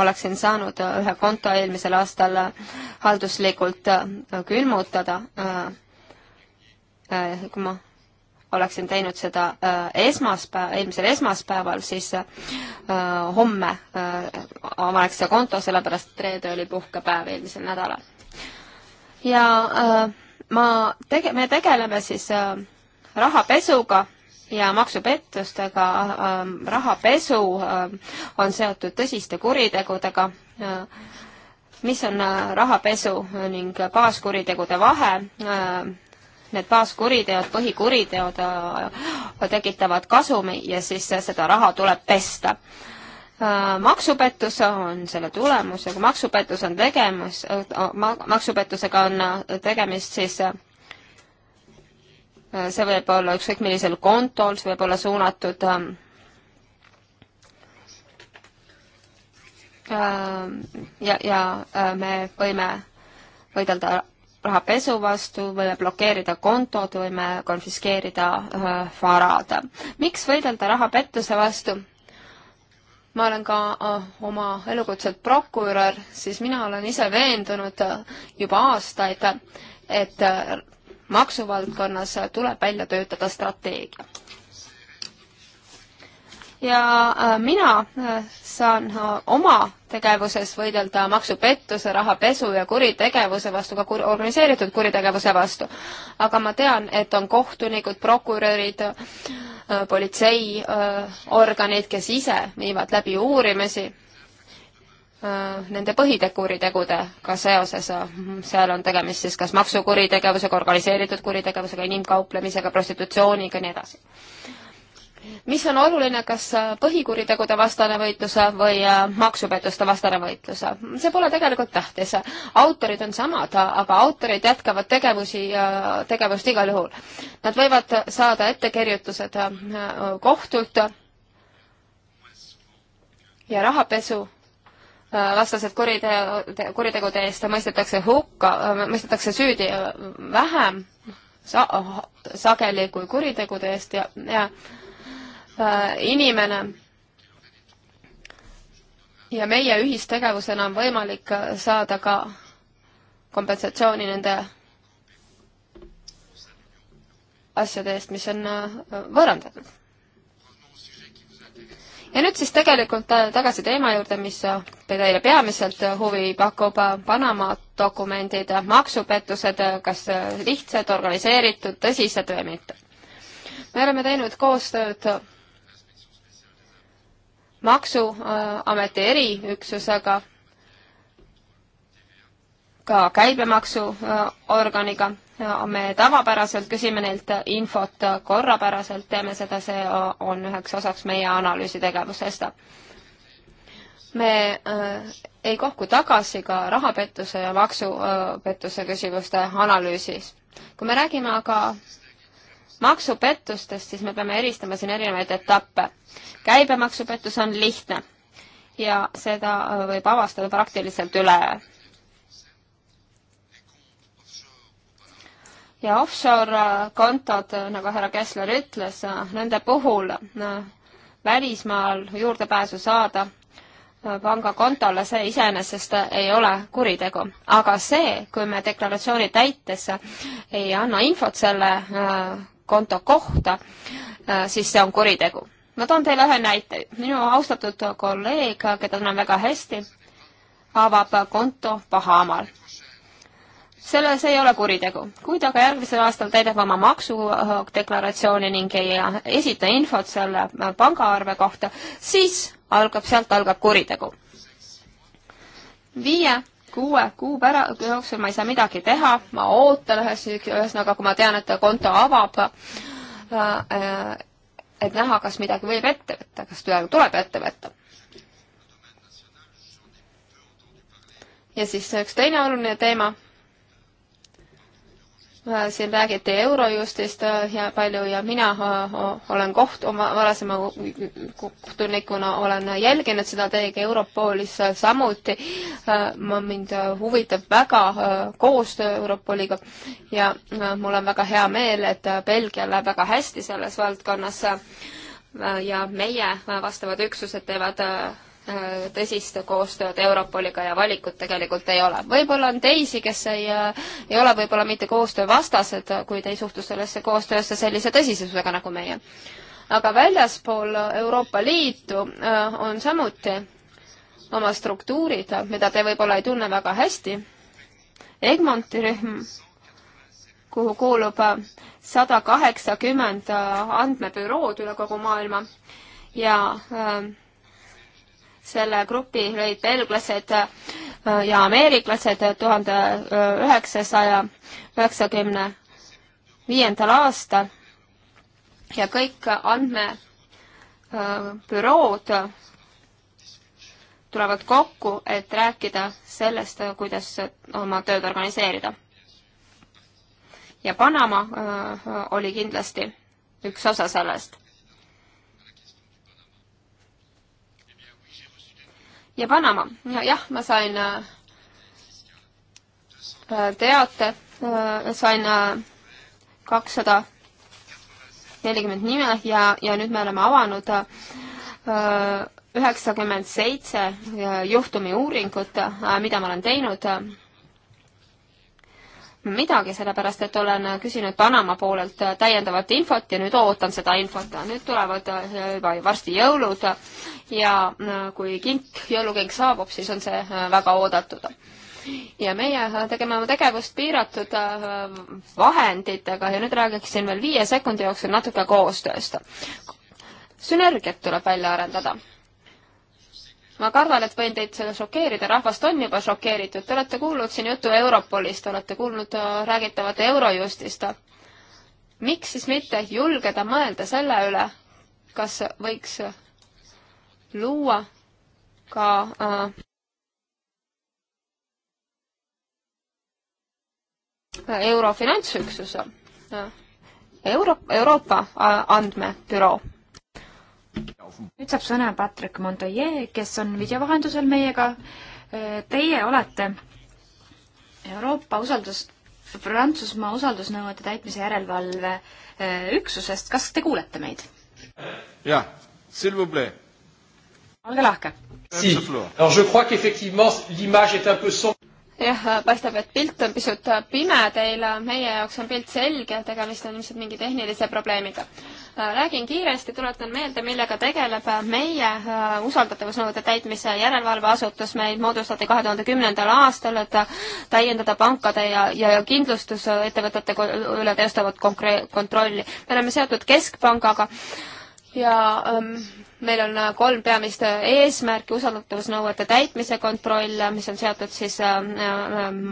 S4: oleksin saanud äh, ühe konto eelmisel aastal äh, halduslikult külmutada, kui ma oleksin teinud seda esmaspäev, eelmisel esmaspäeval, siis homme avaneks see konto, sellepärast et reede oli puhkepäev eelmisel nädalal. ja ma tege-, me tegeleme siis rahapesuga ja maksupettustega äh,, rahapesu äh, on seotud tõsiste kuritegudega äh,, mis on äh, rahapesu ning baaskuritegude vahe äh,, need baaskuriteod, põhikuriteod äh, tekitavad kasumi ja siis seda raha tuleb pesta. Äh, maksupettus on selle tulemus, aga maksupettus on tegemus, äh, maksupettusega on tegemist siis Äh, see võib olla ükskõik millisel kontol, see võib olla suunatud ähm, äh, ja, ja äh, me võime võidelda rahapesu vastu, võime blokeerida kontod, võime konfiskeerida varad. miks võidelda rahapettuse vastu? ma olen ka oma elukutselt prokurör, siis mina olen ise veendunud juba aastaid, et maksuvaldkonnas tuleb välja töötada strateegia. ja äh, mina äh, saan äh, oma tegevuses võidelda maksupettuse, rahapesu ja kuritegevuse vastu, ka kur-, organiseeritud kuritegevuse vastu. aga ma tean, et on kohtunikud, prokurörid, politseiorganid, kes ise viivad läbi uurimisi Äh, nende põhiteguritegudega seoses, äh, seal on tegemist siis kas maksukuritegevusega, organiseeritud kuritegevusega, inimkauplemisega, prostitutsiooniga ja nii edasi. mis on oluline, kas äh, põhikuritegude vastane võitlus või maksupettuste vastane võitlus? see pole tegelikult tähtis. autorid on samad, aga autorid jätkavad tegevusi ja tegevust igal juhul. Nad võivad saada ettekirjutused kohtult ja rahapesu vastased kuriteo, kuritegude eest mõistetakse hukka, mõistetakse süüdi vähem sa, sageli kui kuritegude eest ja, ja äh, inimene ja meie ühistegevusena on võimalik saada ka kompensatsiooni nende asjade eest, mis on äh, võõrandatud ja nüüd siis tegelikult äh, tagasi teema juurde, mis äh, teile peamiselt äh, huvi pakub, Panama dokumendid, maksupettused, kas lihtsad, organiseeritud, tõsised või mitte. me oleme teinud koostööd maksuameti eriüksusega ka käibemaksuorganiga. Äh, me tavapäraselt küsime neilt infot korrapäraselt, teeme seda, see on üheks osaks meie analüüsitegevusest. me äh, ei kohku tagasi ka rahapettuse ja maksupettuse küsimuste analüüsis. kui me räägime aga maksupettustest, siis me peame eristama siin erinevaid etappe. käibemaksupettus on lihtne ja seda äh, võib avastada praktiliselt üleöö ja offshore äh, kontod, äh, nagu härra Kessler ütles, äh, nende puhul välismaal juurdepääsu saada pangakontole, see iseenesest ei ole kuritegu. aga see, kui me deklaratsiooni täites ei anna infot selle konto kohta, siis see on kuritegu. ma toon teile ühe näite. minu austatud kolleeg, keda tunnen väga hästi, avab konto Bahamal selles ei ole kuritegu. kui ta aga järgmisel aastal täidab oma maksudeklaratsiooni ning ei esita infot selle pangaarve kohta, siis algab, sealt algab kuritegu. viie, kuue kuu pära-, jooksul ma ei saa midagi teha, ma ootan ühes, ühesõnaga, kui ma tean, et ta konto avab, äh, äh, et näha, kas midagi võib ette võtta, kas midagi tuleb ette võtta ja siis üks teine oluline teema, Äh, siin räägiti Eurojustist äh, ja palju ja mina äh, olen koht-, oma varasema kohtunikuna olen jälginud seda teiega Europolis samuti. ma, mind huvitab väga koostöö Europoliga ja mul on väga hea meel, et Belgial läheb väga hästi selles valdkonnas ja meie vastavad üksused teevad Äh, tõsist koostööd Europoliga ja valikut tegelikult ei ole. võib-olla on teisi, kes ei, äh, ei ole võib-olla mitte koostöövastased, kuid ei suhtu sellesse koostöösse sellise tõsisusega nagu meie. aga väljaspool Euroopa Liitu äh, on samuti oma struktuurid, mida te võib-olla ei tunne väga hästi. Egmonti rühm, kuhu kuulub sada kaheksakümmend andmebürood üle kogu maailma ja äh, selle grupi lõid belglased äh, ja ameeriklased tuhande äh, üheksasaja üheksakümne viiendal aastal ja kõik andmebürood äh, tulevad kokku, et rääkida sellest, kuidas oma tööd organiseerida. ja Panama öö, oli kindlasti üks osa sellest ja Panama ja,, jah, ma sain äh, äh teate äh,, sain äh, kakssada nelikümmend nime ja, ja nüüd me oleme avanud äh, üheksakümmend seitse juhtumi uuringut, mida ma olen teinud midagi, sellepärast et olen küsinud Panama poolelt täiendavat infot ja nüüd ootan seda infot. nüüd tulevad äh, juba varsti jõulud ja äh, kui kink, jõulukink saabub, siis on see äh, väga oodatud. ja meie tegeme oma tegevust piiratud vahenditega ja nüüd räägiksin veel viie sekundi jooksul natuke koostööst. sünergiat tuleb välja arendada ma kardan, et võin teid selle šokeerida, rahvast on juba šokeeritud, te olete kuulnud siin juttu Europolist, olete kuulnud äh, räägitavat Eurojustist. miks siis mitte julgeda mõelda selle üle, kas võiks luua ka äh, euro finantsüksus, äh, Euro-,
S3: Euroopa äh, andmebüroo nüüd saab sõna Patrick Montoyer, kes on video vahendusel meiega. Teie olete Euroopa usaldus, Prantsusmaa usaldusnõuete täitmise järelevalve eh, üksusest, kas te kuulete meid?
S1: jah, s'il vous plaît. olge lahke. Si. Alors je crois qu'effectivement l'image est un peu sombre
S3: jah,
S4: paistab, et pilt on pisut pime teil, meie jaoks on pilt selge, tegemist on ilmselt mingi tehnilise probleemiga. Äh, räägin kiiresti, tuletan meelde, millega tegeleb äh, meie äh, usaldatavusnõuete täitmise järelevalveasutus, meid moodustati kahe tuhande kümnendal aastal, et täiendada pankade ja, ja kindlustusettevõtete üle teostavat kontrolli. me oleme seotud Keskpangaga ja ähm, meil on kolm peamist eesmärki, usaldatavusnõuete täitmise kontroll, mis on seotud siis ähm,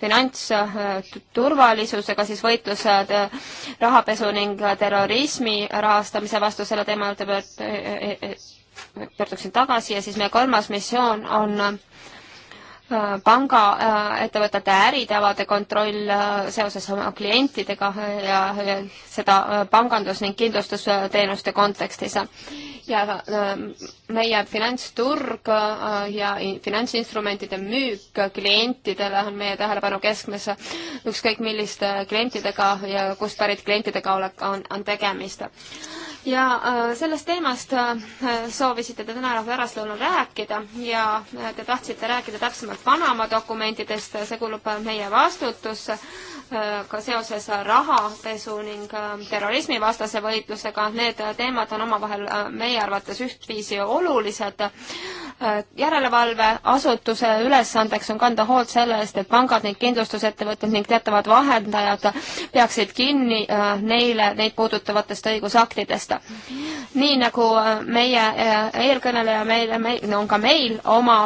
S4: finantsturvalisusega, siis võitlus äh, rahapesu ning terrorismi rahastamise vastu, selle teema juurde äh, äh, pöörduksin tagasi ja siis meie kolmas missioon on pangaettevõtete äritavade kontroll äh, seoses oma klientidega äh, ja seda äh, pangandus- ning kindlustusteenuste kontekstis. ja ähm, meie finantsturg ja finantsinstrumentide müük klientidele on meie tähelepanu keskmes, ükskõik milliste klientidega ja kust pärit klientidega on tegemist ja äh, sellest teemast äh, soovisite te täna pärastlõunal rääkida ja äh, te tahtsite rääkida täpsemalt Panama dokumentidest, see kuulub meie vastutusse ka seoses rahapesu ning terrorismivastase võitlusega. Need teemad on omavahel meie arvates ühtviisi olulised järelevalveasutuse ülesandeks on kanda hoolt selle eest, et pangad ning kindlustusettevõtted ning teatavad vahendajad peaksid kinni äh, neile, neid puudutavatest õigusaktidest. nii nagu äh, meie äh, eelkõneleja meile, meil, on ka meil oma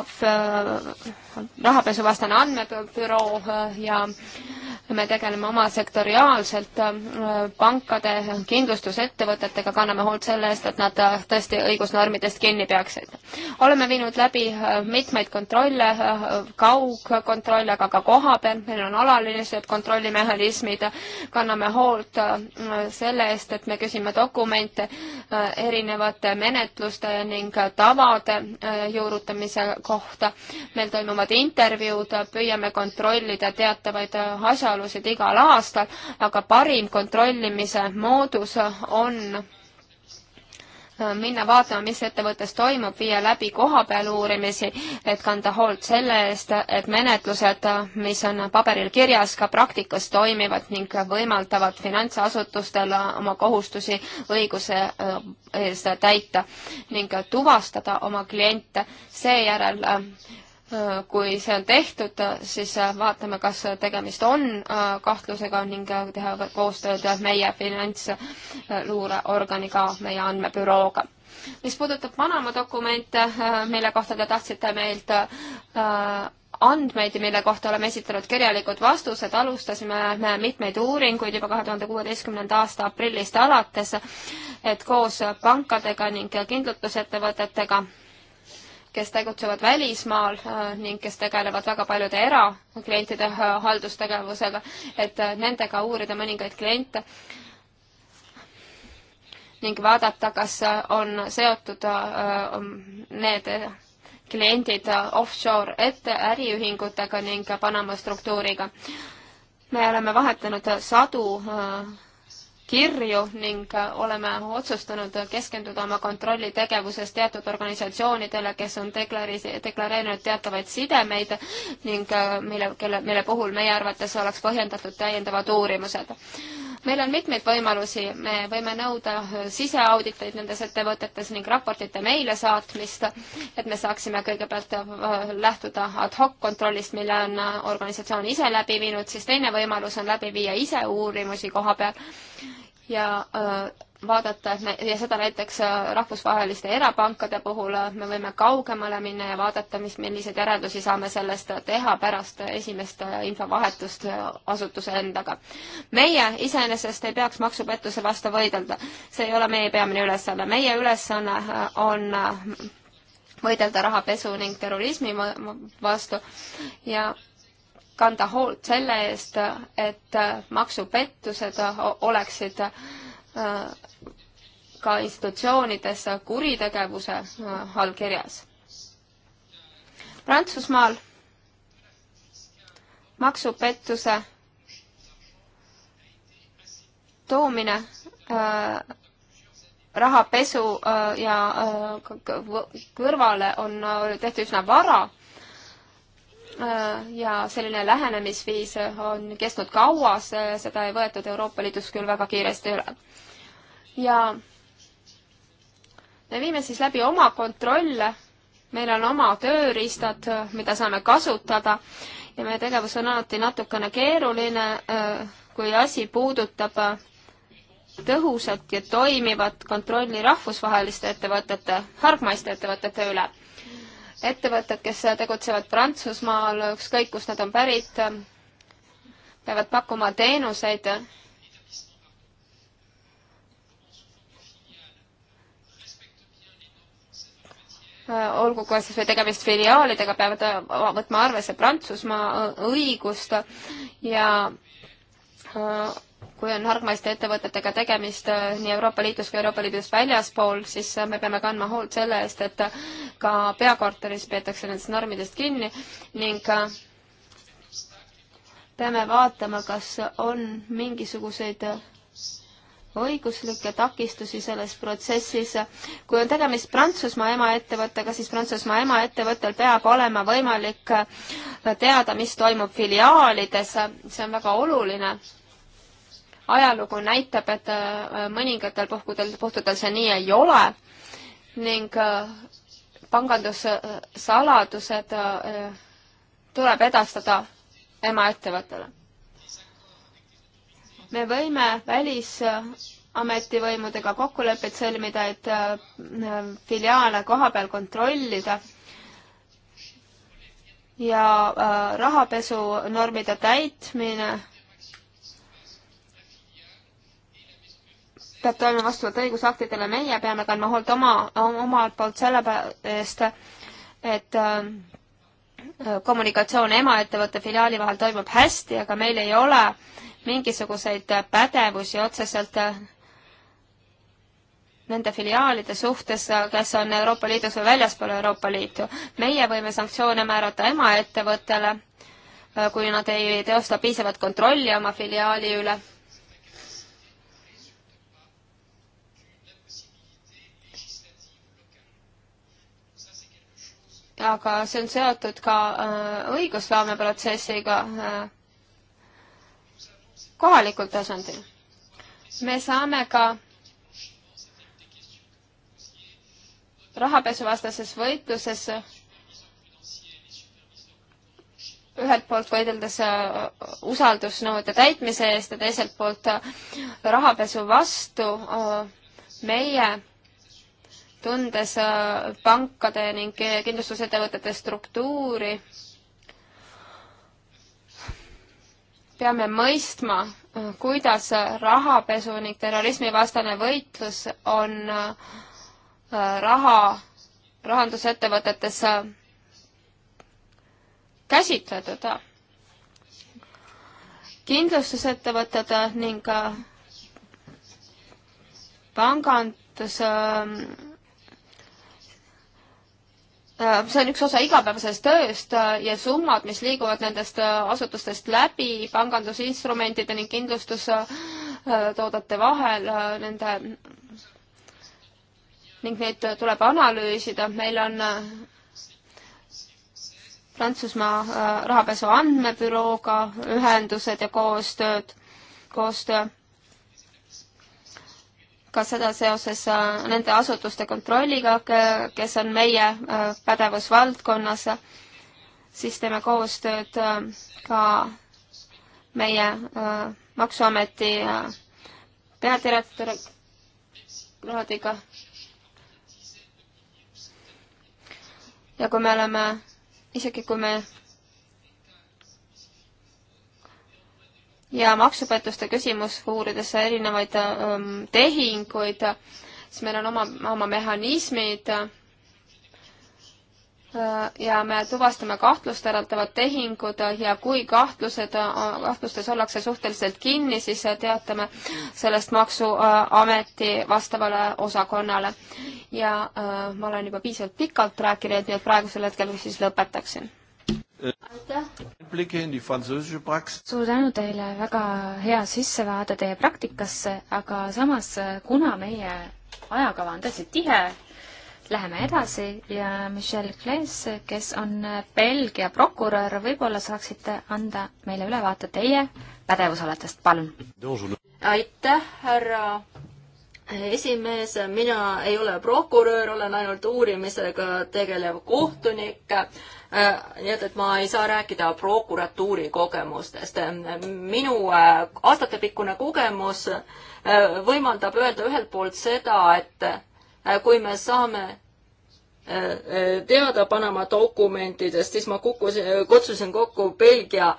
S4: rahapesuvastane andmebüroo ja äh, me tegeleme oma sektoriaalselt äh, pankade, kindlustusettevõtetega, kanname hoolt selle eest, et nad äh, tõesti õigusnormidest kinni peaksid. oleme viinud läbi äh, mitmeid kontrolle, kaugkontrolle, aga ka kohapeal, meil on alalised kontrollimehhanismid, kanname hoolt selle eest, et me küsime dokumente erinevate menetluste ning tavade juurutamise kohta, meil toimuvad intervjuud, püüame kontrollida teatavaid asja, osalusid igal aastal, aga parim kontrollimise moodus on äh, minna vaatama, mis ettevõttes toimub, viia läbi kohapeal uurimisi, et kanda hoolt selle eest, et menetlused, äh, mis on paberil kirjas, ka praktikas toimivad ning võimaldavad finantsasutustel äh, oma kohustusi õiguse eest täita ning tuvastada oma kliente. seejärel kui see on tehtud, siis vaatame, kas tegemist on äh, kahtlusega ning äh, teha koostööd meie finantsluureorganiga, meie andmebürooga. mis puudutab Panama dokumente, äh, mille kohta te tahtsite meilt andmeid, mille kohta oleme esitanud kirjalikud vastused, alustasime mitmeid uuringuid juba kahe tuhande kuueteistkümnenda aasta aprillist alates, et koos pankadega ning kindlutusettevõtetega kes tegutsevad välismaal äh, ning kes tegelevad väga paljude eraklientide äh, haldustegevusega, et äh, nendega uurida mõningaid kliente ning vaadata, kas on seotud um, need kliendid offshore ette äriühingutega ning Panama struktuuriga. me oleme vahetanud sadu kirju ning äh, oleme otsustanud keskenduda oma kontrollitegevuses teatud organisatsioonidele, kes on deklari-, deklareerinud teatavaid sidemeid ning äh, mille, kelle, mille puhul meie arvates oleks põhjendatud täiendavad uurimused meil on mitmeid võimalusi, me võime nõuda siseauditeid nendes ettevõtetes ning raportite meile saatmist, et me saaksime kõigepealt äh, lähtuda ad hoc kontrollist, mille on äh, organisatsioon ise läbi viinud, siis teine võimalus on läbi viia ise uurimusi koha peal ja öö, äh, vaadata, et me, ja seda näiteks äh, rahvusvaheliste erapankade puhul, äh, me võime kaugemale minna ja vaadata, mis, milliseid järeldusi saame sellest äh, teha pärast esimest infovahetust asutuse endaga. meie iseenesest ei peaks maksupettuse vastu võidelda, see ei ole meie peamine ülesanne, meie ülesanne on võidelda rahapesu ning terrorismi vastu ja kanda hoolt selle eest, et maksupettused oleksid ka institutsioonides kuritegevuse äh, all kirjas. Prantsusmaal maksupettuse toomine äh, rahapesu äh, ja äh, kõrvale on äh, tehtud üsna vara äh, ja selline lähenemisviis on kestnud kaua, seda ei võetud Euroopa Liidus küll väga kiiresti üle. ja me viime siis läbi oma kontrolle, meil on oma tööriistad, mida saame kasutada ja meie tegevus on alati natukene keeruline, kui asi puudutab tõhusat ja toimivat kontrolli rahvusvaheliste ettevõtete, hargmaiste ettevõtete üle. ettevõtted, kes tegutsevad Prantsusmaal, ükskõik kust nad on pärit, peavad pakkuma teenuseid Äh, olgu ka siis või tegemist filiaalidega, peavad äh, võtma arvesse Prantsusmaa äh, õigust ja kui on hargmaiste ettevõtetega tegemist nii Euroopa Liidus kui Euroopa Liidust väljaspool, siis me peame kandma hoolt selle eest, et ka peakorteris peetakse nendest normidest kinni ning peame vaatama, kas on mingisuguseid õiguslikke takistusi selles protsessis. kui on tegemist Prantsusmaa emaettevõttega, siis Prantsusmaa emaettevõttel peab olema võimalik teada, mis toimub filiaalides, see on väga oluline. ajalugu näitab, et äh, mõningatel puhkudel, puhtudel see nii ei ole ning äh, pangandussaladused äh, tuleb edastada emaettevõttele me võime välis ametivõimudega kokkuleppeid sõlmida, et äh, filiaale koha peal kontrollida ja äh, rahapesunormide täitmine peab toimuma vastavalt õigusaktidele, meie peame kandma hoolt oma, omalt poolt selle eest, et äh, kommunikatsioon emaettevõtte filiaali vahel toimub hästi, aga meil ei ole mingisuguseid pädevusi otseselt äh, nende filiaalide suhtes, äh, kes on Euroopa Liidus või väljaspool Euroopa Liitu. meie võime sanktsioone määrata emaettevõttele, äh, kui nad ei teosta piisavat kontrolli oma filiaali üle. aga see on seotud ka õigusloomeprotsessiga kohalikul tasandil. me saame ka rahapesuvastases võitluses ühelt poolt võideldes äh, usaldusnõude täitmise eest ja teiselt poolt äh, rahapesu vastu äh, meie tundes pankade ning kindlustusettevõtete struktuuri peame mõistma, äh, kuidas rahapesu ning terrorismivastane võitlus on äh, raha rahandusettevõtetes äh, käsitletud. kindlustusettevõtted ning pangandus ähm, Äh, see on üks osa igapäevasest tööst äh, ja summad, mis liiguvad nendest äh, asutustest läbi pangandusinstrumentide ning kindlustustoodete vahel, nende ning neid tuleb analüüsida, meil on Prantsusmaa rahapesu andmebürooga ühendused ja koostööd, koostöö ka seda seoses äh, nende asutuste kontrolliga, kes on meie äh, pädevusvaldkonnas, siis teeme koostööd äh, ka meie Maksuameti peadirektoriga. ja kui me oleme, isegi kui me ja maksupettuste küsimus, uurides erinevaid ähm, tehinguid, siis meil on oma, oma mehhanismid äh, ja me tuvastame kahtlust äratavad tehingud ja kui kahtlused, äh, kahtlustes ollakse suhteliselt kinni, siis teatame sellest Maksuameti vastavale osakonnale. ja äh, ma olen juba piisavalt pikalt rääkinud, nii et praegusel hetkel siis lõpetaksin
S1: aitäh!
S3: suur tänu teile väga hea sissevaade teie praktikasse, aga samas, kuna meie ajakava on tõesti tihe, läheme edasi ja Michel Klees, kes on Belgia prokurör, võib-olla saaksite anda meile ülevaate teie pädevusalatest, palun. aitäh, härra
S2: esimees, mina ei ole prokurör, olen ainult uurimisega tegelev kohtunik Äh, nii et, et ma ei saa rääkida prokuratuuri kogemustest. minu äh, aastatepikkune kogemus äh, võimaldab öelda ühelt poolt seda, et kui me saame teada Panama dokumentidest, siis ma kukkusin, kutsusin kokku Belgia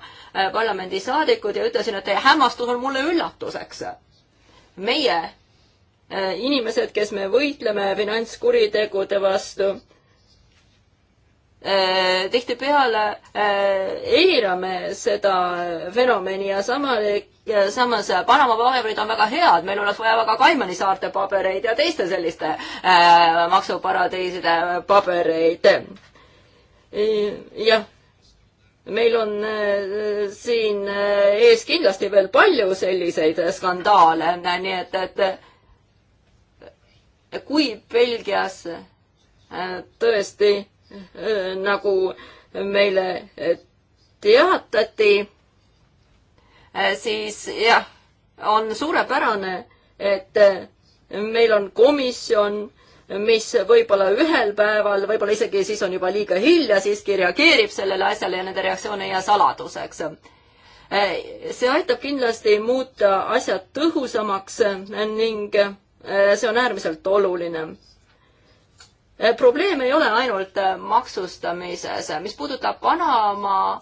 S2: parlamendisaadikud ja ütlesin, et teie hämmastus on mulle üllatuseks. meie inimesed, kes me võitleme finantskuritegude vastu Äh, tihtipeale äh, eirame seda fenomeni ja sama, samas Panama paberid on väga head, meil oleks vaja väga Kaimani saarte pabereid ja teiste selliste äh, maksuparadiiside pabereid. jah meil on siin ees kindlasti veel palju selliseid skandaale, nii et, et kui Belgias tõesti Äh, nagu meile äh, teatati, äh, siis jah, on suurepärane, et meil on komisjon, mis võib-olla ühel päeval, võib-olla isegi siis on juba liiga hilja, siiski reageerib sellele asjale ja nende reaktsioon ei jää saladuseks. see aitab kindlasti muuta asjad tõhusamaks ning see on äärmiselt oluline Äh, probleem ei ole ainult äh, maksustamises, mis puudutab Panama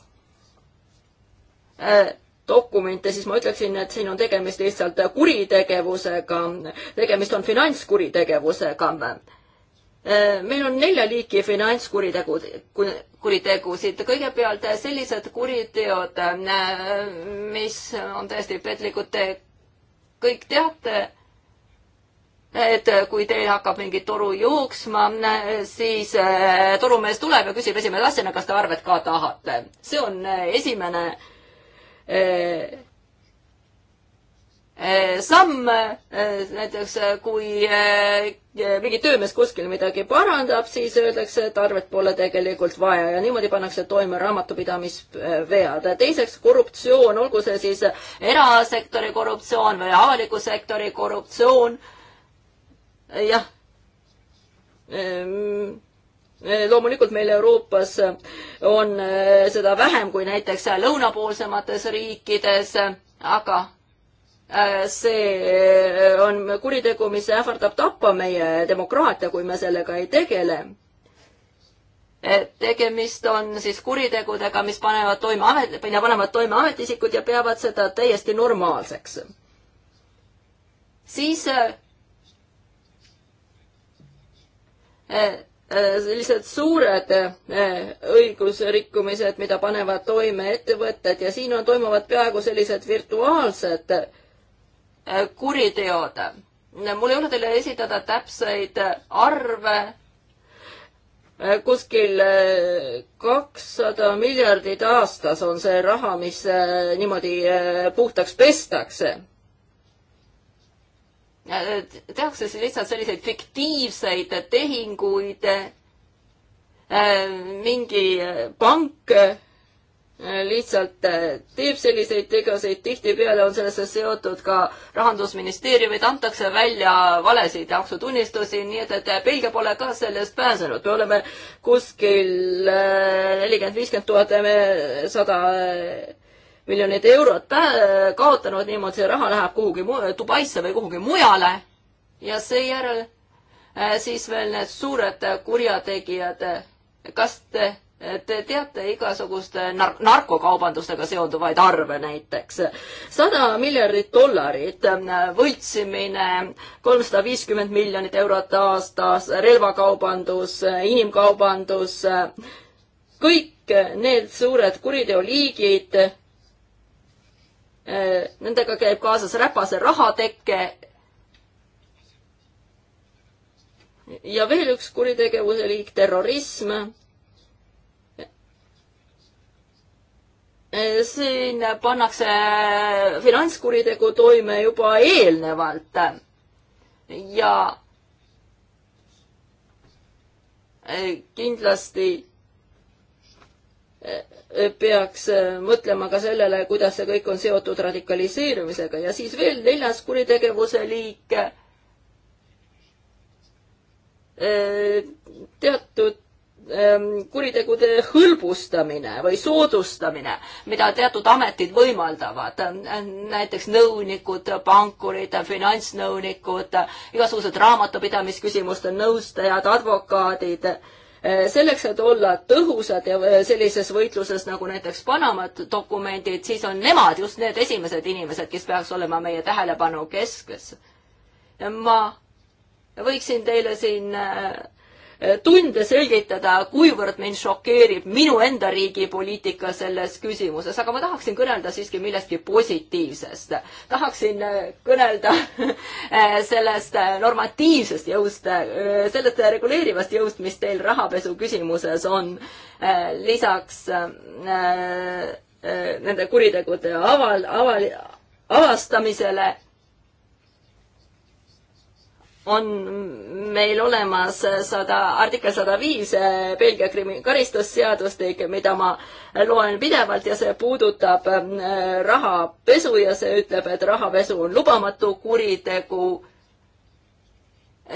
S2: äh, dokumente, siis ma ütleksin, et siin on tegemist lihtsalt kuritegevusega, tegemist on finantskuritegevusega. meil on nelja liiki finantskuritegud, kuritegusid, kõigepealt sellised kuriteod, mis on täiesti petlikud, te kõik teate et kui teil hakkab mingi toru jooksma, siis eh, torumees tuleb ja küsib esimese asjana, kas te arvet ka tahate. see on eh, esimene eh, samm, näiteks kui mingi töömees kuskil midagi parandab, siis öeldakse, et arvet pole tegelikult vaja ja niimoodi pannakse toime raamatupidamisvead. teiseks korruptsioon, olgu see siis erasektori korruptsioon või avaliku sektori korruptsioon jah ehm eh, loomulikult meil Euroopas on eh, seda vähem kui näiteks lõunapoolsemates riikides, aga eh, see on kuritegu, mis ähvardab tappa meie demokraatia, kui me sellega ei tegele. tegemist on siis kuritegudega, mis panevad toime amet, mida panevad toime ametiisikud ja peavad seda täiesti normaalseks. siis Äh, äh, lihtsalt suured äh, õigusrikkumised, mida panevad toime ettevõtted ja siin on, toimuvad peaaegu sellised virtuaalsed kuriteod. mul ei ole teile esitada täpseid arve, kuskil kakssada miljardit aastas on see raha, mis niimoodi puhtaks pestakse tehakse siis lihtsalt selliseid fiktiivseid tehinguid, äh, mingi pank äh, lihtsalt äh, teeb selliseid tegevuseid, tihtipeale on sellesse seotud ka rahandusministeeriumid, antakse välja valesid maksutunnistusi, nii et, et Belgia pole ka sellest pääsenud, me oleme kuskil nelikümmend, viiskümmend tuhat, sada miljonit eurot äh, kaotanud, niimoodi see raha läheb kuhugi Dubaisse või kuhugi mujale ja seejärel äh, siis veel need suured kurjategijad. kas te Te teate igasuguste nar narkokaubandustega seonduvaid arve näiteks. sada miljardit dollarit äh, võltsimine, kolmsada viiskümmend miljonit eurot aastas, relvakaubandus, inimkaubandus, kõik need suured kuriteoliigid nendega käib kaasas räpase rahateke. ja veel üks kuritegevuse liik, terrorism. siin pannakse finantskuritegu toime juba eelnevalt ja kindlasti peaks äh, mõtlema ka sellele, kuidas see kõik on seotud radikaliseerumisega ja siis veel neljas kuritegevuse liik. Äh, teatud ähm, kuritegude hõlbustamine või soodustamine, mida teatud ametid võimaldavad, näiteks nõunikud, pankurid, finantsnõunikud, igasugused raamatupidamisküsimuste nõustajad, advokaadid Äh, selleks, et olla tõhusad ja äh, sellises võitluses nagu näiteks Panama dokumendid, siis on nemad just need esimesed inimesed, kes peaks olema meie tähelepanu keskmes. ma võiksin teile siin äh, tunde selgitada, kuivõrd mind šokeerib minu enda riigi poliitika selles küsimuses, aga ma tahaksin kõnelda siiski millestki positiivsest. tahaksin äh, kõnelda (laughs) äh, sellest äh, normatiivsest jõust, sellest reguleerivast jõust, mis teil rahapesu küsimuses on. lisaks nende kuritegude aval, aval, avastamisele on meil olemas sada, artikkel sada viis Belgia krimi-, karistusseadustik, mida ma loen pidevalt ja see puudutab äh, rahapesu ja see ütleb, et rahapesu on lubamatu kuritegu.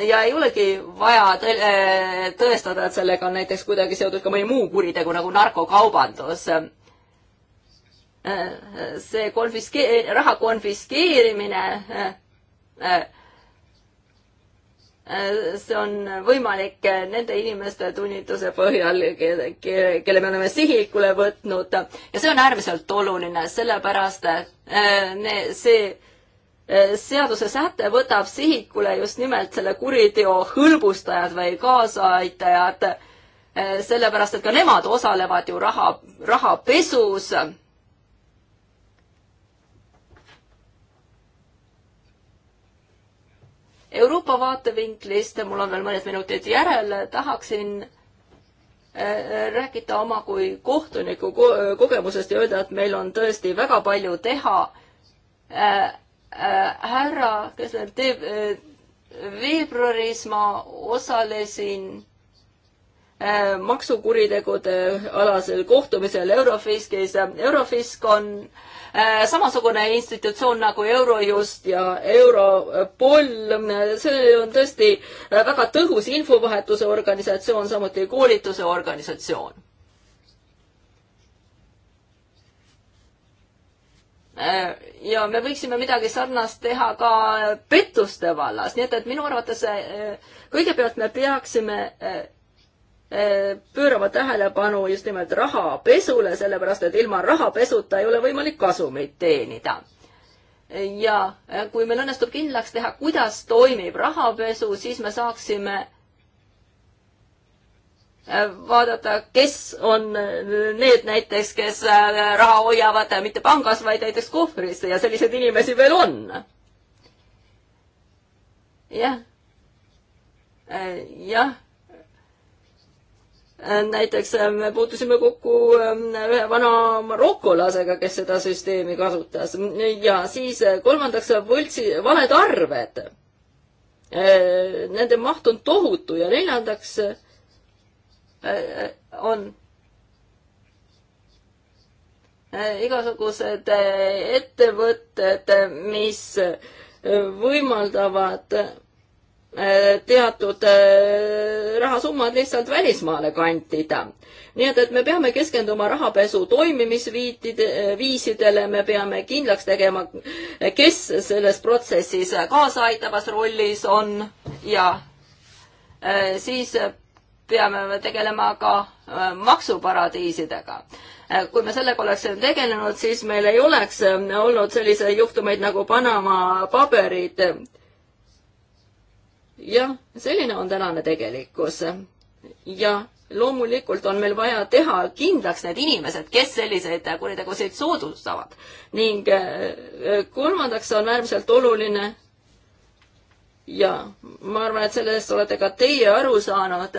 S2: ja ei olegi vaja äh, tõestada, et sellega on näiteks kuidagi seotud ka mõni muu kuritegu nagu narkokaubandus äh, see konfiskee-, raha konfiskeerimine see on võimalik nende inimeste tunnituse põhjal, kelle me oleme sihikule võtnud ja see on äärmiselt oluline, sellepärast äh, see äh, seadusesäte võtab sihikule just nimelt selle kuriteo hõlbustajad või kaasaaitajad, äh, sellepärast et ka nemad osalevad ju raha, rahapesus Euroopa vaatevinklist, mul on veel mõned minutid järel, tahaksin äh, rääkida oma kui kohtuniku kogemusest ja öelda, et meil on tõesti väga palju teha. Äh, äh, härra, kes teeb, veebruaris ma osalesin Äh, maksukuritegude äh, alasel kohtumisel Eurofiskis. Eurofisk on äh, samasugune institutsioon nagu Eurojust ja Europol. see on tõesti väga tõhus infovahetuse organisatsioon, samuti koolituse organisatsioon. ja me võiksime midagi sarnast teha ka pettuste vallas, nii et, et minu arvates kõigepealt me peaksime pöörama tähelepanu just nimelt rahapesule, sellepärast et ilma rahapesuta ei ole võimalik kasumit teenida. ja kui meil õnnestub kindlaks teha, kuidas toimib rahapesu, siis me saaksime vaadata, kes on need näiteks, kes raha hoiavad mitte pangas, vaid näiteks kohvris ja selliseid inimesi veel on. jah. jah Äh, näiteks äh, me puutusime kokku ähm, ühe vana marokolasega, kes seda süsteemi kasutas ja siis äh, kolmandaks võltsi, valed arved. Nende maht on tohutu ja neljandaks on igasugused ettevõtted, mis võimaldavad teatud äh, rahasummad lihtsalt välismaale kantida. nii et, et me peame keskenduma rahapesu toimimisviitide, äh, viisidele, me peame kindlaks tegema, kes selles protsessis kaasaaitavas rollis on ja äh, siis peame me tegelema ka maksuparadiisidega. kui me sellega oleksime tegelenud, siis meil ei oleks olnud selliseid juhtumeid nagu Panama paberid jah, selline on tänane tegelikkus. ja loomulikult on meil vaja teha kindlaks need inimesed, kes selliseid kuritegusid soodustavad. ning äh, äh, kolmandaks on äärmiselt oluline ja ma arvan, et sellest olete ka teie aru saanud.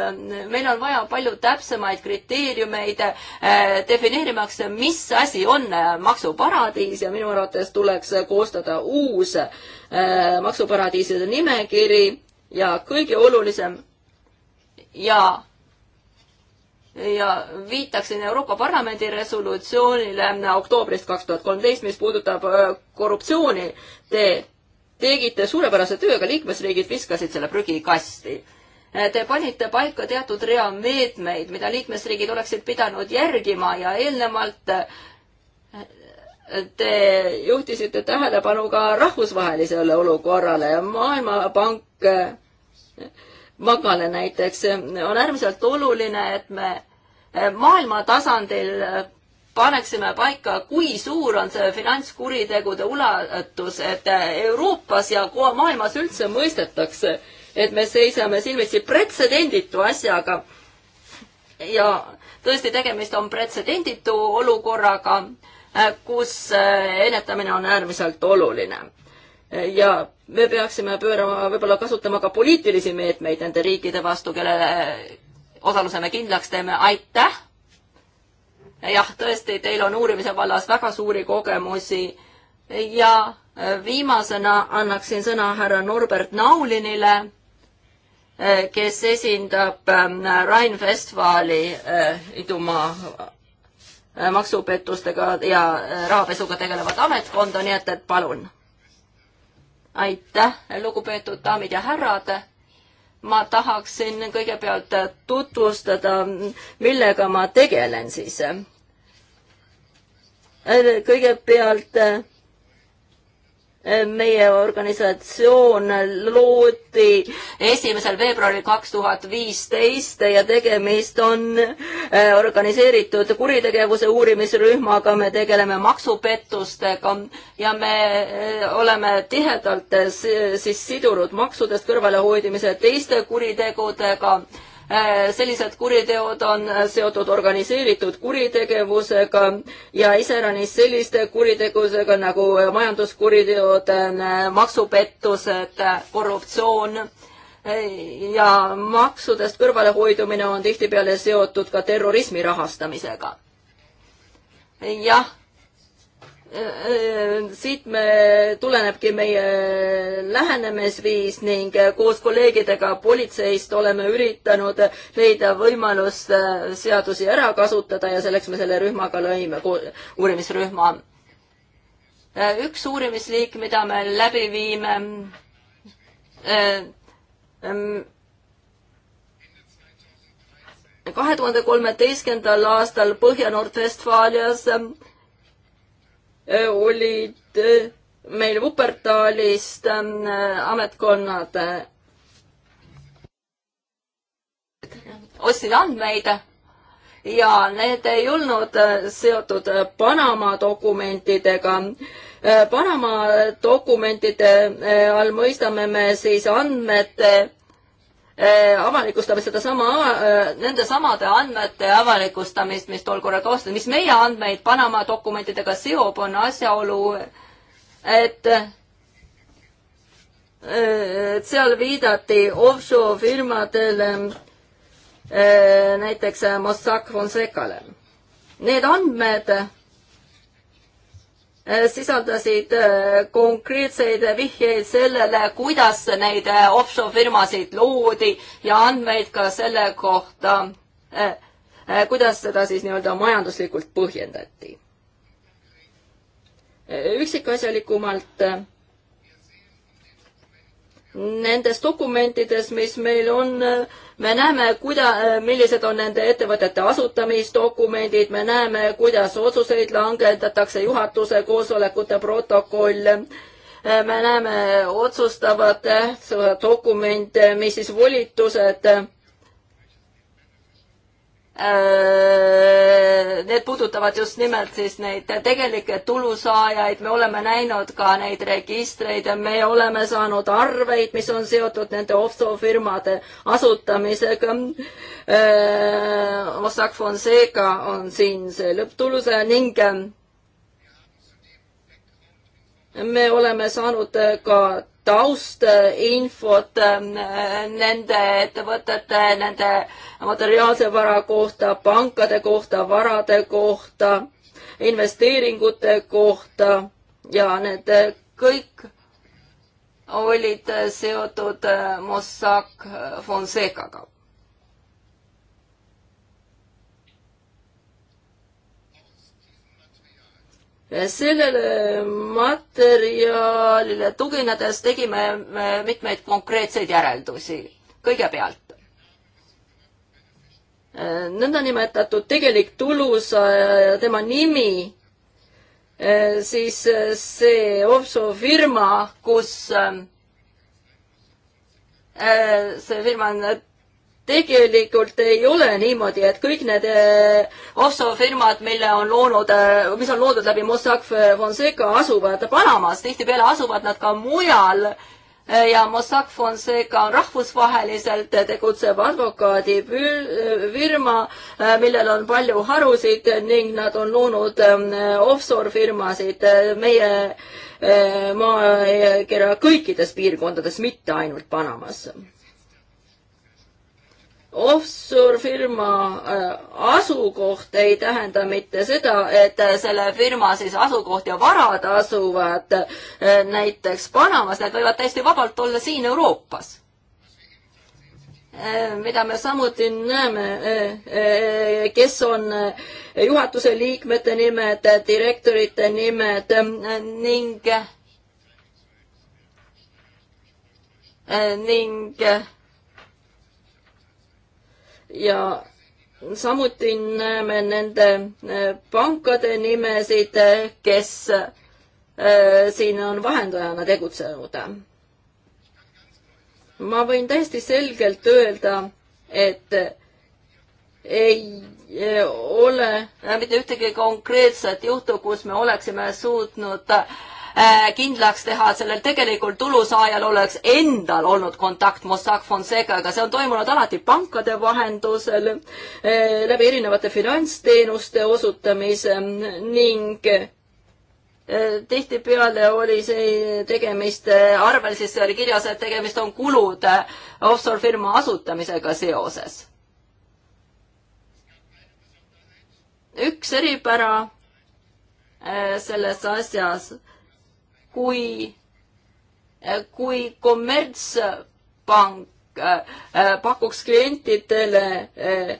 S2: meil on vaja palju täpsemaid kriteeriumeid äh, defineerimaks, mis asi on maksuparadiis ja minu arvates tuleks koostada uus maksuparadiiside nimekiri ja kõige olulisem ja, ja viitaksin Euroopa Parlamendi resolutsioonile oktoobrist kaks tuhat kolmteist, mis puudutab korruptsiooni. Te tegite suurepärase tööga, liikmesriigid viskasid selle prügikasti Te panite paika teatud rea meetmeid, mida liikmesriigid oleksid pidanud järgima ja eelnevalt Te juhtisite tähelepanu ka rahvusvahelisele olukorrale. maailmapank Magale näiteks on äärmiselt oluline, et me maailma tasandil paneksime paika, kui suur on see finantskuritegude ulatus, et Euroopas ja kogu maailmas üldse mõistetakse, et me seisame silmitsi pretsedenditu asjaga. ja tõesti, tegemist on pretsedenditu olukorraga Äh, kus äh, ennetamine on äärmiselt oluline. ja me peaksime pöörama, võib-olla kasutama ka poliitilisi meetmeid nende riikide vastu, kellele äh, osaluse me kindlaks teeme, aitäh! jah, tõesti, teil on uurimise vallas väga suuri kogemusi ja viimasena annaksin sõna härra Norbert Naulinile, kes esindab ähm, Rain Vestfali Idumaa Äh, maksupettustega ja äh, rahapesuga tegelevat ametkonda, nii et, et palun. aitäh, lugupeetud daamid ja härrad. ma tahaksin kõigepealt tutvustada, millega ma tegelen siis. Äh, kõigepealt meie organisatsioon loodi esimesel veebruaril kaks tuhat viisteist ja tegemist on äh, organiseeritud kuritegevuse uurimisrühmaga, me tegeleme maksupettustega ja me äh, oleme tihedalt äh, siis sidunud maksudest kõrvalehoidmise teiste kuritegudega Äh, sellised kuriteod on äh, seotud organiseeritud kuritegevusega ja iseäranis selliste kuritegevusega nagu äh, majanduskuriteod, maksupettused, korruptsioon ja maksudest kõrvalehoidumine on tihtipeale seotud ka terrorismi rahastamisega. jah siit me, tulenebki meie lähenemisviis ning koos kolleegidega politseist oleme üritanud leida võimalust äh, seadusi ära kasutada ja selleks me selle rühmaga lõime, uurimisrühma. Äh, üks uurimisliik, mida me läbi viime, äh, mm, kahe tuhande kolmeteistkümnendal aastal Põhja-Nord-Vestfaalias Äh, olid äh, meil Wuppertalist äh, ametkonnad ostsid andmeid ja need ei olnud seotud Panama dokumentidega. Panama dokumentide all mõistame me siis andmete Äh, avalikustame sedasama, äh, nende samade andmete avalikustamist, mis tol korral kavatseti, mis meie andmeid Panama dokumentidega seob, on asjaolu, et äh, et seal viidati offshore firmadele, näiteks Mossack Fonsecale. Need andmed Äh, sisaldasid äh, konkreetseid vihjeid sellele, kuidas neid äh, offshore firmasid loodi ja andmeid ka selle kohta, kuidas seda siis nii-öelda majanduslikult põhjendati. üksikasjalikumalt nendes dokumentides, mis meil on, me näeme, kuida-, äh, millised on nende ettevõtete asutamisdokumendid, me näeme, kuidas otsuseid langetatakse, juhatuse koosolekute protokoll, äh, me näeme otsustava tähtsuse dokumente, mis siis volitused äh, Äh, need puudutavad just nimelt siis neid tegelikke tulusaajaid, me oleme näinud ka neid registreid ja me oleme saanud arveid, mis on seotud nende offshore firmade asutamisega. Äh, Ossak Fonseca on siin see lõpptulusaja ning äh, me oleme saanud ka taustinfot ähm, nende ettevõtete, nende materiaalse vara kohta, pankade kohta, varade kohta, investeeringute kohta ja need kõik olid seotud Mossack Fonsecaga sellele materjalile tuginedes tegime mitmeid konkreetseid järeldusi. kõigepealt, nõndanimetatud tegelik tulusaja ja tema nimi, siis see offshore firma, kus äh, see firma on tegelikult ei ole niimoodi, et kõik need offshore äh, firmad, mille on loonud, äh, mis on loodud läbi Mossack Fonseca, asuvad Panamas, tihtipeale asuvad nad ka mujal äh, ja Mossack Fonseca on rahvusvaheliselt tegutsev advokaadifirma, millel on palju harusid ning nad on loonud ähm, offshore firmasid meie maakera kõikides piirkondades, mitte ainult Panamas offshore firma äh, asukoht ei tähenda mitte seda, et äh, selle firma siis asukoht ja varad asuvad äh, näiteks Panamas, need võivad täiesti vabalt olla siin Euroopas. mida me samuti näeme, kes on juhatuse liikmete nimed, direktorite nimed ning ning ja samuti näeme nende e, pankade nimesid, e, kes e, siin on vahendajana tegutsenud. ma võin täiesti selgelt öelda, et ei ole mitte ühtegi konkreetset juhtu, kus me oleksime suutnud äh, Äh, kindlaks teha, et sellel tegelikul tulusaajal oleks endal olnud kontakt Mossack Fonsecaga, see on toimunud alati pankade vahendusel, äh, läbi erinevate finantsteenuste osutamise ning äh, tihtipeale oli see tegemist, arvel siis oli kirjas, et tegemist on kulude offshore firma asutamisega seoses. üks eripära selles asjas kui, kui kommertspank äh, äh, pakuks klientidele äh,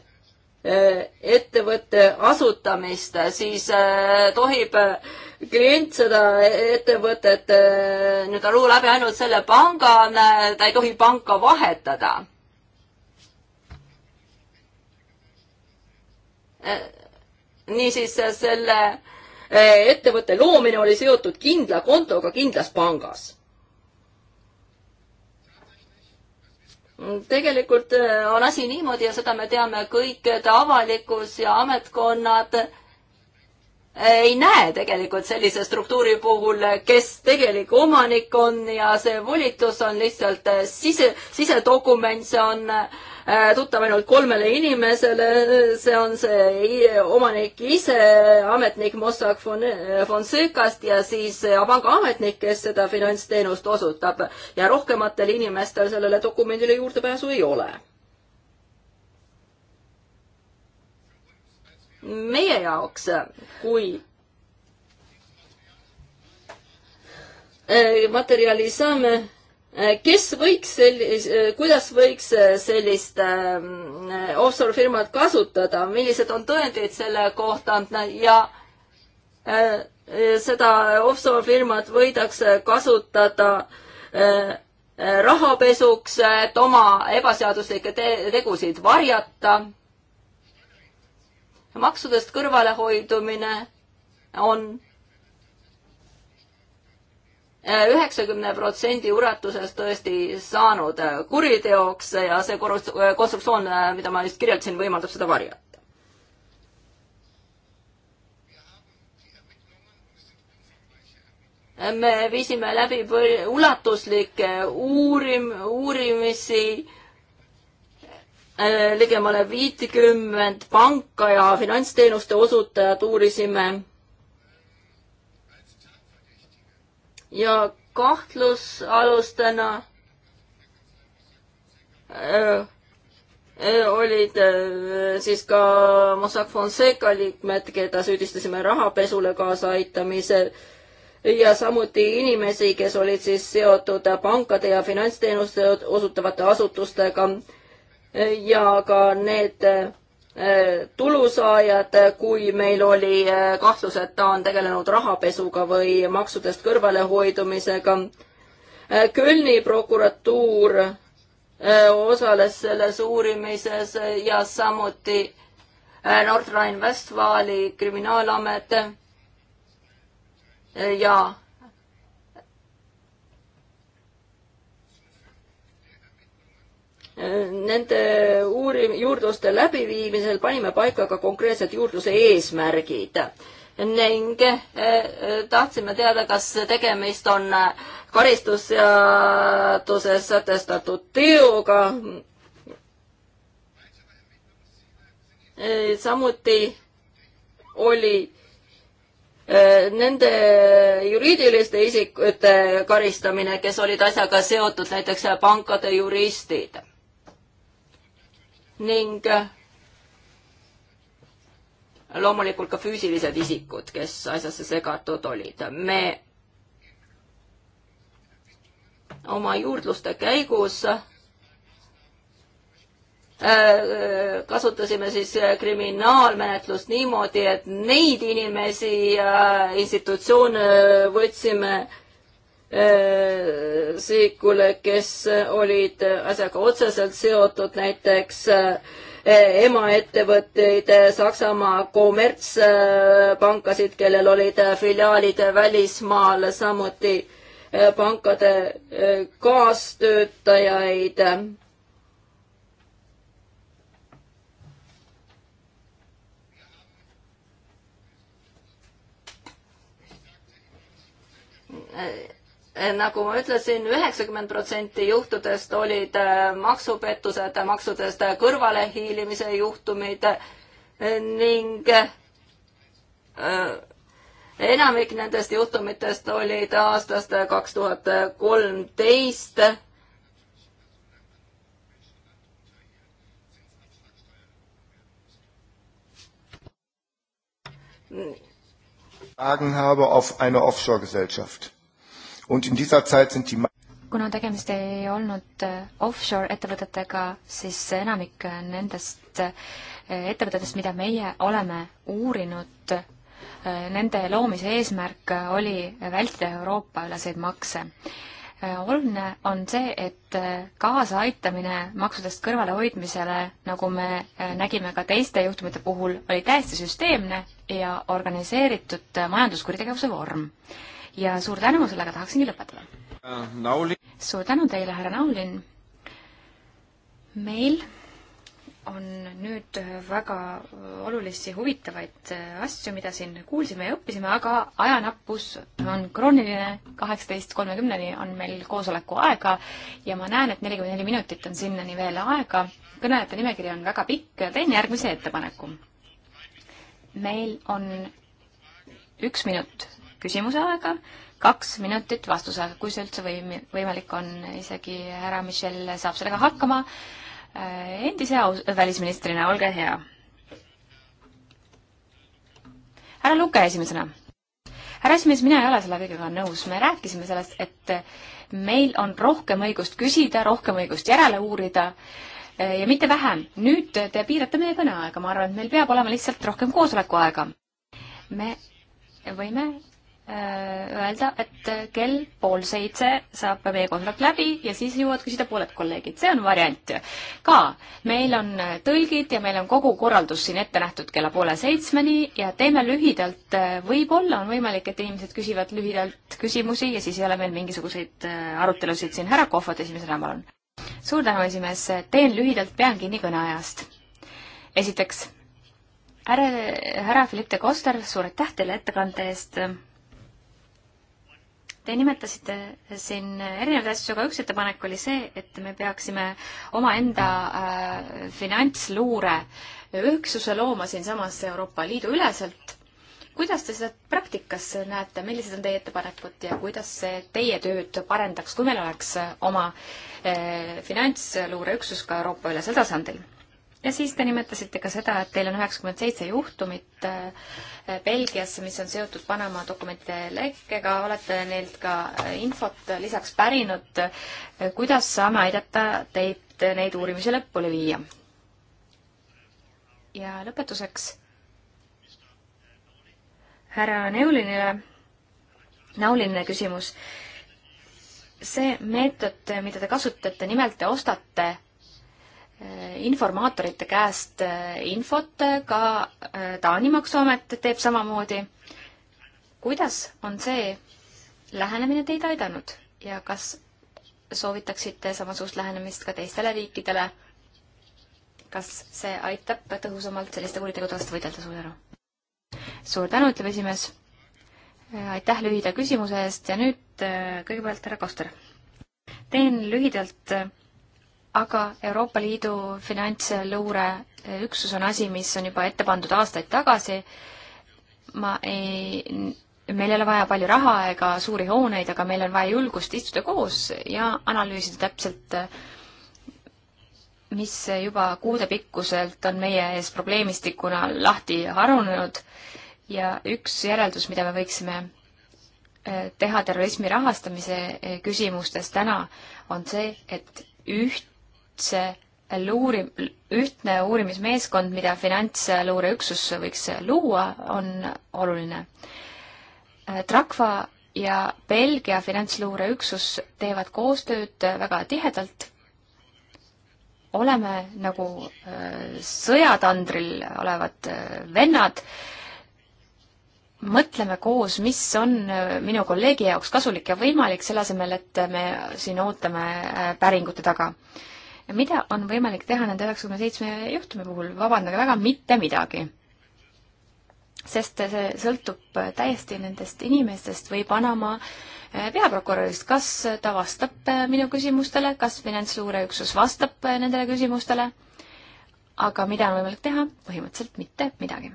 S2: ettevõtte asutamist, siis tohib klient seda ettevõtet nii-öelda luu läbi ainult selle panga, ta ei tohi panka vahetada niisiis selle Eh, ettevõtte loomine oli seotud kindla kontoga kindlas pangas. tegelikult eh, on asi niimoodi ja seda me teame kõik, et avalikkus ja ametkonnad eh, ei näe tegelikult sellise struktuuri puhul, kes tegelik omanik on ja see volitus on lihtsalt sise, sisedokument, see on äh, Äh, tuttav ainult kolmele inimesele, see on see omanik ise, ametnik Mossack äh, Fonsecast ja siis äh, pangaametnik, kes seda finantsteenust osutab ja rohkematel inimestel sellele dokumendile juurdepääsu ei ole meie jaoks, kui materjali saame, Äh, kes võiks sellist, äh, kuidas võiks äh, sellist ähm, offshore firmat kasutada, millised on tõendid selle kohta ja seda offshore firmat võidakse kasutada rahapesuks, et oma ebaseaduslikke te tegusid varjata. maksudest kõrvalehoidumine on üheksakümne protsendi ulatuses tõesti saanud kuriteoks ja see konstruktsioon, mida ma just kirjeldasin, võimaldab seda varjata. me viisime läbi ulatuslikke uurim-, uurimisi äh, ligemale viitkümmend panka ja finantsteenuste osutajat uurisime ja kahtlusalustena öö, äh, äh, olid äh, siis ka Mossack Fonseca liikmed, keda süüdistasime rahapesule kaasaaitamisel ja samuti inimesi, kes olid siis seotud pankade ja finantsteenuste osutavate asutustega ja ka need tulusaajad, kui meil oli äh, kahtlus, et ta on tegelenud rahapesuga või maksudest kõrvalehoidumisega. Äh, Kölni prokuratuur äh, osales selles uurimises ja samuti Nord Rhine-Westfali kriminaalamet ja Nende uurim-, juurdluste läbiviimisel panime paika ka konkreetsed juurdluse eesmärgid ning eh, tahtsime teada, kas tegemist on karistusseaduses sätestatud teoga. Eh, samuti oli eh, nende juriidiliste isikute karistamine, kes olid asjaga seotud, näiteks pankade juristid ning äh, loomulikult ka füüsilised isikud, kes asjasse segatud olid. me oma juurdluste käigus äh, äh, kasutasime siis kriminaalmenetlust niimoodi, et neid inimesi, institutsioone võtsime äh, isikule, äh, kes olid asjaga otseselt seotud, näiteks äh, emaettevõtteid, äh, Saksamaa kommertspankasid, kellel olid filiaalid välismaal, samuti pankade kaastöötajaid nagu ma ütlesin, üheksakümmend protsenti juhtudest olid äh, maksupettused, maksudest äh, kõrvalehiilimise juhtumid äh, ning enamik nendest juhtumitest olid aastast kaks tuhat kolmteist.
S1: Fragen habe auf eine Offshore-Gesellschaft Und in dieser Zeit sind die
S3: kuna tegemist ei olnud äh, offshore-ettevõtetega, siis enamik äh, nendest äh, ettevõtetest, mida meie oleme uurinud, nende loomise eesmärk oli vältida Euroopa-üleseid makse. oluline on see, et kaasaaitamine maksudest kõrvalehoidmisele, nagu me nägime ka teiste juhtumite puhul, oli täiesti süsteemne ja organiseeritud majanduskuritegevuse vorm ja suur tänu, sellega tahaksingi lõpetada
S1: uh,.
S3: suur tänu teile, härra Naulin. meil on nüüd väga olulisi huvitavaid asju, mida siin kuulsime ja õppisime, aga ajanappus on krooniline, kaheksateist kolmekümneni on meil koosoleku aega ja ma näen, et nelikümmend neli minutit on sinnani veel aega. kõnelejate nimekiri on väga pikk, teen järgmise ettepaneku. meil on üks minut küsimuse aega, kaks minutit vastuse aega, kui see üldse või-, võimalik on, isegi härra Michel saab sellega hakkama äh, endise aus-, välisministrina, olge hea. härra Luke esimesena. härra esimees, mina ei ole selle kõigega nõus, me rääkisime sellest, et meil on rohkem õigust küsida, rohkem õigust järele uurida äh, ja mitte vähem. nüüd te piirate meie kõneaega, ma arvan, et meil peab olema lihtsalt rohkem koosolekuaega. me võime Äh, öelda, et kell pool seitse saab meie kontrakt läbi ja siis jõuavad küsida pooled kolleegid, see on variant ju. ka meil on tõlgid ja meil on kogu korraldus siin ette nähtud kella poole seitsmeni ja teeme lühidalt, võib-olla on võimalik, et inimesed küsivad lühidalt küsimusi ja siis ei ole meil mingisuguseid äh, arutelusid siin, härra Kohvat esimesena, palun. suur tänu, esimees, teen lühidalt, pean kinni kõneajast. esiteks, härra, härra Philippe de Coster, suur aitäh teile ettekande eest Te nimetasite siin erinevaid asju, aga üks ettepanek oli see, et me peaksime omaenda äh, finantsluure üksuse looma siinsamas Euroopa Liidu üleselt. kuidas te seda praktikas näete, millised on teie ettepanekud ja kuidas see teie tööd parendaks, kui meil oleks oma äh, finantsluureüksus ka Euroopa-ülesel tasandil? ja siis te nimetasite ka seda, et teil on üheksakümmend seitse juhtumit äh, Belgiasse, mis on seotud Panama dokumentide lekkega, olete neilt ka äh, infot lisaks pärinud. Äh, kuidas saame aidata teid neid uurimisi lõpule viia? ja lõpetuseks härra Neulinile, Naulinile küsimus. see meetod, mida te kasutate, nimelt te ostate informaatorite käest äh, infot, äh, ka äh, Taani maksuamet teeb samamoodi. kuidas on see lähenemine teid aidanud ja kas soovitaksite samasugust lähenemist ka teistele riikidele? kas see aitab tõhusamalt selliste kuritegude vastu võidelda, suur tänu? suur tänu, ütleb esimees. aitäh lühida küsimuse eest ja nüüd kõigepealt härra Koster. teen lühidalt aga Euroopa Liidu finantsluureüksus on asi, mis on juba ette pandud aastaid tagasi. ma ei, meil ei ole vaja palju raha ega suuri hooneid, aga meil on vaja julgust istuda koos ja analüüsida täpselt, mis juba kuudepikkuselt on meie ees probleemistikuna lahti harunenud ja üks järeldus, mida me võiksime e, teha terrorismi rahastamise e, küsimustes täna, on see, et üht ühtse luuri, ühtne uurimismeeskond, mida finantsluureüksus võiks luua, on oluline. Trakva ja Belgia finantsluureüksus teevad koostööd väga tihedalt oleme nagu äh, sõjatandril olevad äh, vennad, mõtleme koos, mis on äh, minu kolleegi jaoks kasulik ja võimalik, selle asemel, et me siin ootame päringute taga mida on võimalik teha nende üheksakümne seitsme juhtumi puhul, vabandage väga, mitte midagi. sest see sõltub täiesti nendest inimestest või Panama eh, peaprokurörist, kas ta vastab eh, minu küsimustele, kas finantsluureüksus vastab eh, nendele küsimustele, aga mida on võimalik teha, põhimõtteliselt mitte midagi.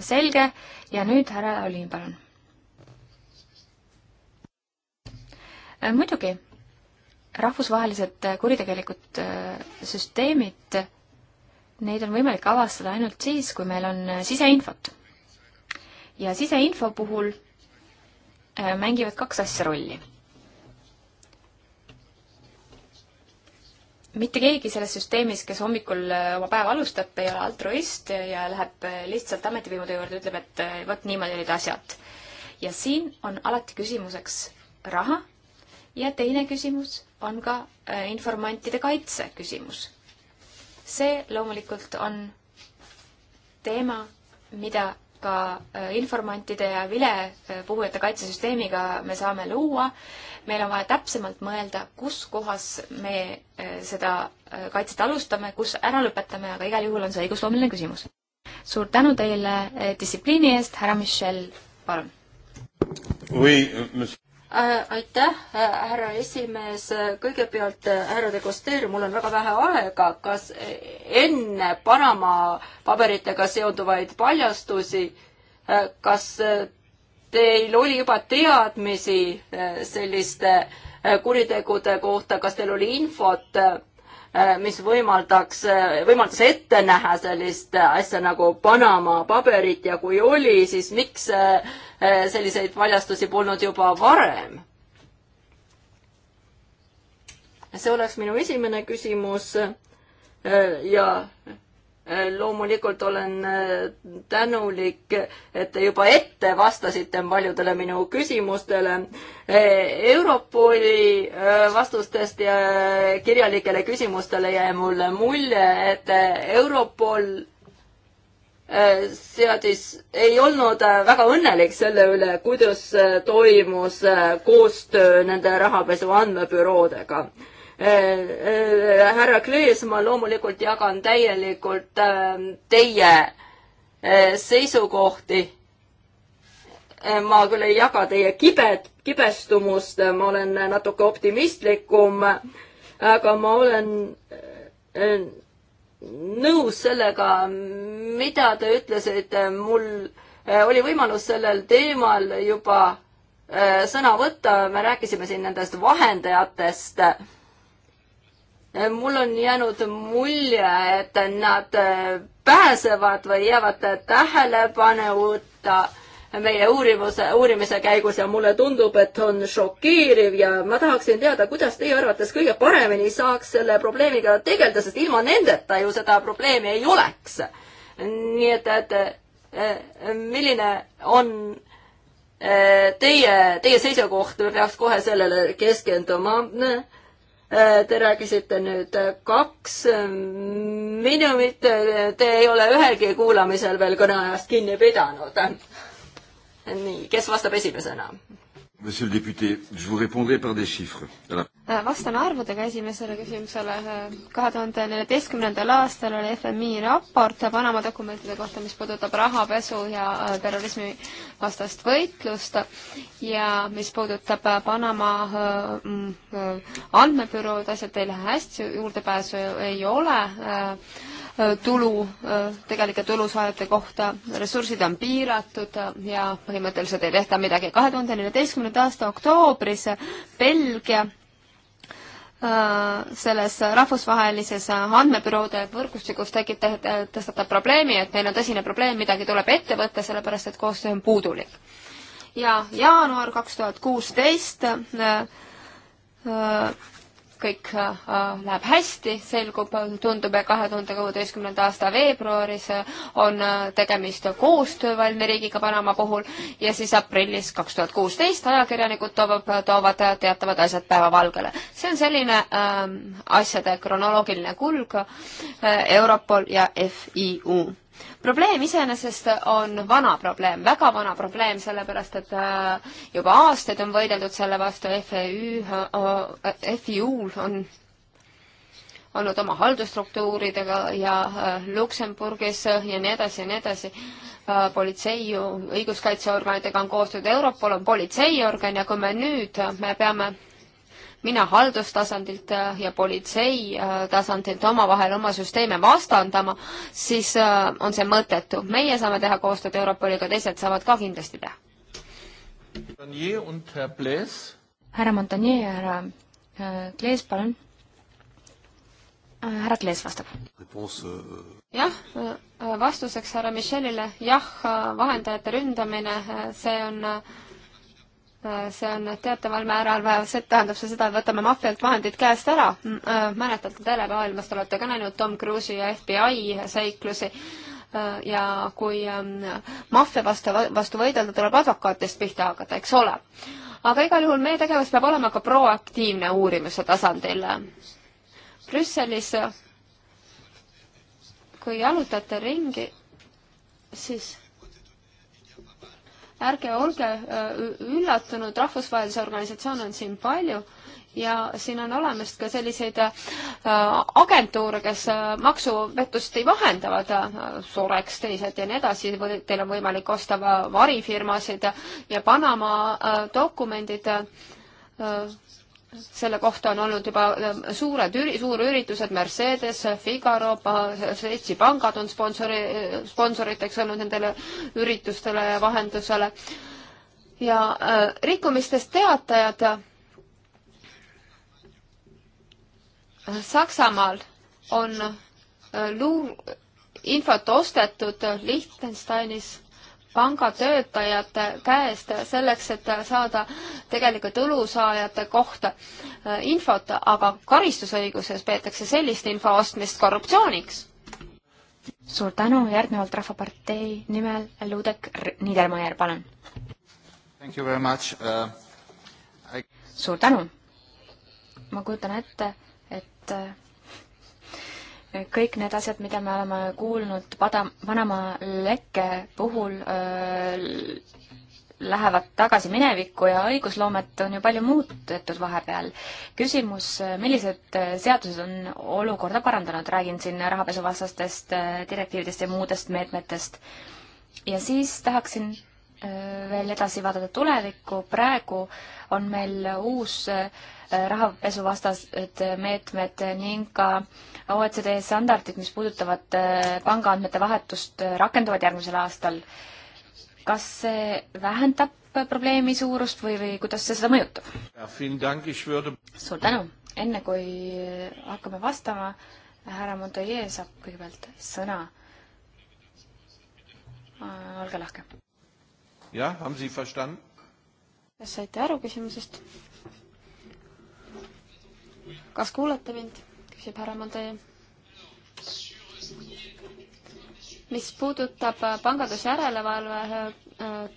S3: selge, ja nüüd härra Oliin, palun. muidugi rahvusvahelised kuritegelikud äh, süsteemid, neid on võimalik avastada ainult siis, kui meil on äh, siseinfot. ja siseinfo puhul äh, mängivad kaks asja rolli. mitte keegi selles süsteemis, kes hommikul oma päeva alustab, ei ole altruist ja läheb lihtsalt ametivõimude juurde, ütleb, et vot niimoodi olid asjad. ja siin on alati küsimuseks raha ja teine küsimus on ka äh, informantide kaitse küsimus. see loomulikult on teema, mida ka äh, informantide ja vilepuhujate äh, kaitsesüsteemiga me saame luua. meil on vaja täpsemalt mõelda, kus kohas me seda kaitset alustame, kus ära lõpetame, aga igal juhul on see õigusloomeline küsimus. suur tänu teile distsipliini eest, härra Michel, palun.
S1: Euh,
S2: Äh, aitäh, äh, härra esimees, kõigepealt äh, härra de Coster, mul on väga vähe aega, kas enne Panama paberitega seonduvaid paljastusi, kas teil oli juba teadmisi selliste kuritegude kohta, kas teil oli infot Äh, mis võimaldaks, äh, võimaldas ette näha sellist asja nagu Panama paberit ja kui oli, siis miks äh, selliseid paljastusi polnud juba varem? see oleks minu esimene küsimus ja loomulikult olen äh, tänulik, et te juba ette vastasite paljudele minu küsimustele. Äh, Europoli äh, vastustest ja kirjalikele küsimustele jäi mulle mulje, et Europol seadis, ei olnud väga õnnelik selle üle, kuidas toimus koostöö nende rahapesu andmebüroodega Äh, äh, härra Klees, ma loomulikult jagan täielikult ähm, teie äh, seisukohti. ma küll ei jaga teie kibed, kibestumust, ma olen natuke optimistlikum, aga ma olen nõus sellega, mida te ütlesite, mul oli võimalus sellel teemal juba sõna võtta, me rääkisime siin nendest vahendajatest mul on jäänud mulje, et nad äh, pääsevad või jäävad tähelepanuta meie uurimuse, uurimise käigus ja mulle tundub, et on šokeeriv ja ma tahaksin teada, kuidas teie arvates kõige paremini saaks selle probleemiga tegeleda, sest ilma nendeta ju seda probleemi ei oleks. nii et, et äh, milline on äh, teie, teie seisukoht, me peaks kohe sellele keskenduma Äh, te rääkisite nüüd äh, kaks äh, minutit, te ei ole ühelgi kuulamisel veel kõneajast kinni pidanud. nii, kes vastab esimesena?
S1: Monsieur le député, je vous répondrai par des chiffres. Äh,
S4: vastan arvudega esimesele küsimusele. Äh, kahe tuhande neljateistkümnendal aastal oli FMI raport Panama dokumentide kohta, mis puudutab rahapesu ja äh, terrorismi vastast võitlust ja mis puudutab Panama mm, andmebürood, asjad ei lähe hästi, juurdepääsu ei ole Äh, tulu, äh, tegelike tulusaajate kohta, ressursid on piiratud ja põhimõtteliselt ei tehta midagi. kahe tuhande neljateistkümnenda aasta oktoobris Belgia äh, selles rahvusvahelises andmebüroode võrgustikus tekitab, tõstatab probleemi, et neil on tõsine probleem, midagi tuleb ette võtta, sellepärast et koostöö on puudulik. ja jaanuar kaks tuhat kuusteist kõik äh, äh, läheb hästi, selgub, tundub, et kahe tuhande kuueteistkümnenda aasta veebruaris äh, on tegemist koostöövalmi riigiga Panama puhul ja siis aprillis kaks tuhat kuusteist ajakirjanikud toovad, toovad teatavad asjad päevavalgele. see on selline ähm, asjade kronoloogiline kulg äh,, Europol ja FIU probleem iseenesest on vana probleem, väga vana probleem, sellepärast et äh, juba aastaid on võideldud selle vastu, FÜ, e äh, FÜ-l e on olnud oma haldusstruktuuridega ja äh, Luksemburgis ja nii edasi ja nii edasi. politsei, õiguskaitseorganitega on koostööd, Europol on politseiorgan ja kui me nüüd, me peame mina haldustasandilt äh, ja politsei äh, tasandilt omavahel oma süsteeme vastandama, siis äh, on see mõttetu. meie saame teha koostööd Europoliga, teised saavad ka kindlasti teha.
S3: härra Montagnier ja härra Klees, palun. härra Klees vastab.
S1: Euh,
S3: jah,
S4: vastuseks härra Michelile, jah, vahendajate ründamine, see on see on teataval määral, see tähendab see seda, et võtame maffialt vahendid käest ära. Äh, mäletate, telemaailmast olete ka näinud Tom Cruise'i ja FBI seiklusi äh, ja kui ähm, maffia vastu, vastu võidelda, tuleb advokaatidest pihta hakata, eks ole. aga igal juhul meie tegevus peab olema ka proaktiivne uurimise tasandil. Brüsselis, äh, kui jalutate ringi, siis ärge olge üllatunud, rahvusvahelisi organisatsioone on siin palju ja siin on olemas ka selliseid agentuure, kes maksupettust ei vahendavad, Sorex teised ja nii edasi, või teil on võimalik osta varifirmasid ja Panama dokumendid selle kohta on olnud juba ähm, suured üri-, suurüritused, Mercedes, Figaro, Šveitsi pangad on sponsori, sponsoriteks olnud nendele üritustele ja vahendusele. ja äh, rikkumistest teatajad äh, Saksamaal on äh, luur-, infot ostetud Liechtensteinis pangatöötajate käest selleks, et saada tegelikult tulusaajate kohta äh, infot, aga karistusõiguses peetakse sellist info ostmist korruptsiooniks.
S3: suur tänu, järgnevalt Rahvapartei nimel Ludek Niedermayer, palun. Uh, I... suur tänu. ma kujutan ette, et äh, kõik need asjad, mida me oleme kuulnud pada-, Panama lekke puhul öö, lähevad tagasi minevikku ja õigusloomet on ju palju muudetud vahepeal. küsimus, millised seadused on olukorda parandanud, räägin siin rahapesuvastastest direktiividest ja muudest meetmetest. ja siis tahaksin veel edasi vaadata tulevikku, praegu on meil uus öö, rahapesuvastased meetmed ning ka OECD standardid, mis puudutavad äh, pangaandmete vahetust, äh, rakenduvad järgmisel aastal. kas see vähendab probleemi suurust või, või kuidas see seda
S1: mõjutab? suur tänu!
S3: enne kui äh, hakkame vastama, härra Montoyer saab kõigepealt sõna. olge lahke.
S1: jah, on Sie verstanden?
S3: kas saite aru küsimusest?
S4: kas kuulete mind? küsib härra Mondee. mis puudutab äh, pangandusjärelevalve äh,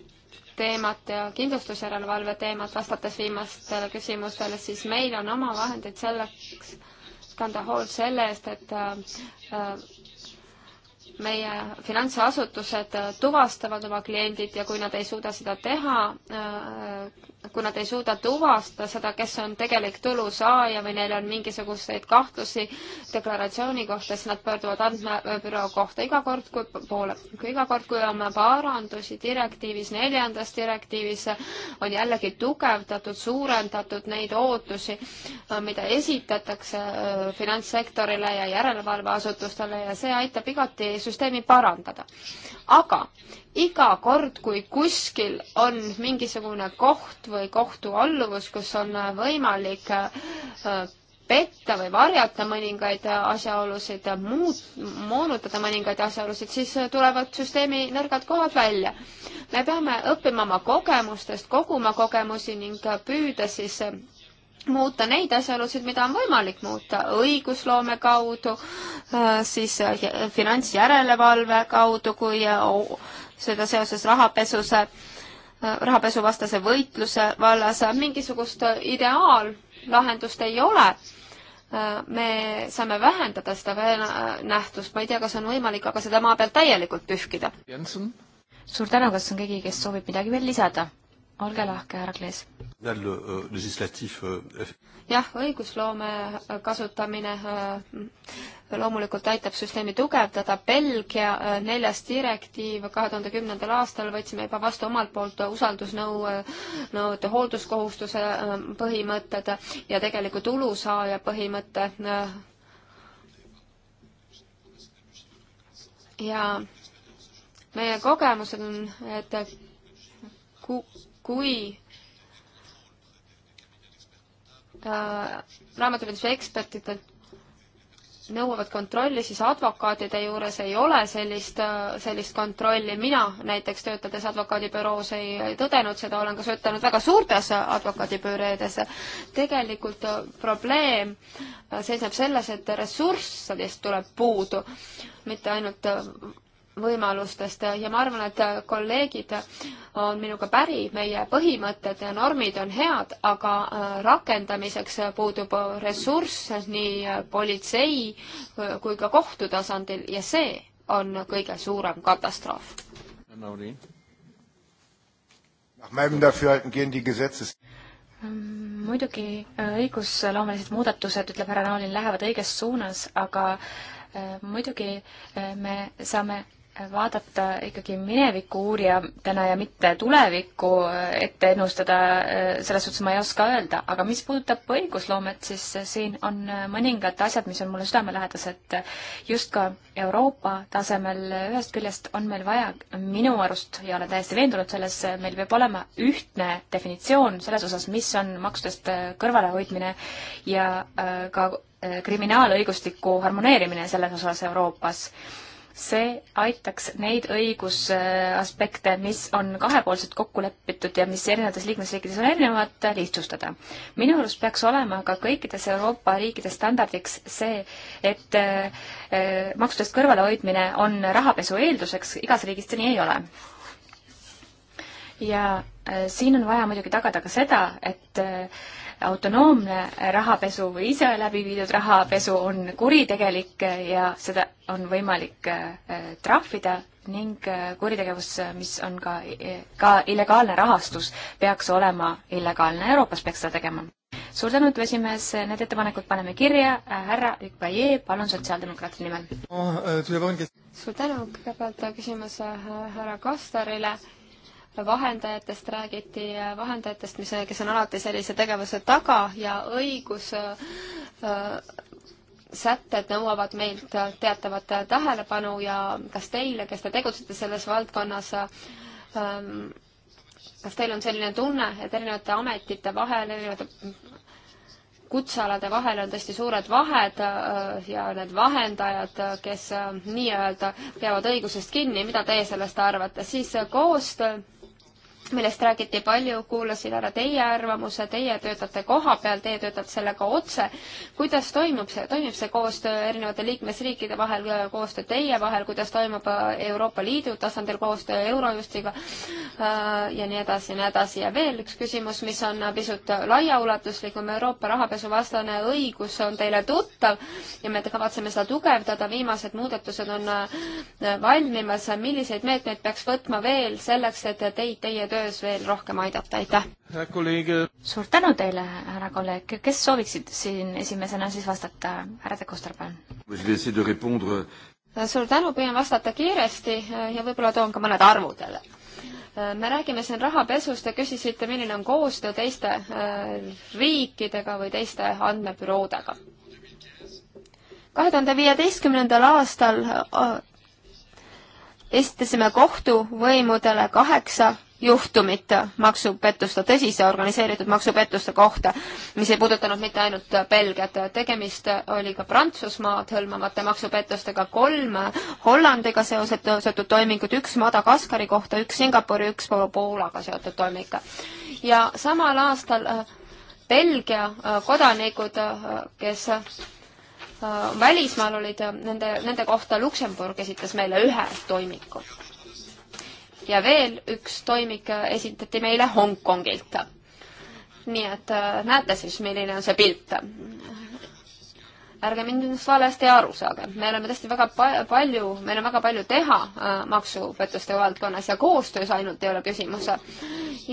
S4: teemat ja kindlustusjärelevalve teemat, vastates viimastele küsimustele, siis meil on oma vahendeid selleks, kanda hoolt selle eest, et äh, meie finantsasutused tuvastavad oma kliendid ja kui nad ei suuda seda teha, äh, kui nad ei suuda tuvastada seda, kes on tegelik tulusaaja või neil on mingisuguseid kahtlusi deklaratsiooni kohta, siis nad pöörduvad andmebüroo kohta iga kord, kui poole, kui iga kord, kui on parandusi direktiivis, neljandas direktiivis, on jällegi tugevdatud, suurendatud neid ootusi, äh, mida esitatakse äh, finantssektorile ja järelevalveasutustele ja see aitab igati süsteemi parandada. aga iga kord, kui kuskil on mingisugune koht või kohtualluvus, kus on võimalik äh, petta või varjata mõningaid asjaolusid, muut-, moonutada mõningaid asjaolusid, siis tulevad süsteemi nõrgad kohad välja. me peame õppima oma kogemustest, koguma kogemusi ning püüda siis muuta neid asjaolusid, mida on võimalik muuta õigusloome kaudu, äh, siis äh, finantsjärelevalve kaudu, kui äh, seda seoses rahapesuse, rahapesuvastase võitluse vallas mingisugust ideaallahendust ei ole. me saame vähendada seda nähtust, ma ei tea, kas on võimalik aga seda maa pealt
S3: täielikult pühkida. suur tänu, kas on keegi, kes soovib midagi veel lisada? olge lahke, härra Klees.
S1: Euh, euh, euh,
S3: jah, õigusloome
S4: äh, kasutamine äh, loomulikult aitab süsteemi tugevdada. Belgia äh, neljas direktiiv kahe tuhande kümnendal aastal võtsime juba vastu omalt poolt usaldusnõude hoolduskohustuse põhimõtted ja tegeliku tulusaaja põhimõte. ja meie kogemused on, et ku-, kui äh, raamatupidamise ekspertidelt nõuavad kontrolli, siis advokaatide juures ei ole sellist, äh, sellist kontrolli. mina näiteks töötades advokaadibüroos ei, ei tõdenud seda, olen ka töötanud väga suurtes advokaadibüreedes. tegelikult äh, probleem seisneb selles, et ressurssidest tuleb puudu, mitte ainult võimalustest ja ma arvan, et kolleegid on minuga päri, meie põhimõtted ja normid on head, aga äh, rakendamiseks puudub ressurss nii politsei äh, kui ka kohtu tasandil ja see on kõige
S3: suurem katastroof. Ähm, muidugi äh, õigusloomelised muudatused, ütleb härra Naulin, lähevad õiges suunas, aga muidugi me saame vaadata ikkagi mineviku uurijatena ja mitte tulevikku äh, ette ennustada, äh, selles suhtes ma ei oska öelda, aga mis puudutab õigusloomet, siis äh, siin on mõningad asjad, mis on mulle südamelähedased. just ka Euroopa tasemel ühest küljest on meil vaja minu arust, ja olen täiesti veendunud selles, meil peab olema ühtne definitsioon selles osas, mis on maksudest kõrvalehoidmine ja ka kriminaalõigustiku harmoneerimine selles osas Euroopas see aitaks neid õigusaspekte, mis on kahepoolselt kokku lepitud ja mis erinevates liikmesriikides on erinevad, lihtsustada. minu arust peaks olema ka kõikides Euroopa riikides standardiks see, et äh, äh, maksudest kõrvalehoidmine on rahapesu eelduseks, igas riigis see nii ei ole. ja äh, siin on vaja muidugi tagada ka seda, et autonoomne rahapesu või ise läbi viidud rahapesu on kuritegelik ja seda on võimalik äh, trahvida ning äh, kuritegevus, mis on ka, ka illegaalne rahastus, peaks olema illegaalne. Euroopas peaks seda tegema. suur tänu, ütleb esimees, need ettepanekud paneme kirja. Äh, härra Ükvaje, palun sotsiaaldemokraatide nimel
S1: oh,.
S4: suur tänu, kõigepealt küsimus härra Kastarile äh, vahendajatest räägiti, vahendajatest, mis, kes on alati sellise tegevuse taga ja õigus äh, sätted nõuavad meilt teatavat tähelepanu ja kas teile, kes te tegutsete selles valdkonnas, ähm, kas teil on selline tunne, et erinevate ametite vahel, erinevate kutsealade vahel on tõesti suured vahed äh, ja need vahendajad, kes äh, nii-öelda peavad õigusest kinni, mida teie sellest arvate, siis koostöö millest räägiti palju, kuulasin ära teie arvamuse, teie töötate koha peal, teie töötate sellega otse. kuidas toimub see, toimib see koostöö erinevate liikmesriikide vahel, koostöö teie vahel, kuidas toimub äh, Euroopa Liidu tasandil koostöö Eurojustiga äh, ja nii edasi ja nii edasi. ja veel üks küsimus, mis on pisut laiaulatuslikum, Euroopa rahapesuvastane õigus on teile tuttav ja me kavatseme seda tugevdada, viimased muudatused on äh,
S3: valmimas, milliseid meetmeid peaks võtma veel selleks, et teid teie töö töös veel rohkem aidata, aitäh! suur tänu teile, härra kolleeg, kes sooviksid siin esimesena siis vastata, härra De Koster, palun! suur tänu, püüan vastata
S4: kiiresti ja võib-olla toon ka mõned arvud jälle. me räägime siin rahapesust ja küsisite, milline on koostöö teiste äh, riikidega või teiste andmebüroodega. kahe tuhande viieteistkümnendal aastal äh, esitasime kohtuvõimudele kaheksa juhtumit maksupettuste, tõsise organiseeritud maksupettuste kohta, mis ei puudutanud mitte ainult Belgiat, tegemist oli ka Prantsusmaad hõlmavate maksupettustega, kolm Hollandiga seoset, seotud toimingut, üks Madagaskari kohta, üks Singapuri, üks Poolaga seotud toiming. ja samal aastal äh, Belgia äh, kodanikud, äh, kes välismaal olid, nende, nende kohta Luksemburg esitas meile ühe toimiku ja veel üks toimik esitati meile Hongkongilt. nii et äh, näete siis, milline on see pilt ärge mind nüüd valesti aru saage, me oleme tõesti väga pa-, palju, meil on väga palju teha äh, maksupettuste valdkonnas ja koostöös ainult ei ole küsimus.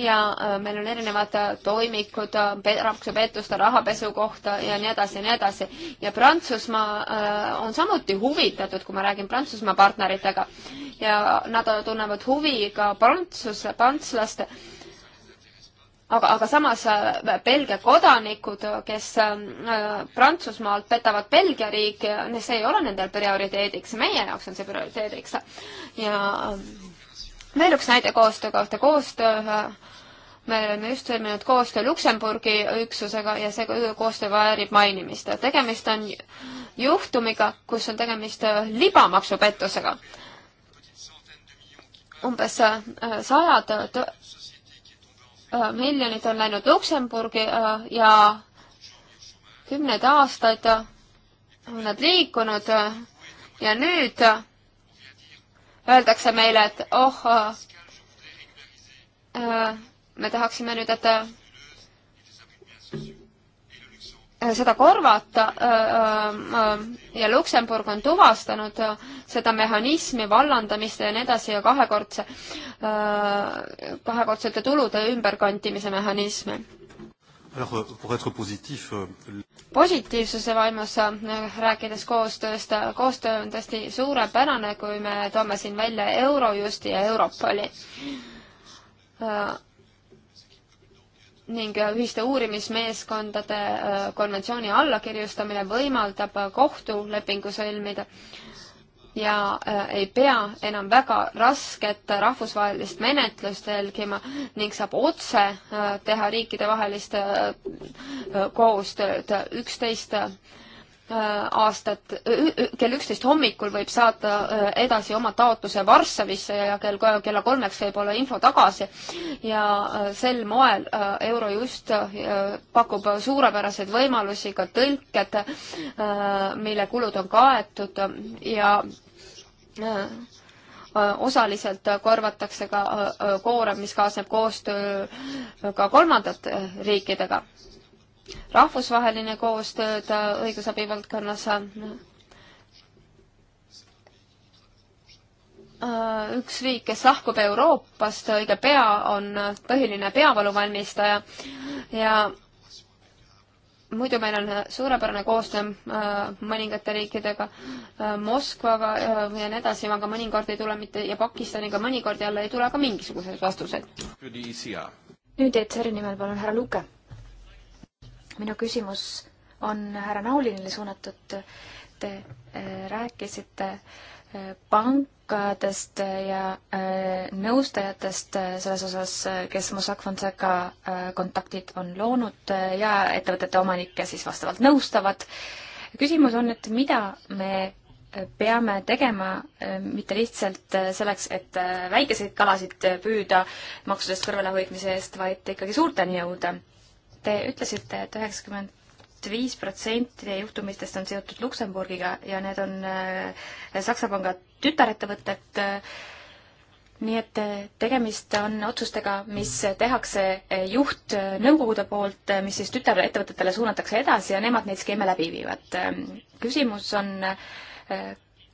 S4: ja äh, meil on erinevad äh, toimikud äh, maksupettuste, rahapesu kohta ja nii edasi ja nii edasi. ja Prantsusmaa äh, on samuti huvitatud, kui ma räägin Prantsusmaa partneritega, ja nad tunnevad huvi ka prantsus-, prantslaste äh, aga, aga samas äh, Belgia kodanikud, kes äh, Prantsusmaalt petavad Belgia riiki, see ei ole nendel prioriteediks, meie jaoks on see prioriteediks. ja ähm, veel üks näide koostöö kohta, koostöö äh, me oleme just sõlminud koostöö Luksemburgi üksusega ja see koostöö väärib mainimist. tegemist on juhtumiga, kus on tegemist libamaksupettusega umbes sajad Äh, miljonid on läinud Luksemburgi äh, ja kümneid aastaid äh, on nad liikunud ja nüüd öeldakse meile, et oh, me tahaksime nüüd, et Äh, seda korvata äh, äh, ja Luksemburg on tuvastanud seda mehhanismi vallandamist ja nii edasi ja kahekordse, kahekordsete tulude ümberkantimise mehhanismi.
S1: Euh, euh,
S4: positiivsuse vaimus rääkides koostööst, koostöö on tõesti suurepärane, kui me toome siin välja Eurojusti ja Europoli ning äh, ühiste uurimismeeskondade äh, konventsiooni allakirjustamine võimaldab äh, kohtulepingu sõlmida ja ei pea enam väga rasket rahvusvahelist menetlust jälgima ning saab otse teha riikidevahelist koostööd. üksteist Äh, aastat, äh, kell üksteist hommikul võib saata äh, edasi oma taotluse Varssavisse ja kell, kella kolmeks võib olla info tagasi. ja sel moel Eurojust pakub suurepäraseid võimalusi, ka tõlked, mille kulud on kaetud ja osaliselt korvatakse ka koorem, mis kaasneb koostööga kolmandate riikidega rahvusvaheline koostööd äh, õigusabi valdkonnas. Äh, üks riik, kes lahkub Euroopast õige pea, on äh, põhiline peavaluvalmistaja ja muidu meil on suurepärane koostöö mõningate riikidega, Moskvaga ja nii edasi, aga mõnikord ei tule mitte ja Pakistaniga mõnikord jälle ei tule ka mingisuguseid vastuseid. E nüüd
S3: ETR-i nimel palun härra Luke minu küsimus on härra Naulinile suunatud. Te äh, rääkisite äh, pankadest ja äh, nõustajatest selles osas, kes Mossack Fonseca kontaktid on loonud ja ettevõtete omanikke siis vastavalt nõustavad. küsimus on, et mida me peame tegema mitte lihtsalt selleks, et väikeseid kalasid püüda maksudest kõrvalehoidmise eest, vaid ikkagi suurteni jõuda. Te ütlesite et, et üheksakümmend viis protsenti juhtumitest on seotud Luksemburgiga ja need on äh, Saksa panga tütarettevõtted. nii et äh, tegemist on otsustega, mis tehakse äh, juhtnõukogude poolt, mis siis tütarettevõtetele suunatakse edasi ja nemad neid skeeme läbi viivad. küsimus on,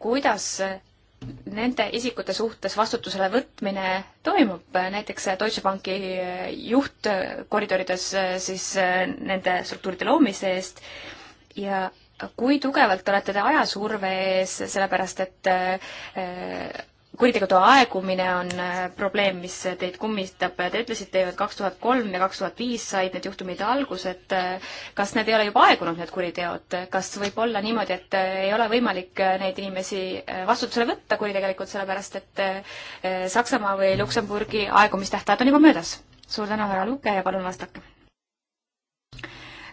S3: kuidas nende isikute suhtes vastutusele võtmine toimub, näiteks Deutsche Banki juht koridorides eh, siis eh, nende struktuuride loomise eest ja kui tugevalt olete te ajasurve ees, sellepärast et eh, kuritegude aegumine on äh, probleem, mis teid kummitab. Te ütlesite ju, et kaks tuhat kolm ja kaks tuhat viis said need juhtumid algused. kas need ei ole juba aegunud, need kuriteod? kas võib olla niimoodi, et äh, ei ole võimalik äh, neid inimesi vastutusele võtta kuritegelikult, sellepärast et Saksamaa või Luksemburgi aegumistähtajad on juba möödas? suur tänu, härra Luke, ja palun vastake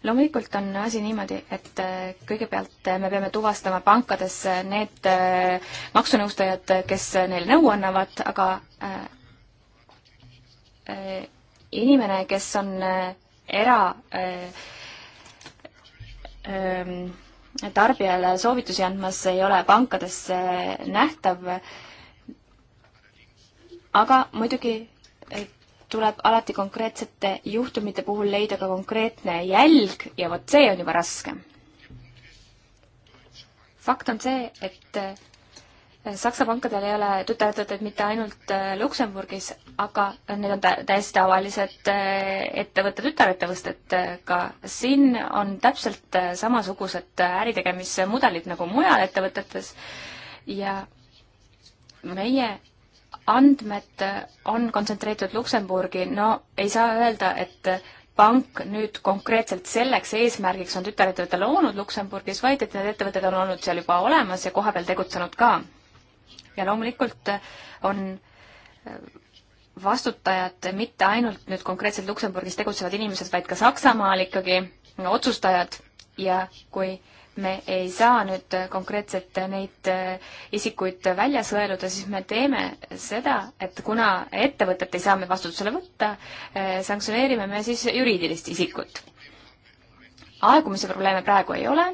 S3: loomulikult on asi niimoodi, et äh, kõigepealt äh, me peame tuvastama pankades äh, need maksunõustajad, kes neile nõu annavad, aga inimene, kes on era ähm, tarbijale soovitusi andmas, ei ole pankades nähtav. aga muidugi tuleb alati konkreetsete juhtumite puhul leida ka konkreetne jälg ja vot see on juba raske. fakt on see, et äh, Saksa pankadel ei ole tütarettevõtteid mitte ainult äh, Luksemburgis, aga need on täiesti tavalised äh, ettevõtte tütarettevõtted ka. siin on täpselt samasugused äritegemismudelid nagu mujal ettevõtetes ja meie andmed on kontsentreeritud Luksemburgi, no ei saa öelda, et pank nüüd konkreetselt selleks eesmärgiks on tütarettevõtte loonud Luksemburgis, vaid et need ettevõtted on olnud seal juba olemas ja kohapeal tegutsenud ka. ja loomulikult on vastutajad mitte ainult nüüd konkreetselt Luksemburgis tegutsevad inimesed, vaid ka Saksamaal ikkagi otsustajad ja kui äh, me ei saa nüüd konkreetselt neid äh, isikuid välja sõeluda, siis me teeme seda, et kuna ettevõtet ei saa me vastutusele võtta, äh, sanktsioneerime me siis juriidilist isikut. aegumise probleeme praegu ei ole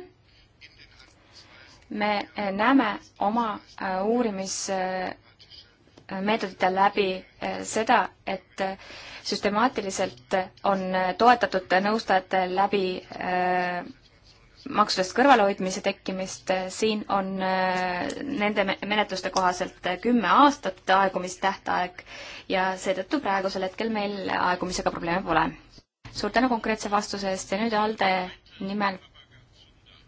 S3: me äh, näeme oma uurimismeetodite läbi seda, et süstemaatiliselt on toetatud nõustajate läbi maksudest kõrvalehoidmise tekkimist, siin on äh, nende menetluste kohaselt äh, kümme aastat aegumistähtaeg ja seetõttu praegusel hetkel meil aegumisega probleeme pole. suur tänu konkreetse vastuse eest ja nüüd Alde nimel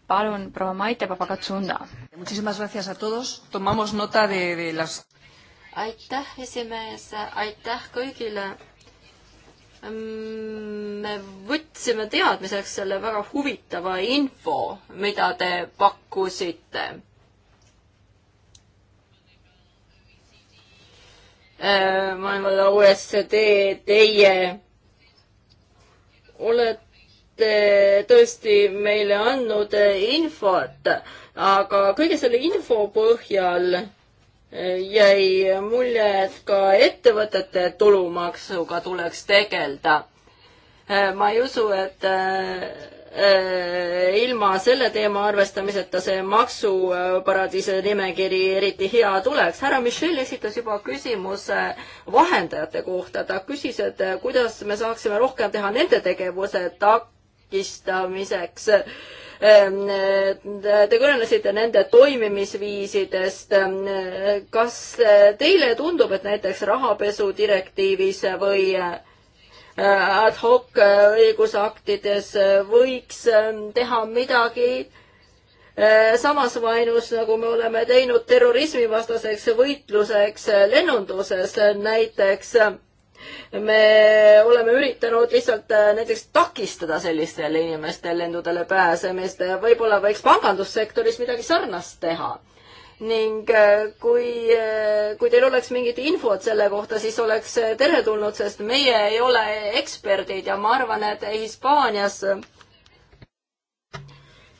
S3: palun proua Maite Papagatsunda.
S2: aitäh, esimees, aitäh kõigile me võtsime teadmiseks selle väga huvitava info, mida te pakkusite. Äh, maailma OECD, teie olete tõesti meile andnud infot, aga kõige selle info põhjal jäi mulje, et ka ettevõtete tulumaksuga tuleks tegeleda. Äh, ma ei usu, et äh, äh, ilma selle teema arvestamiseta see maksuparadiise nimekiri eriti hea tuleks. härra Michel esitas juba küsimuse vahendajate kohta, ta küsis, et kuidas me saaksime rohkem teha nende tegevuse takistamiseks Ehm, äh, te kõnelesite nende toimimisviisidest. Ehm, kas äh, teile tundub, et näiteks rahapesu direktiivis või äh, ad hoc õigusaktides võiks ähm, teha midagi samas vaenus, nagu me oleme teinud terrorismivastaseks võitluseks lennunduses, näiteks me oleme üritanud lihtsalt äh, näiteks takistada sellistel inimestel lendudele pääsemist, võib-olla võiks pangandussektoris midagi sarnast teha ning äh, kui, äh, kui teil oleks mingit infot selle kohta, siis oleks teretulnud, sest meie ei ole eksperdid ja ma arvan, et Hispaanias äh,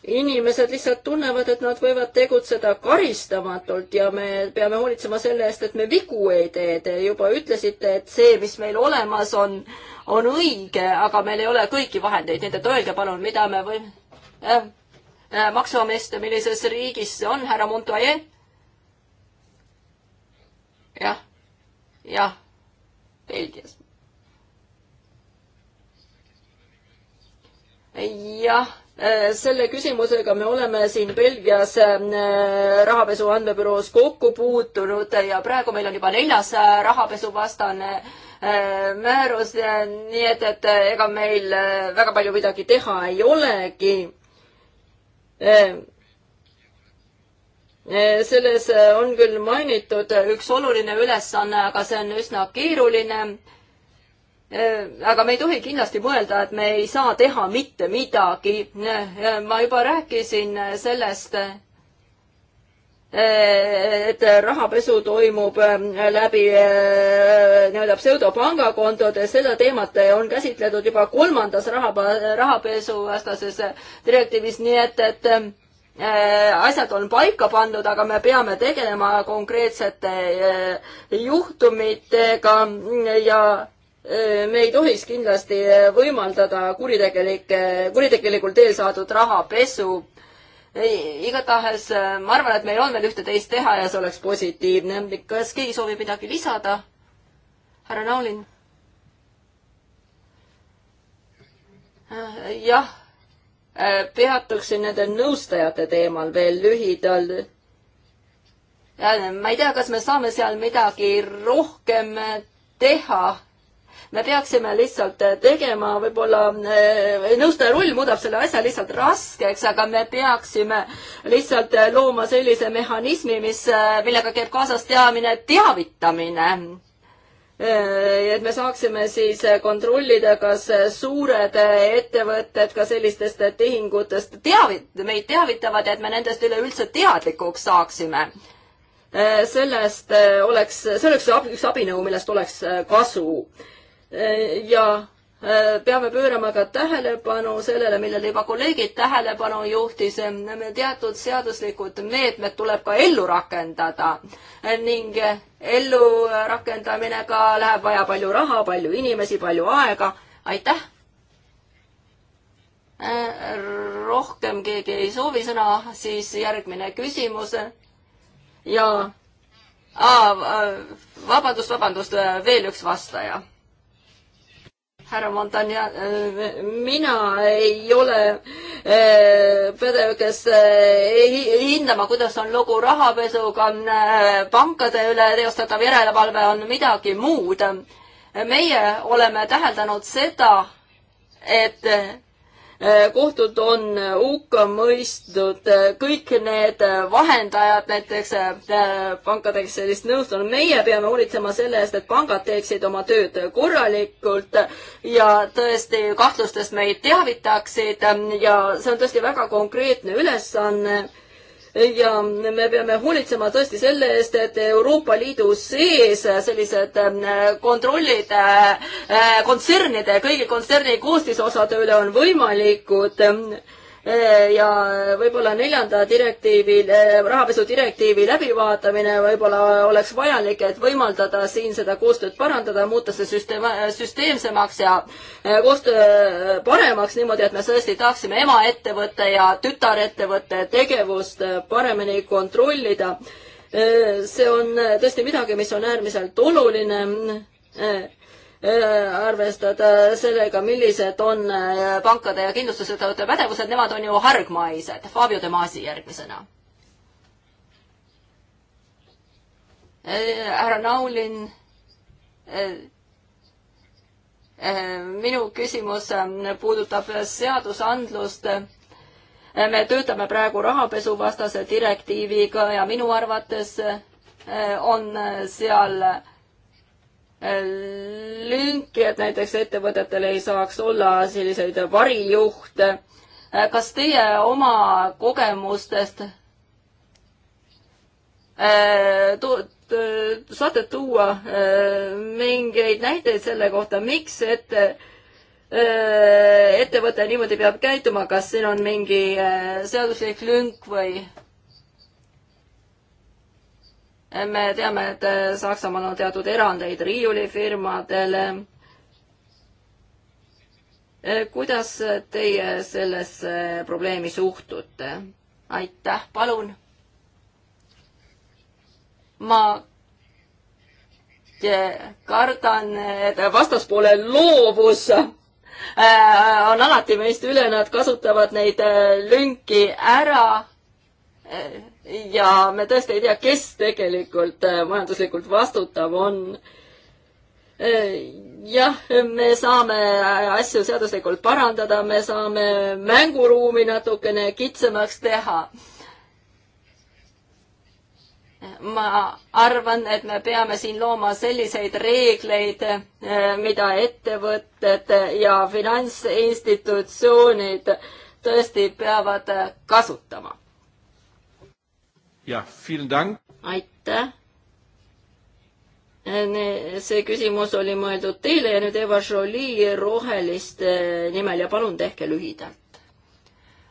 S2: inimesed lihtsalt tunnevad, et nad võivad tegutseda karistamatult ja me peame hoolitsema selle eest, et me vigu ei tee. Te juba ütlesite, et see, mis meil olemas on, on õige, aga meil ei ole kõiki vahendeid, nii et öelge palun, mida me või- äh, äh, maksuamist, millises riigis see on, härra Montoyer? jah, jah, Belgias. jah Äh, selle küsimusega me oleme siin Belgias äh, rahapesu andmebüroos kokku puutunud ja praegu meil on juba neljas äh, rahapesuvastane määrus, nii et, et ega meil väga palju midagi teha ei olegi. selles on küll mainitud üks oluline ülesanne, aga see on üsna keeruline Äh, aga me ei tohi kindlasti mõelda, et me ei saa teha mitte midagi. Äh, ma juba rääkisin sellest, äh, et rahapesu toimub läbi nii-öelda pseudopangakontode, seda teemat on käsitletud juba kolmandas raha, rahapesuvastases direktiivis, nii et, et asjad on paika pandud, aga me peame tegelema konkreetsete juhtumitega ja Äh, me ei tohiks kindlasti äh, võimaldada kuritegelike, kuritegelikul teel saadud rahapesu. igatahes äh, ma arvan, et meil on veel ühte-teist teha ja see oleks positiivne. kas keegi soovib midagi lisada? härra Naulin? jah, peatuksin nende nõustajate teemal veel lühidalt ma ei tea, kas me saame seal midagi rohkem teha me peaksime lihtsalt eh, tegema võib-olla, eh, nõustaja roll muudab selle asja lihtsalt raskeks, aga me peaksime lihtsalt eh, looma sellise mehhanismi, mis, millega käib kaasas teadmine, teavitamine et me saaksime siis kontrollida, kas suured ettevõtted ka sellistest tehingutest teavit-, meid teavitavad ja et me nendest üleüldse teadlikuks saaksime. sellest oleks, see oleks üks abinõu, millest oleks kasu ja äh, peame pöörama ka tähelepanu sellele, millele juba kolleegid tähelepanu juhtis, teatud seaduslikud meetmed tuleb ka ellu rakendada ning ellurakendamine ka läheb vaja palju raha, palju inimesi, palju aega. aitäh! Äh, rohkem keegi ei soovi sõna, siis järgmine küsimus ja ah, vabandust, vabandust, veel üks vastaja härra Montagna, äh, mina ei ole äh, pädev, kes äh, hindama, kuidas on lugu rahapesuga, pankade üle teostatav järelevalve on midagi muud. meie oleme täheldanud seda, et Eh, kohtud on eh, hukka mõistnud eh, kõik need vahendajad, näiteks pankadeks sellist nõustanud, meie peame hoolitsema selle eest, et pangad teeksid oma tööd korralikult ja tõesti kahtlustest meid teavitaksid ja see on tõesti väga konkreetne ülesanne ja me peame hoolitsema tõesti selle eest, et Euroopa Liidu sees sellised äh, kontrollid äh, äh, kontsernide, kõigi kontserni koostisosade üle on võimalikud Eh, ja võib-olla neljanda direktiivi, eh, rahapesu direktiivi läbivaatamine võib-olla oleks vajalik, et võimaldada siin seda koostööd parandada, muuta see süsteem, eh, süsteemsemaks ja koostöö paremaks, niimoodi, et me tõesti tahaksime emaettevõtte ja tütarettevõtte tegevust paremini kontrollida. see on tõesti midagi, mis on äärmiselt oluline Äh, arvestada sellega, millised on äh, pankade ja kindlustusettevõtte pädevused, nemad on ju hargmaised. Fabio De Masi järgmisena. Äh, härra Naulin, minu küsimus ähm, puudutab seadusandlust me töötame praegu rahapesuvastase direktiiviga ja minu arvates on seal lünki, et näiteks ettevõtetel ei saaks olla selliseid varijuhte. kas teie oma kogemustest äh, saate tuua äh, mingeid näiteid selle kohta, miks ette, äh, ettevõte niimoodi peab käituma, kas siin on mingi seaduslik lünk või? me teame, et äh, Saksamaal on teatud erandeid riiulifirmadele. Äh, kuidas teie sellesse probleemi suhtute? aitäh, palun. ma kardan, et vastaspoole loovus äh, on alati meist üle, nad kasutavad neid lünki ära ja me tõesti ei tea, kes tegelikult äh, majanduslikult vastutav on. Äh, jah, me saame äh, asju seaduslikult parandada, me saame mänguruumi natukene kitsamaks teha. ma arvan, et me peame siin looma selliseid reegleid, mida ettevõtted ja finantsinstitutsioonid tõesti peavad kasutama jah, aitäh äh, see küsimus oli mõeldud teile ja nüüd Eva Jolie roheliste nimel ja palun tehke lühidalt.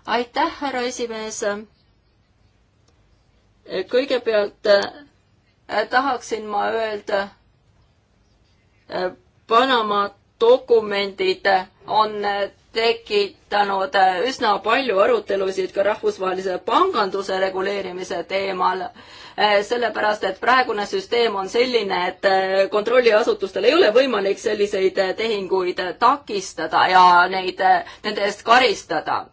S2: aitäh, härra esimees. Äh, kõigepealt äh, tahaksin ma öelda, Panama dokumendid on tekitanud äh, üsna palju arutelusid ka rahvusvahelise panganduse reguleerimise teemal, äh, sellepärast et praegune süsteem on selline, et äh, kontrolliasutustel ei ole võimalik selliseid tehinguid takistada ja neid, nende eest karistada.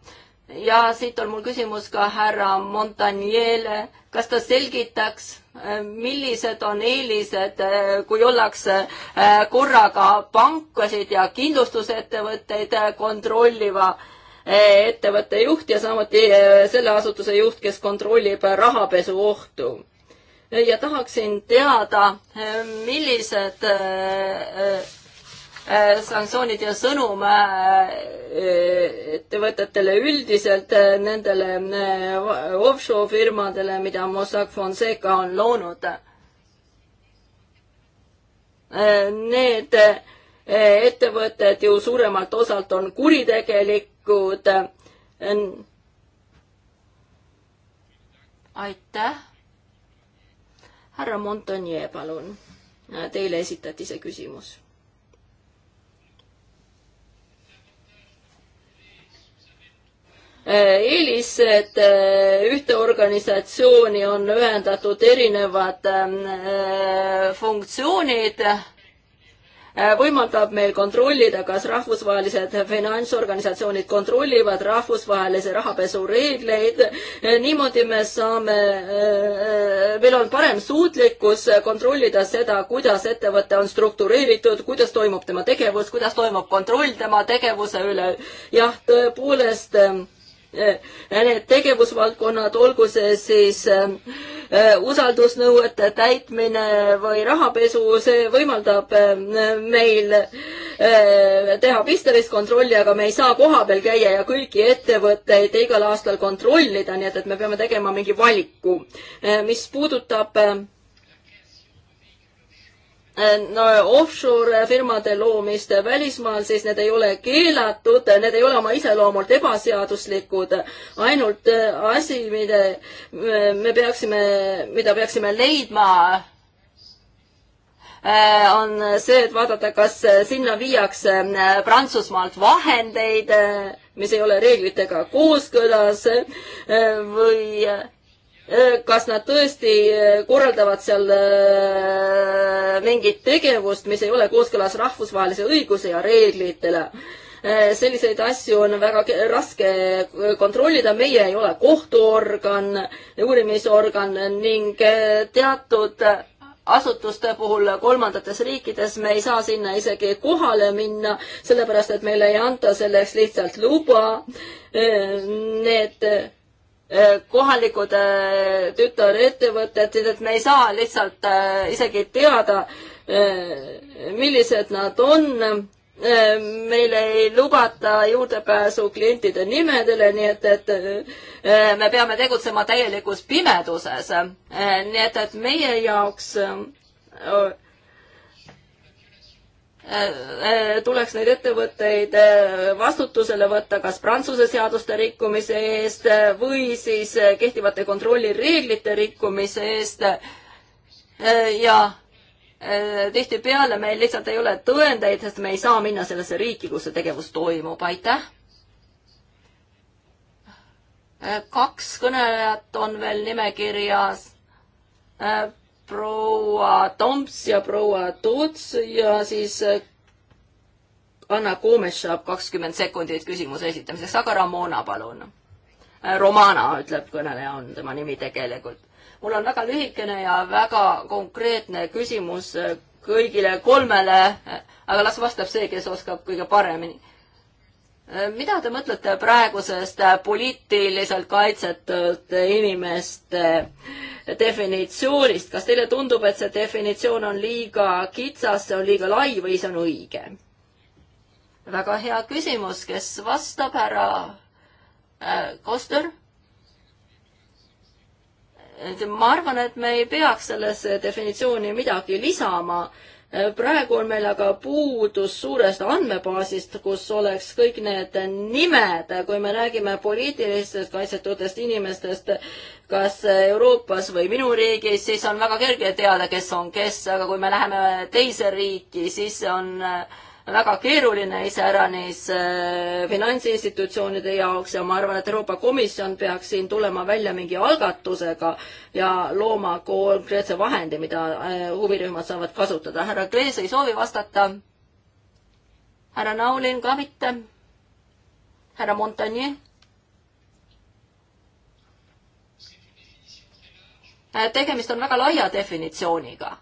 S2: ja siit on mul küsimus ka härra Montanjele, kas ta selgitaks Äh, millised on eelised, äh, kui ollakse äh, korraga pankasid ja kindlustusettevõtteid kontrolliva ettevõtte juht ja samuti selle asutuse juht, kes kontrollib rahapesu ohtu. ja tahaksin teada, millised Äh, sanktsioonid ja sõnum äh, äh, ettevõtetele üldiselt, nendele offshore firmadele, mida Mossack Fonseca on loonud. Need ettevõtted ju suuremalt osalt on kuritegelikud. aitäh. härra Montagnier, palun. Teile esitati see küsimus Äh, eelised äh, ühte organisatsiooni on ühendatud erinevad ähm, äh, funktsioonid, võimaldab meil kontrollida, kas rahvusvahelised finantsorganisatsioonid kontrollivad rahvusvahelise rahapesu reegleid. niimoodi me saame, meil on parem suutlikkus kontrollida seda, kuidas ettevõte on struktureeritud, kuidas toimub tema tegevus, kuidas toimub kontroll tema tegevuse üle. jah, tõepoolest ähm, Äh, need tegevusvaldkonnad, olgu see siis äh, usaldusnõuete täitmine või rahapesu, see võimaldab äh, meil teha pistelist kontrolli, aga me ei saa kohapeal käia ja kõiki ettevõtteid igal aastal kontrollida, nii et, et me peame tegema mingi valiku. mis puudutab Äh, no offshore firmade loomist välismaal, siis need ei ole keelatud, need ei ole oma iseloomult ebaseaduslikud. ainult äh, asi, mida äh, me peaksime, mida peaksime leidma, on see, et vaadata, kas sinna viiakse Prantsusmaalt vahendeid, mis ei ole reeglitega kooskõlas või Äh, kas nad tõesti äh, korraldavad seal äh, mingit tegevust, mis ei ole kooskõlas rahvusvahelise õiguse ja reeglitele. selliseid asju on väga raske kontrollida, meie ei ole kohtuorgan, uurimisorgan ning teatud asutuste puhul kolmandates riikides me ei saa sinna isegi kohale minna, sellepärast et meile ei anta selleks lihtsalt luba. Need Äh, kohalikud äh, tütarettevõtted, et me ei saa lihtsalt äh, isegi teada, millised nad on. meile ei lubata juurdepääsu klientide nimedele, nii et, et me peame tegutsema täielikus pimeduses. nii et, et meie jaoks Äh, äh, tuleks neid ettevõtteid äh, vastutusele võtta kas Prantsuse seaduste rikkumise eest või siis kehtivate kontrollireeglite rikkumise eest. ja tihtipeale meil lihtsalt ei ole tõendeid, sest me ei saa minna sellesse riiki, kus see tegevus toimub, aitäh. kaks kõnelejat on veel nimekirjas proua Toms ja proua Toots ja siis äh, Anna Koomes saab kakskümmend sekundit küsimuse esitamiseks, aga Ramona, palun. Äh, Romana, ütleb kõneleja, on tema nimi tegelikult. mul on väga lühikene ja väga konkreetne küsimus äh, kõigile kolmele, aga las vastab see, kes oskab kõige paremini mida te mõtlete praegusest poliitiliselt kaitsetud inimeste definitsioonist, kas teile tundub, et see definitsioon on liiga kitsas, see on liiga lai või see on õige? väga hea küsimus, kes vastab, härra äh, Koster? ma arvan, et me ei peaks sellesse definitsiooni midagi lisama praegu on meil aga puudus suurest andmebaasist, kus oleks kõik need nimed, kui me räägime poliitilistest kaitsetutest inimestest, kas Euroopas või minu riigis, siis on väga kerge teada, kes on kes, aga kui me läheme teise riiki, siis on äh, väga keeruline iseäranis äh, finantsinstitutsioonide jaoks ja ma arvan, et Euroopa Komisjon peaks siin tulema välja mingi algatusega ja looma konkreetse vahendi, mida äh, huvirühmad saavad kasutada. härra Krees ei soovi vastata. härra Naulin ka mitte. härra Montagnier? Äh, tegemist on väga laia definitsiooniga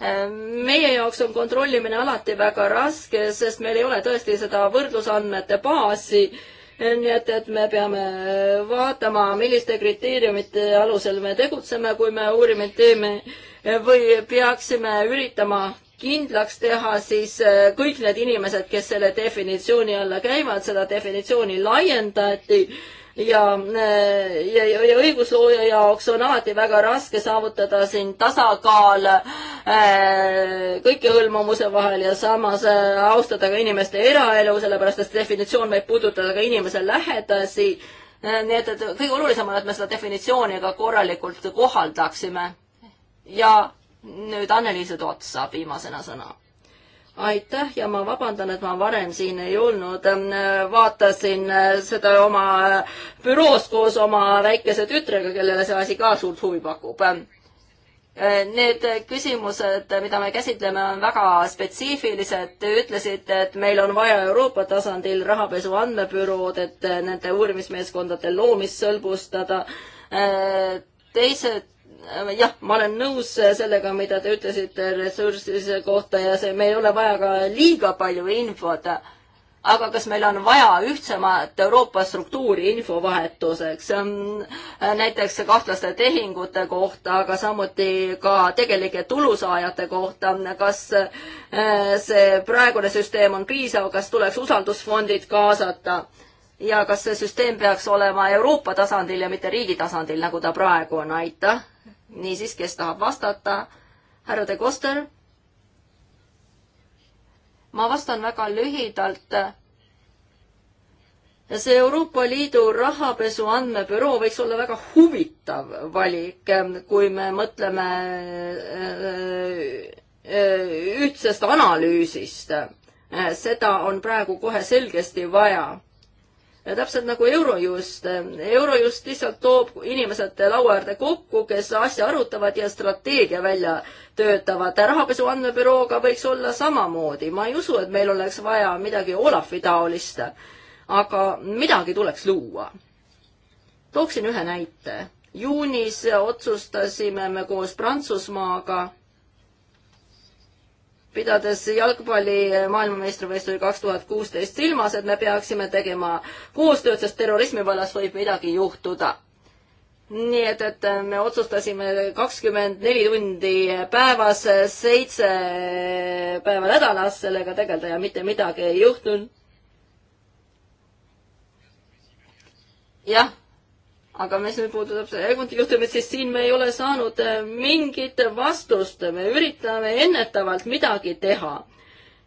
S2: Ehm, meie jaoks on kontrollimine alati väga raske, sest meil ei ole tõesti seda võrdlusandmete baasi. nii et, et me peame äh, vaatama, milliste kriteeriumite alusel me tegutseme, kui me uurimine teeme äh, või peaksime üritama kindlaks teha siis äh, kõik need inimesed, kes selle definitsiooni alla käivad, seda definitsiooni laiendati Äh, ja, ja, ja õiguslooja jaoks on alati väga raske saavutada siin tasakaal äh, kõikehõlmamuse vahel ja samas äh, austada ka inimeste eraelu, sellepärast et definitsioon võib puudutada ka inimese lähedasi äh,. nii et, et kõige olulisem on, et me seda definitsiooni ka korralikult kohaldaksime. ja nüüd Anneliise Toots saab viimasena sõna aitäh ja ma vabandan, et ma varem siin ei olnud. vaatasin äh, seda oma äh, büroos koos oma väikese tütrega, kellele see asi ka suurt huvi pakub. Äh, need küsimused, mida me käsitleme, on väga spetsiifilised. Te ütlesite, et meil on vaja Euroopa tasandil rahapesu andmebürood, et nende uurimismeeskondade loomist sõlbustada. teised Äh, jah, ma olen nõus äh, sellega, mida te ütlesite ressursside kohta ja see, meil ei ole vaja ka liiga palju infot. aga kas meil on vaja ühtsemat Euroopa struktuuri infovahetuseks? Ähm, näiteks kahtlaste tehingute kohta, aga samuti ka tegelike tulusaajate kohta. kas äh, see praegune süsteem on piisav, kas tuleks usaldusfondid kaasata? ja kas see süsteem peaks olema Euroopa tasandil ja mitte riigi tasandil, nagu ta praegu on, aitäh niisiis, kes tahab vastata? härra de Koster? ma vastan väga lühidalt. see Euroopa Liidu rahapesu andmebüroo võiks olla väga huvitav valik, kui me mõtleme äh, äh, ühtsest analüüsist. seda on praegu kohe selgesti vaja täpselt nagu Eurojust. Eurojust lihtsalt toob inimesed laua äärde kokku, kes asja arutavad ja strateegia välja töötavad. rahapesu andmebürooga võiks olla samamoodi. ma ei usu, et meil oleks vaja midagi Olafi taolist, aga midagi tuleks luua. tooksin ühe näite. juunis otsustasime me koos Prantsusmaaga pidades jalgpalli maailmameistrivõistlusi kaks tuhat kuusteist silmas, et me peaksime tegema koostööd, sest terrorismi vallas võib midagi juhtuda. nii et, et me otsustasime kakskümmend neli tundi päevas, seitse päeva nädalas sellega tegeleda ja mitte midagi ei juhtunud. jah aga mis nüüd puudutab seda juhtumit, siis siin me ei ole saanud äh, mingit vastust, me üritame ennetavalt midagi teha.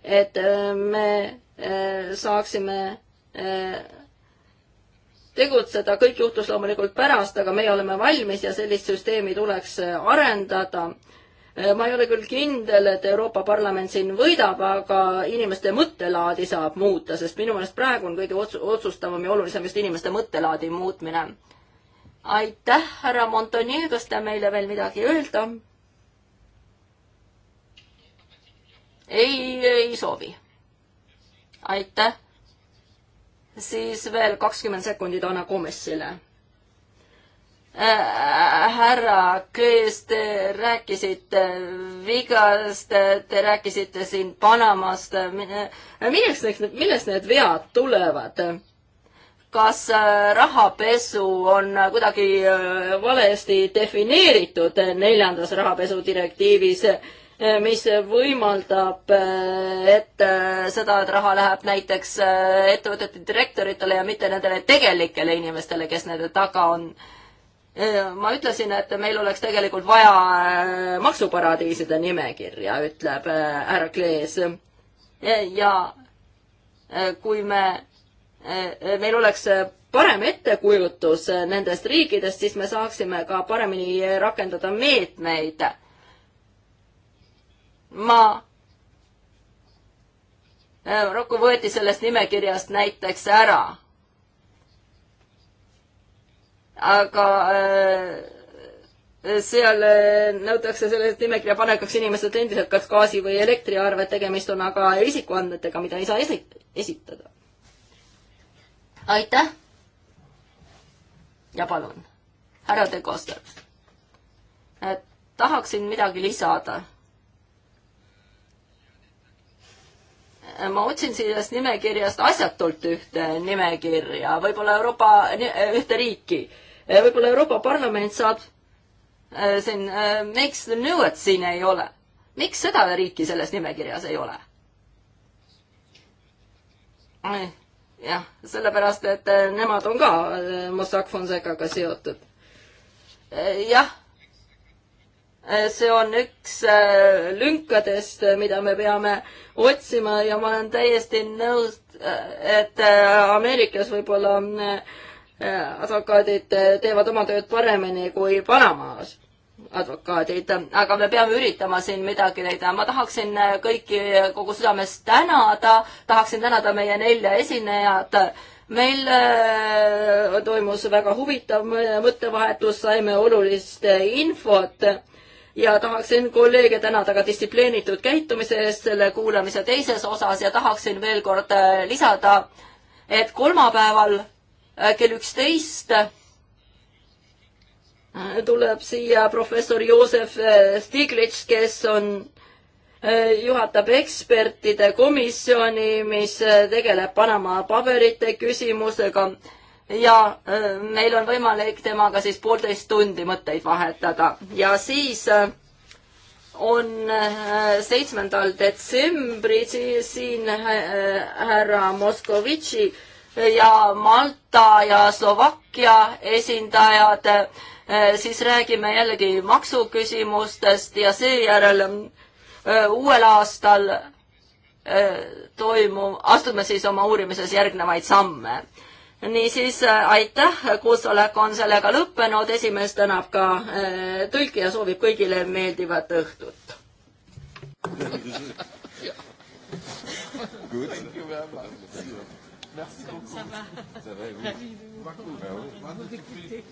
S2: et äh, me äh, saaksime tegutseda, kõik juhtus loomulikult pärast, aga meie oleme valmis ja sellist süsteemi tuleks arendada. ma ei ole küll kindel, et Euroopa Parlament siin võidab, aga inimeste mõttelaadi saab muuta, sest minu meelest praegu on kõige otsustavam ja olulisem just inimeste mõttelaadi muutmine aitäh, härra Montonier, kas te meile veel midagi öelda? ei, ei soovi. aitäh. siis veel kakskümmend sekundit Anna Komessile äh, härra Köös, te rääkisite vigast, te rääkisite siin Panamast. millest need, millest need vead tulevad? kas äh, rahapesu on äh, kuidagi äh, valesti defineeritud neljandas rahapesudirektiivis, mis võimaldab, et seda, et raha läheb näiteks ettevõtete direktoritele ja mitte nendele tegelikele inimestele, kes nende taga on. ma ütlesin, et meil oleks tegelikult vaja maksuparadiiside nimekirja, ütleb härra Klees. ja kui me Äh, äh, meil oleks äh, parem ettekujutus nendest riikidest, siis me saaksime ka paremini rakendada meetmeid. ma, Roku võeti sellest nimekirjast näiteks ära. aga seal nõutakse sellest nimekirja panekaks inimestelt endiselt kas gaasi või elektriarved, tegemist on aga isikuandmetega, mida ei saa esi-, esitada aitäh. ja palun, härra De Koster. tahaksin midagi lisada. ma otsin sellest nimekirjast asjatult ühte nimekirja, võib-olla Euroopa, ühte riiki. võib-olla Euroopa Parlament saab äh, siin, äh, miks Nõuet siin ei ole? miks seda riiki selles nimekirjas ei ole? Äh, jah, sellepärast, et äh, nemad on ka äh, Mossack Fonsecaga seotud. Äh, jah, see on üks lünkadest, mida me peame otsima ja ma olen täiesti nõus, et Ameerikas võib-olla advokaadid teevad oma tööd paremini kui Panamaas advokaadid, aga me peame üritama siin midagi leida. ma tahaksin äh, kõiki kogu südamest tänada, tahaksin tänada meie nelja esinejat. meil äh, toimus väga huvitav mõttevahetus, saime olulist äh, infot ja tahaksin kolleege tänada ka distsiplineeritud käitumise eest selle kuulamise teises osas ja tahaksin veel kord lisada, et kolmapäeval kell üksteist 11 Äh, tuleb siia professor Joosef äh, Stiglitš, kes on, äh, juhatab ekspertide komisjoni, mis tegeleb Panama paberite küsimusega ja meil on võimalik temaga siis poolteist tundi mõtteid vahetada ja siis on seitsmendal detsembril siin härra Moskovitši ja Malta ja Slovakkia esindajad Äh, siis räägime jällegi maksuküsimustest ja seejärel äh, uuel aastal äh, toimuv, astume siis oma uurimises järgnevaid samme. niisiis aitäh, koosolek on sellega lõppenud, esimees tänab ka tõlki ja soovib kõigile meeldivat õhtut. (laughs)
S1: Good. Thank you very much.
S3: Merci beaucoup. Ça va Ça va et vous Ça va et vous Vous, vous, vous, vous, vous, vous,
S1: vous, vous, vous, vous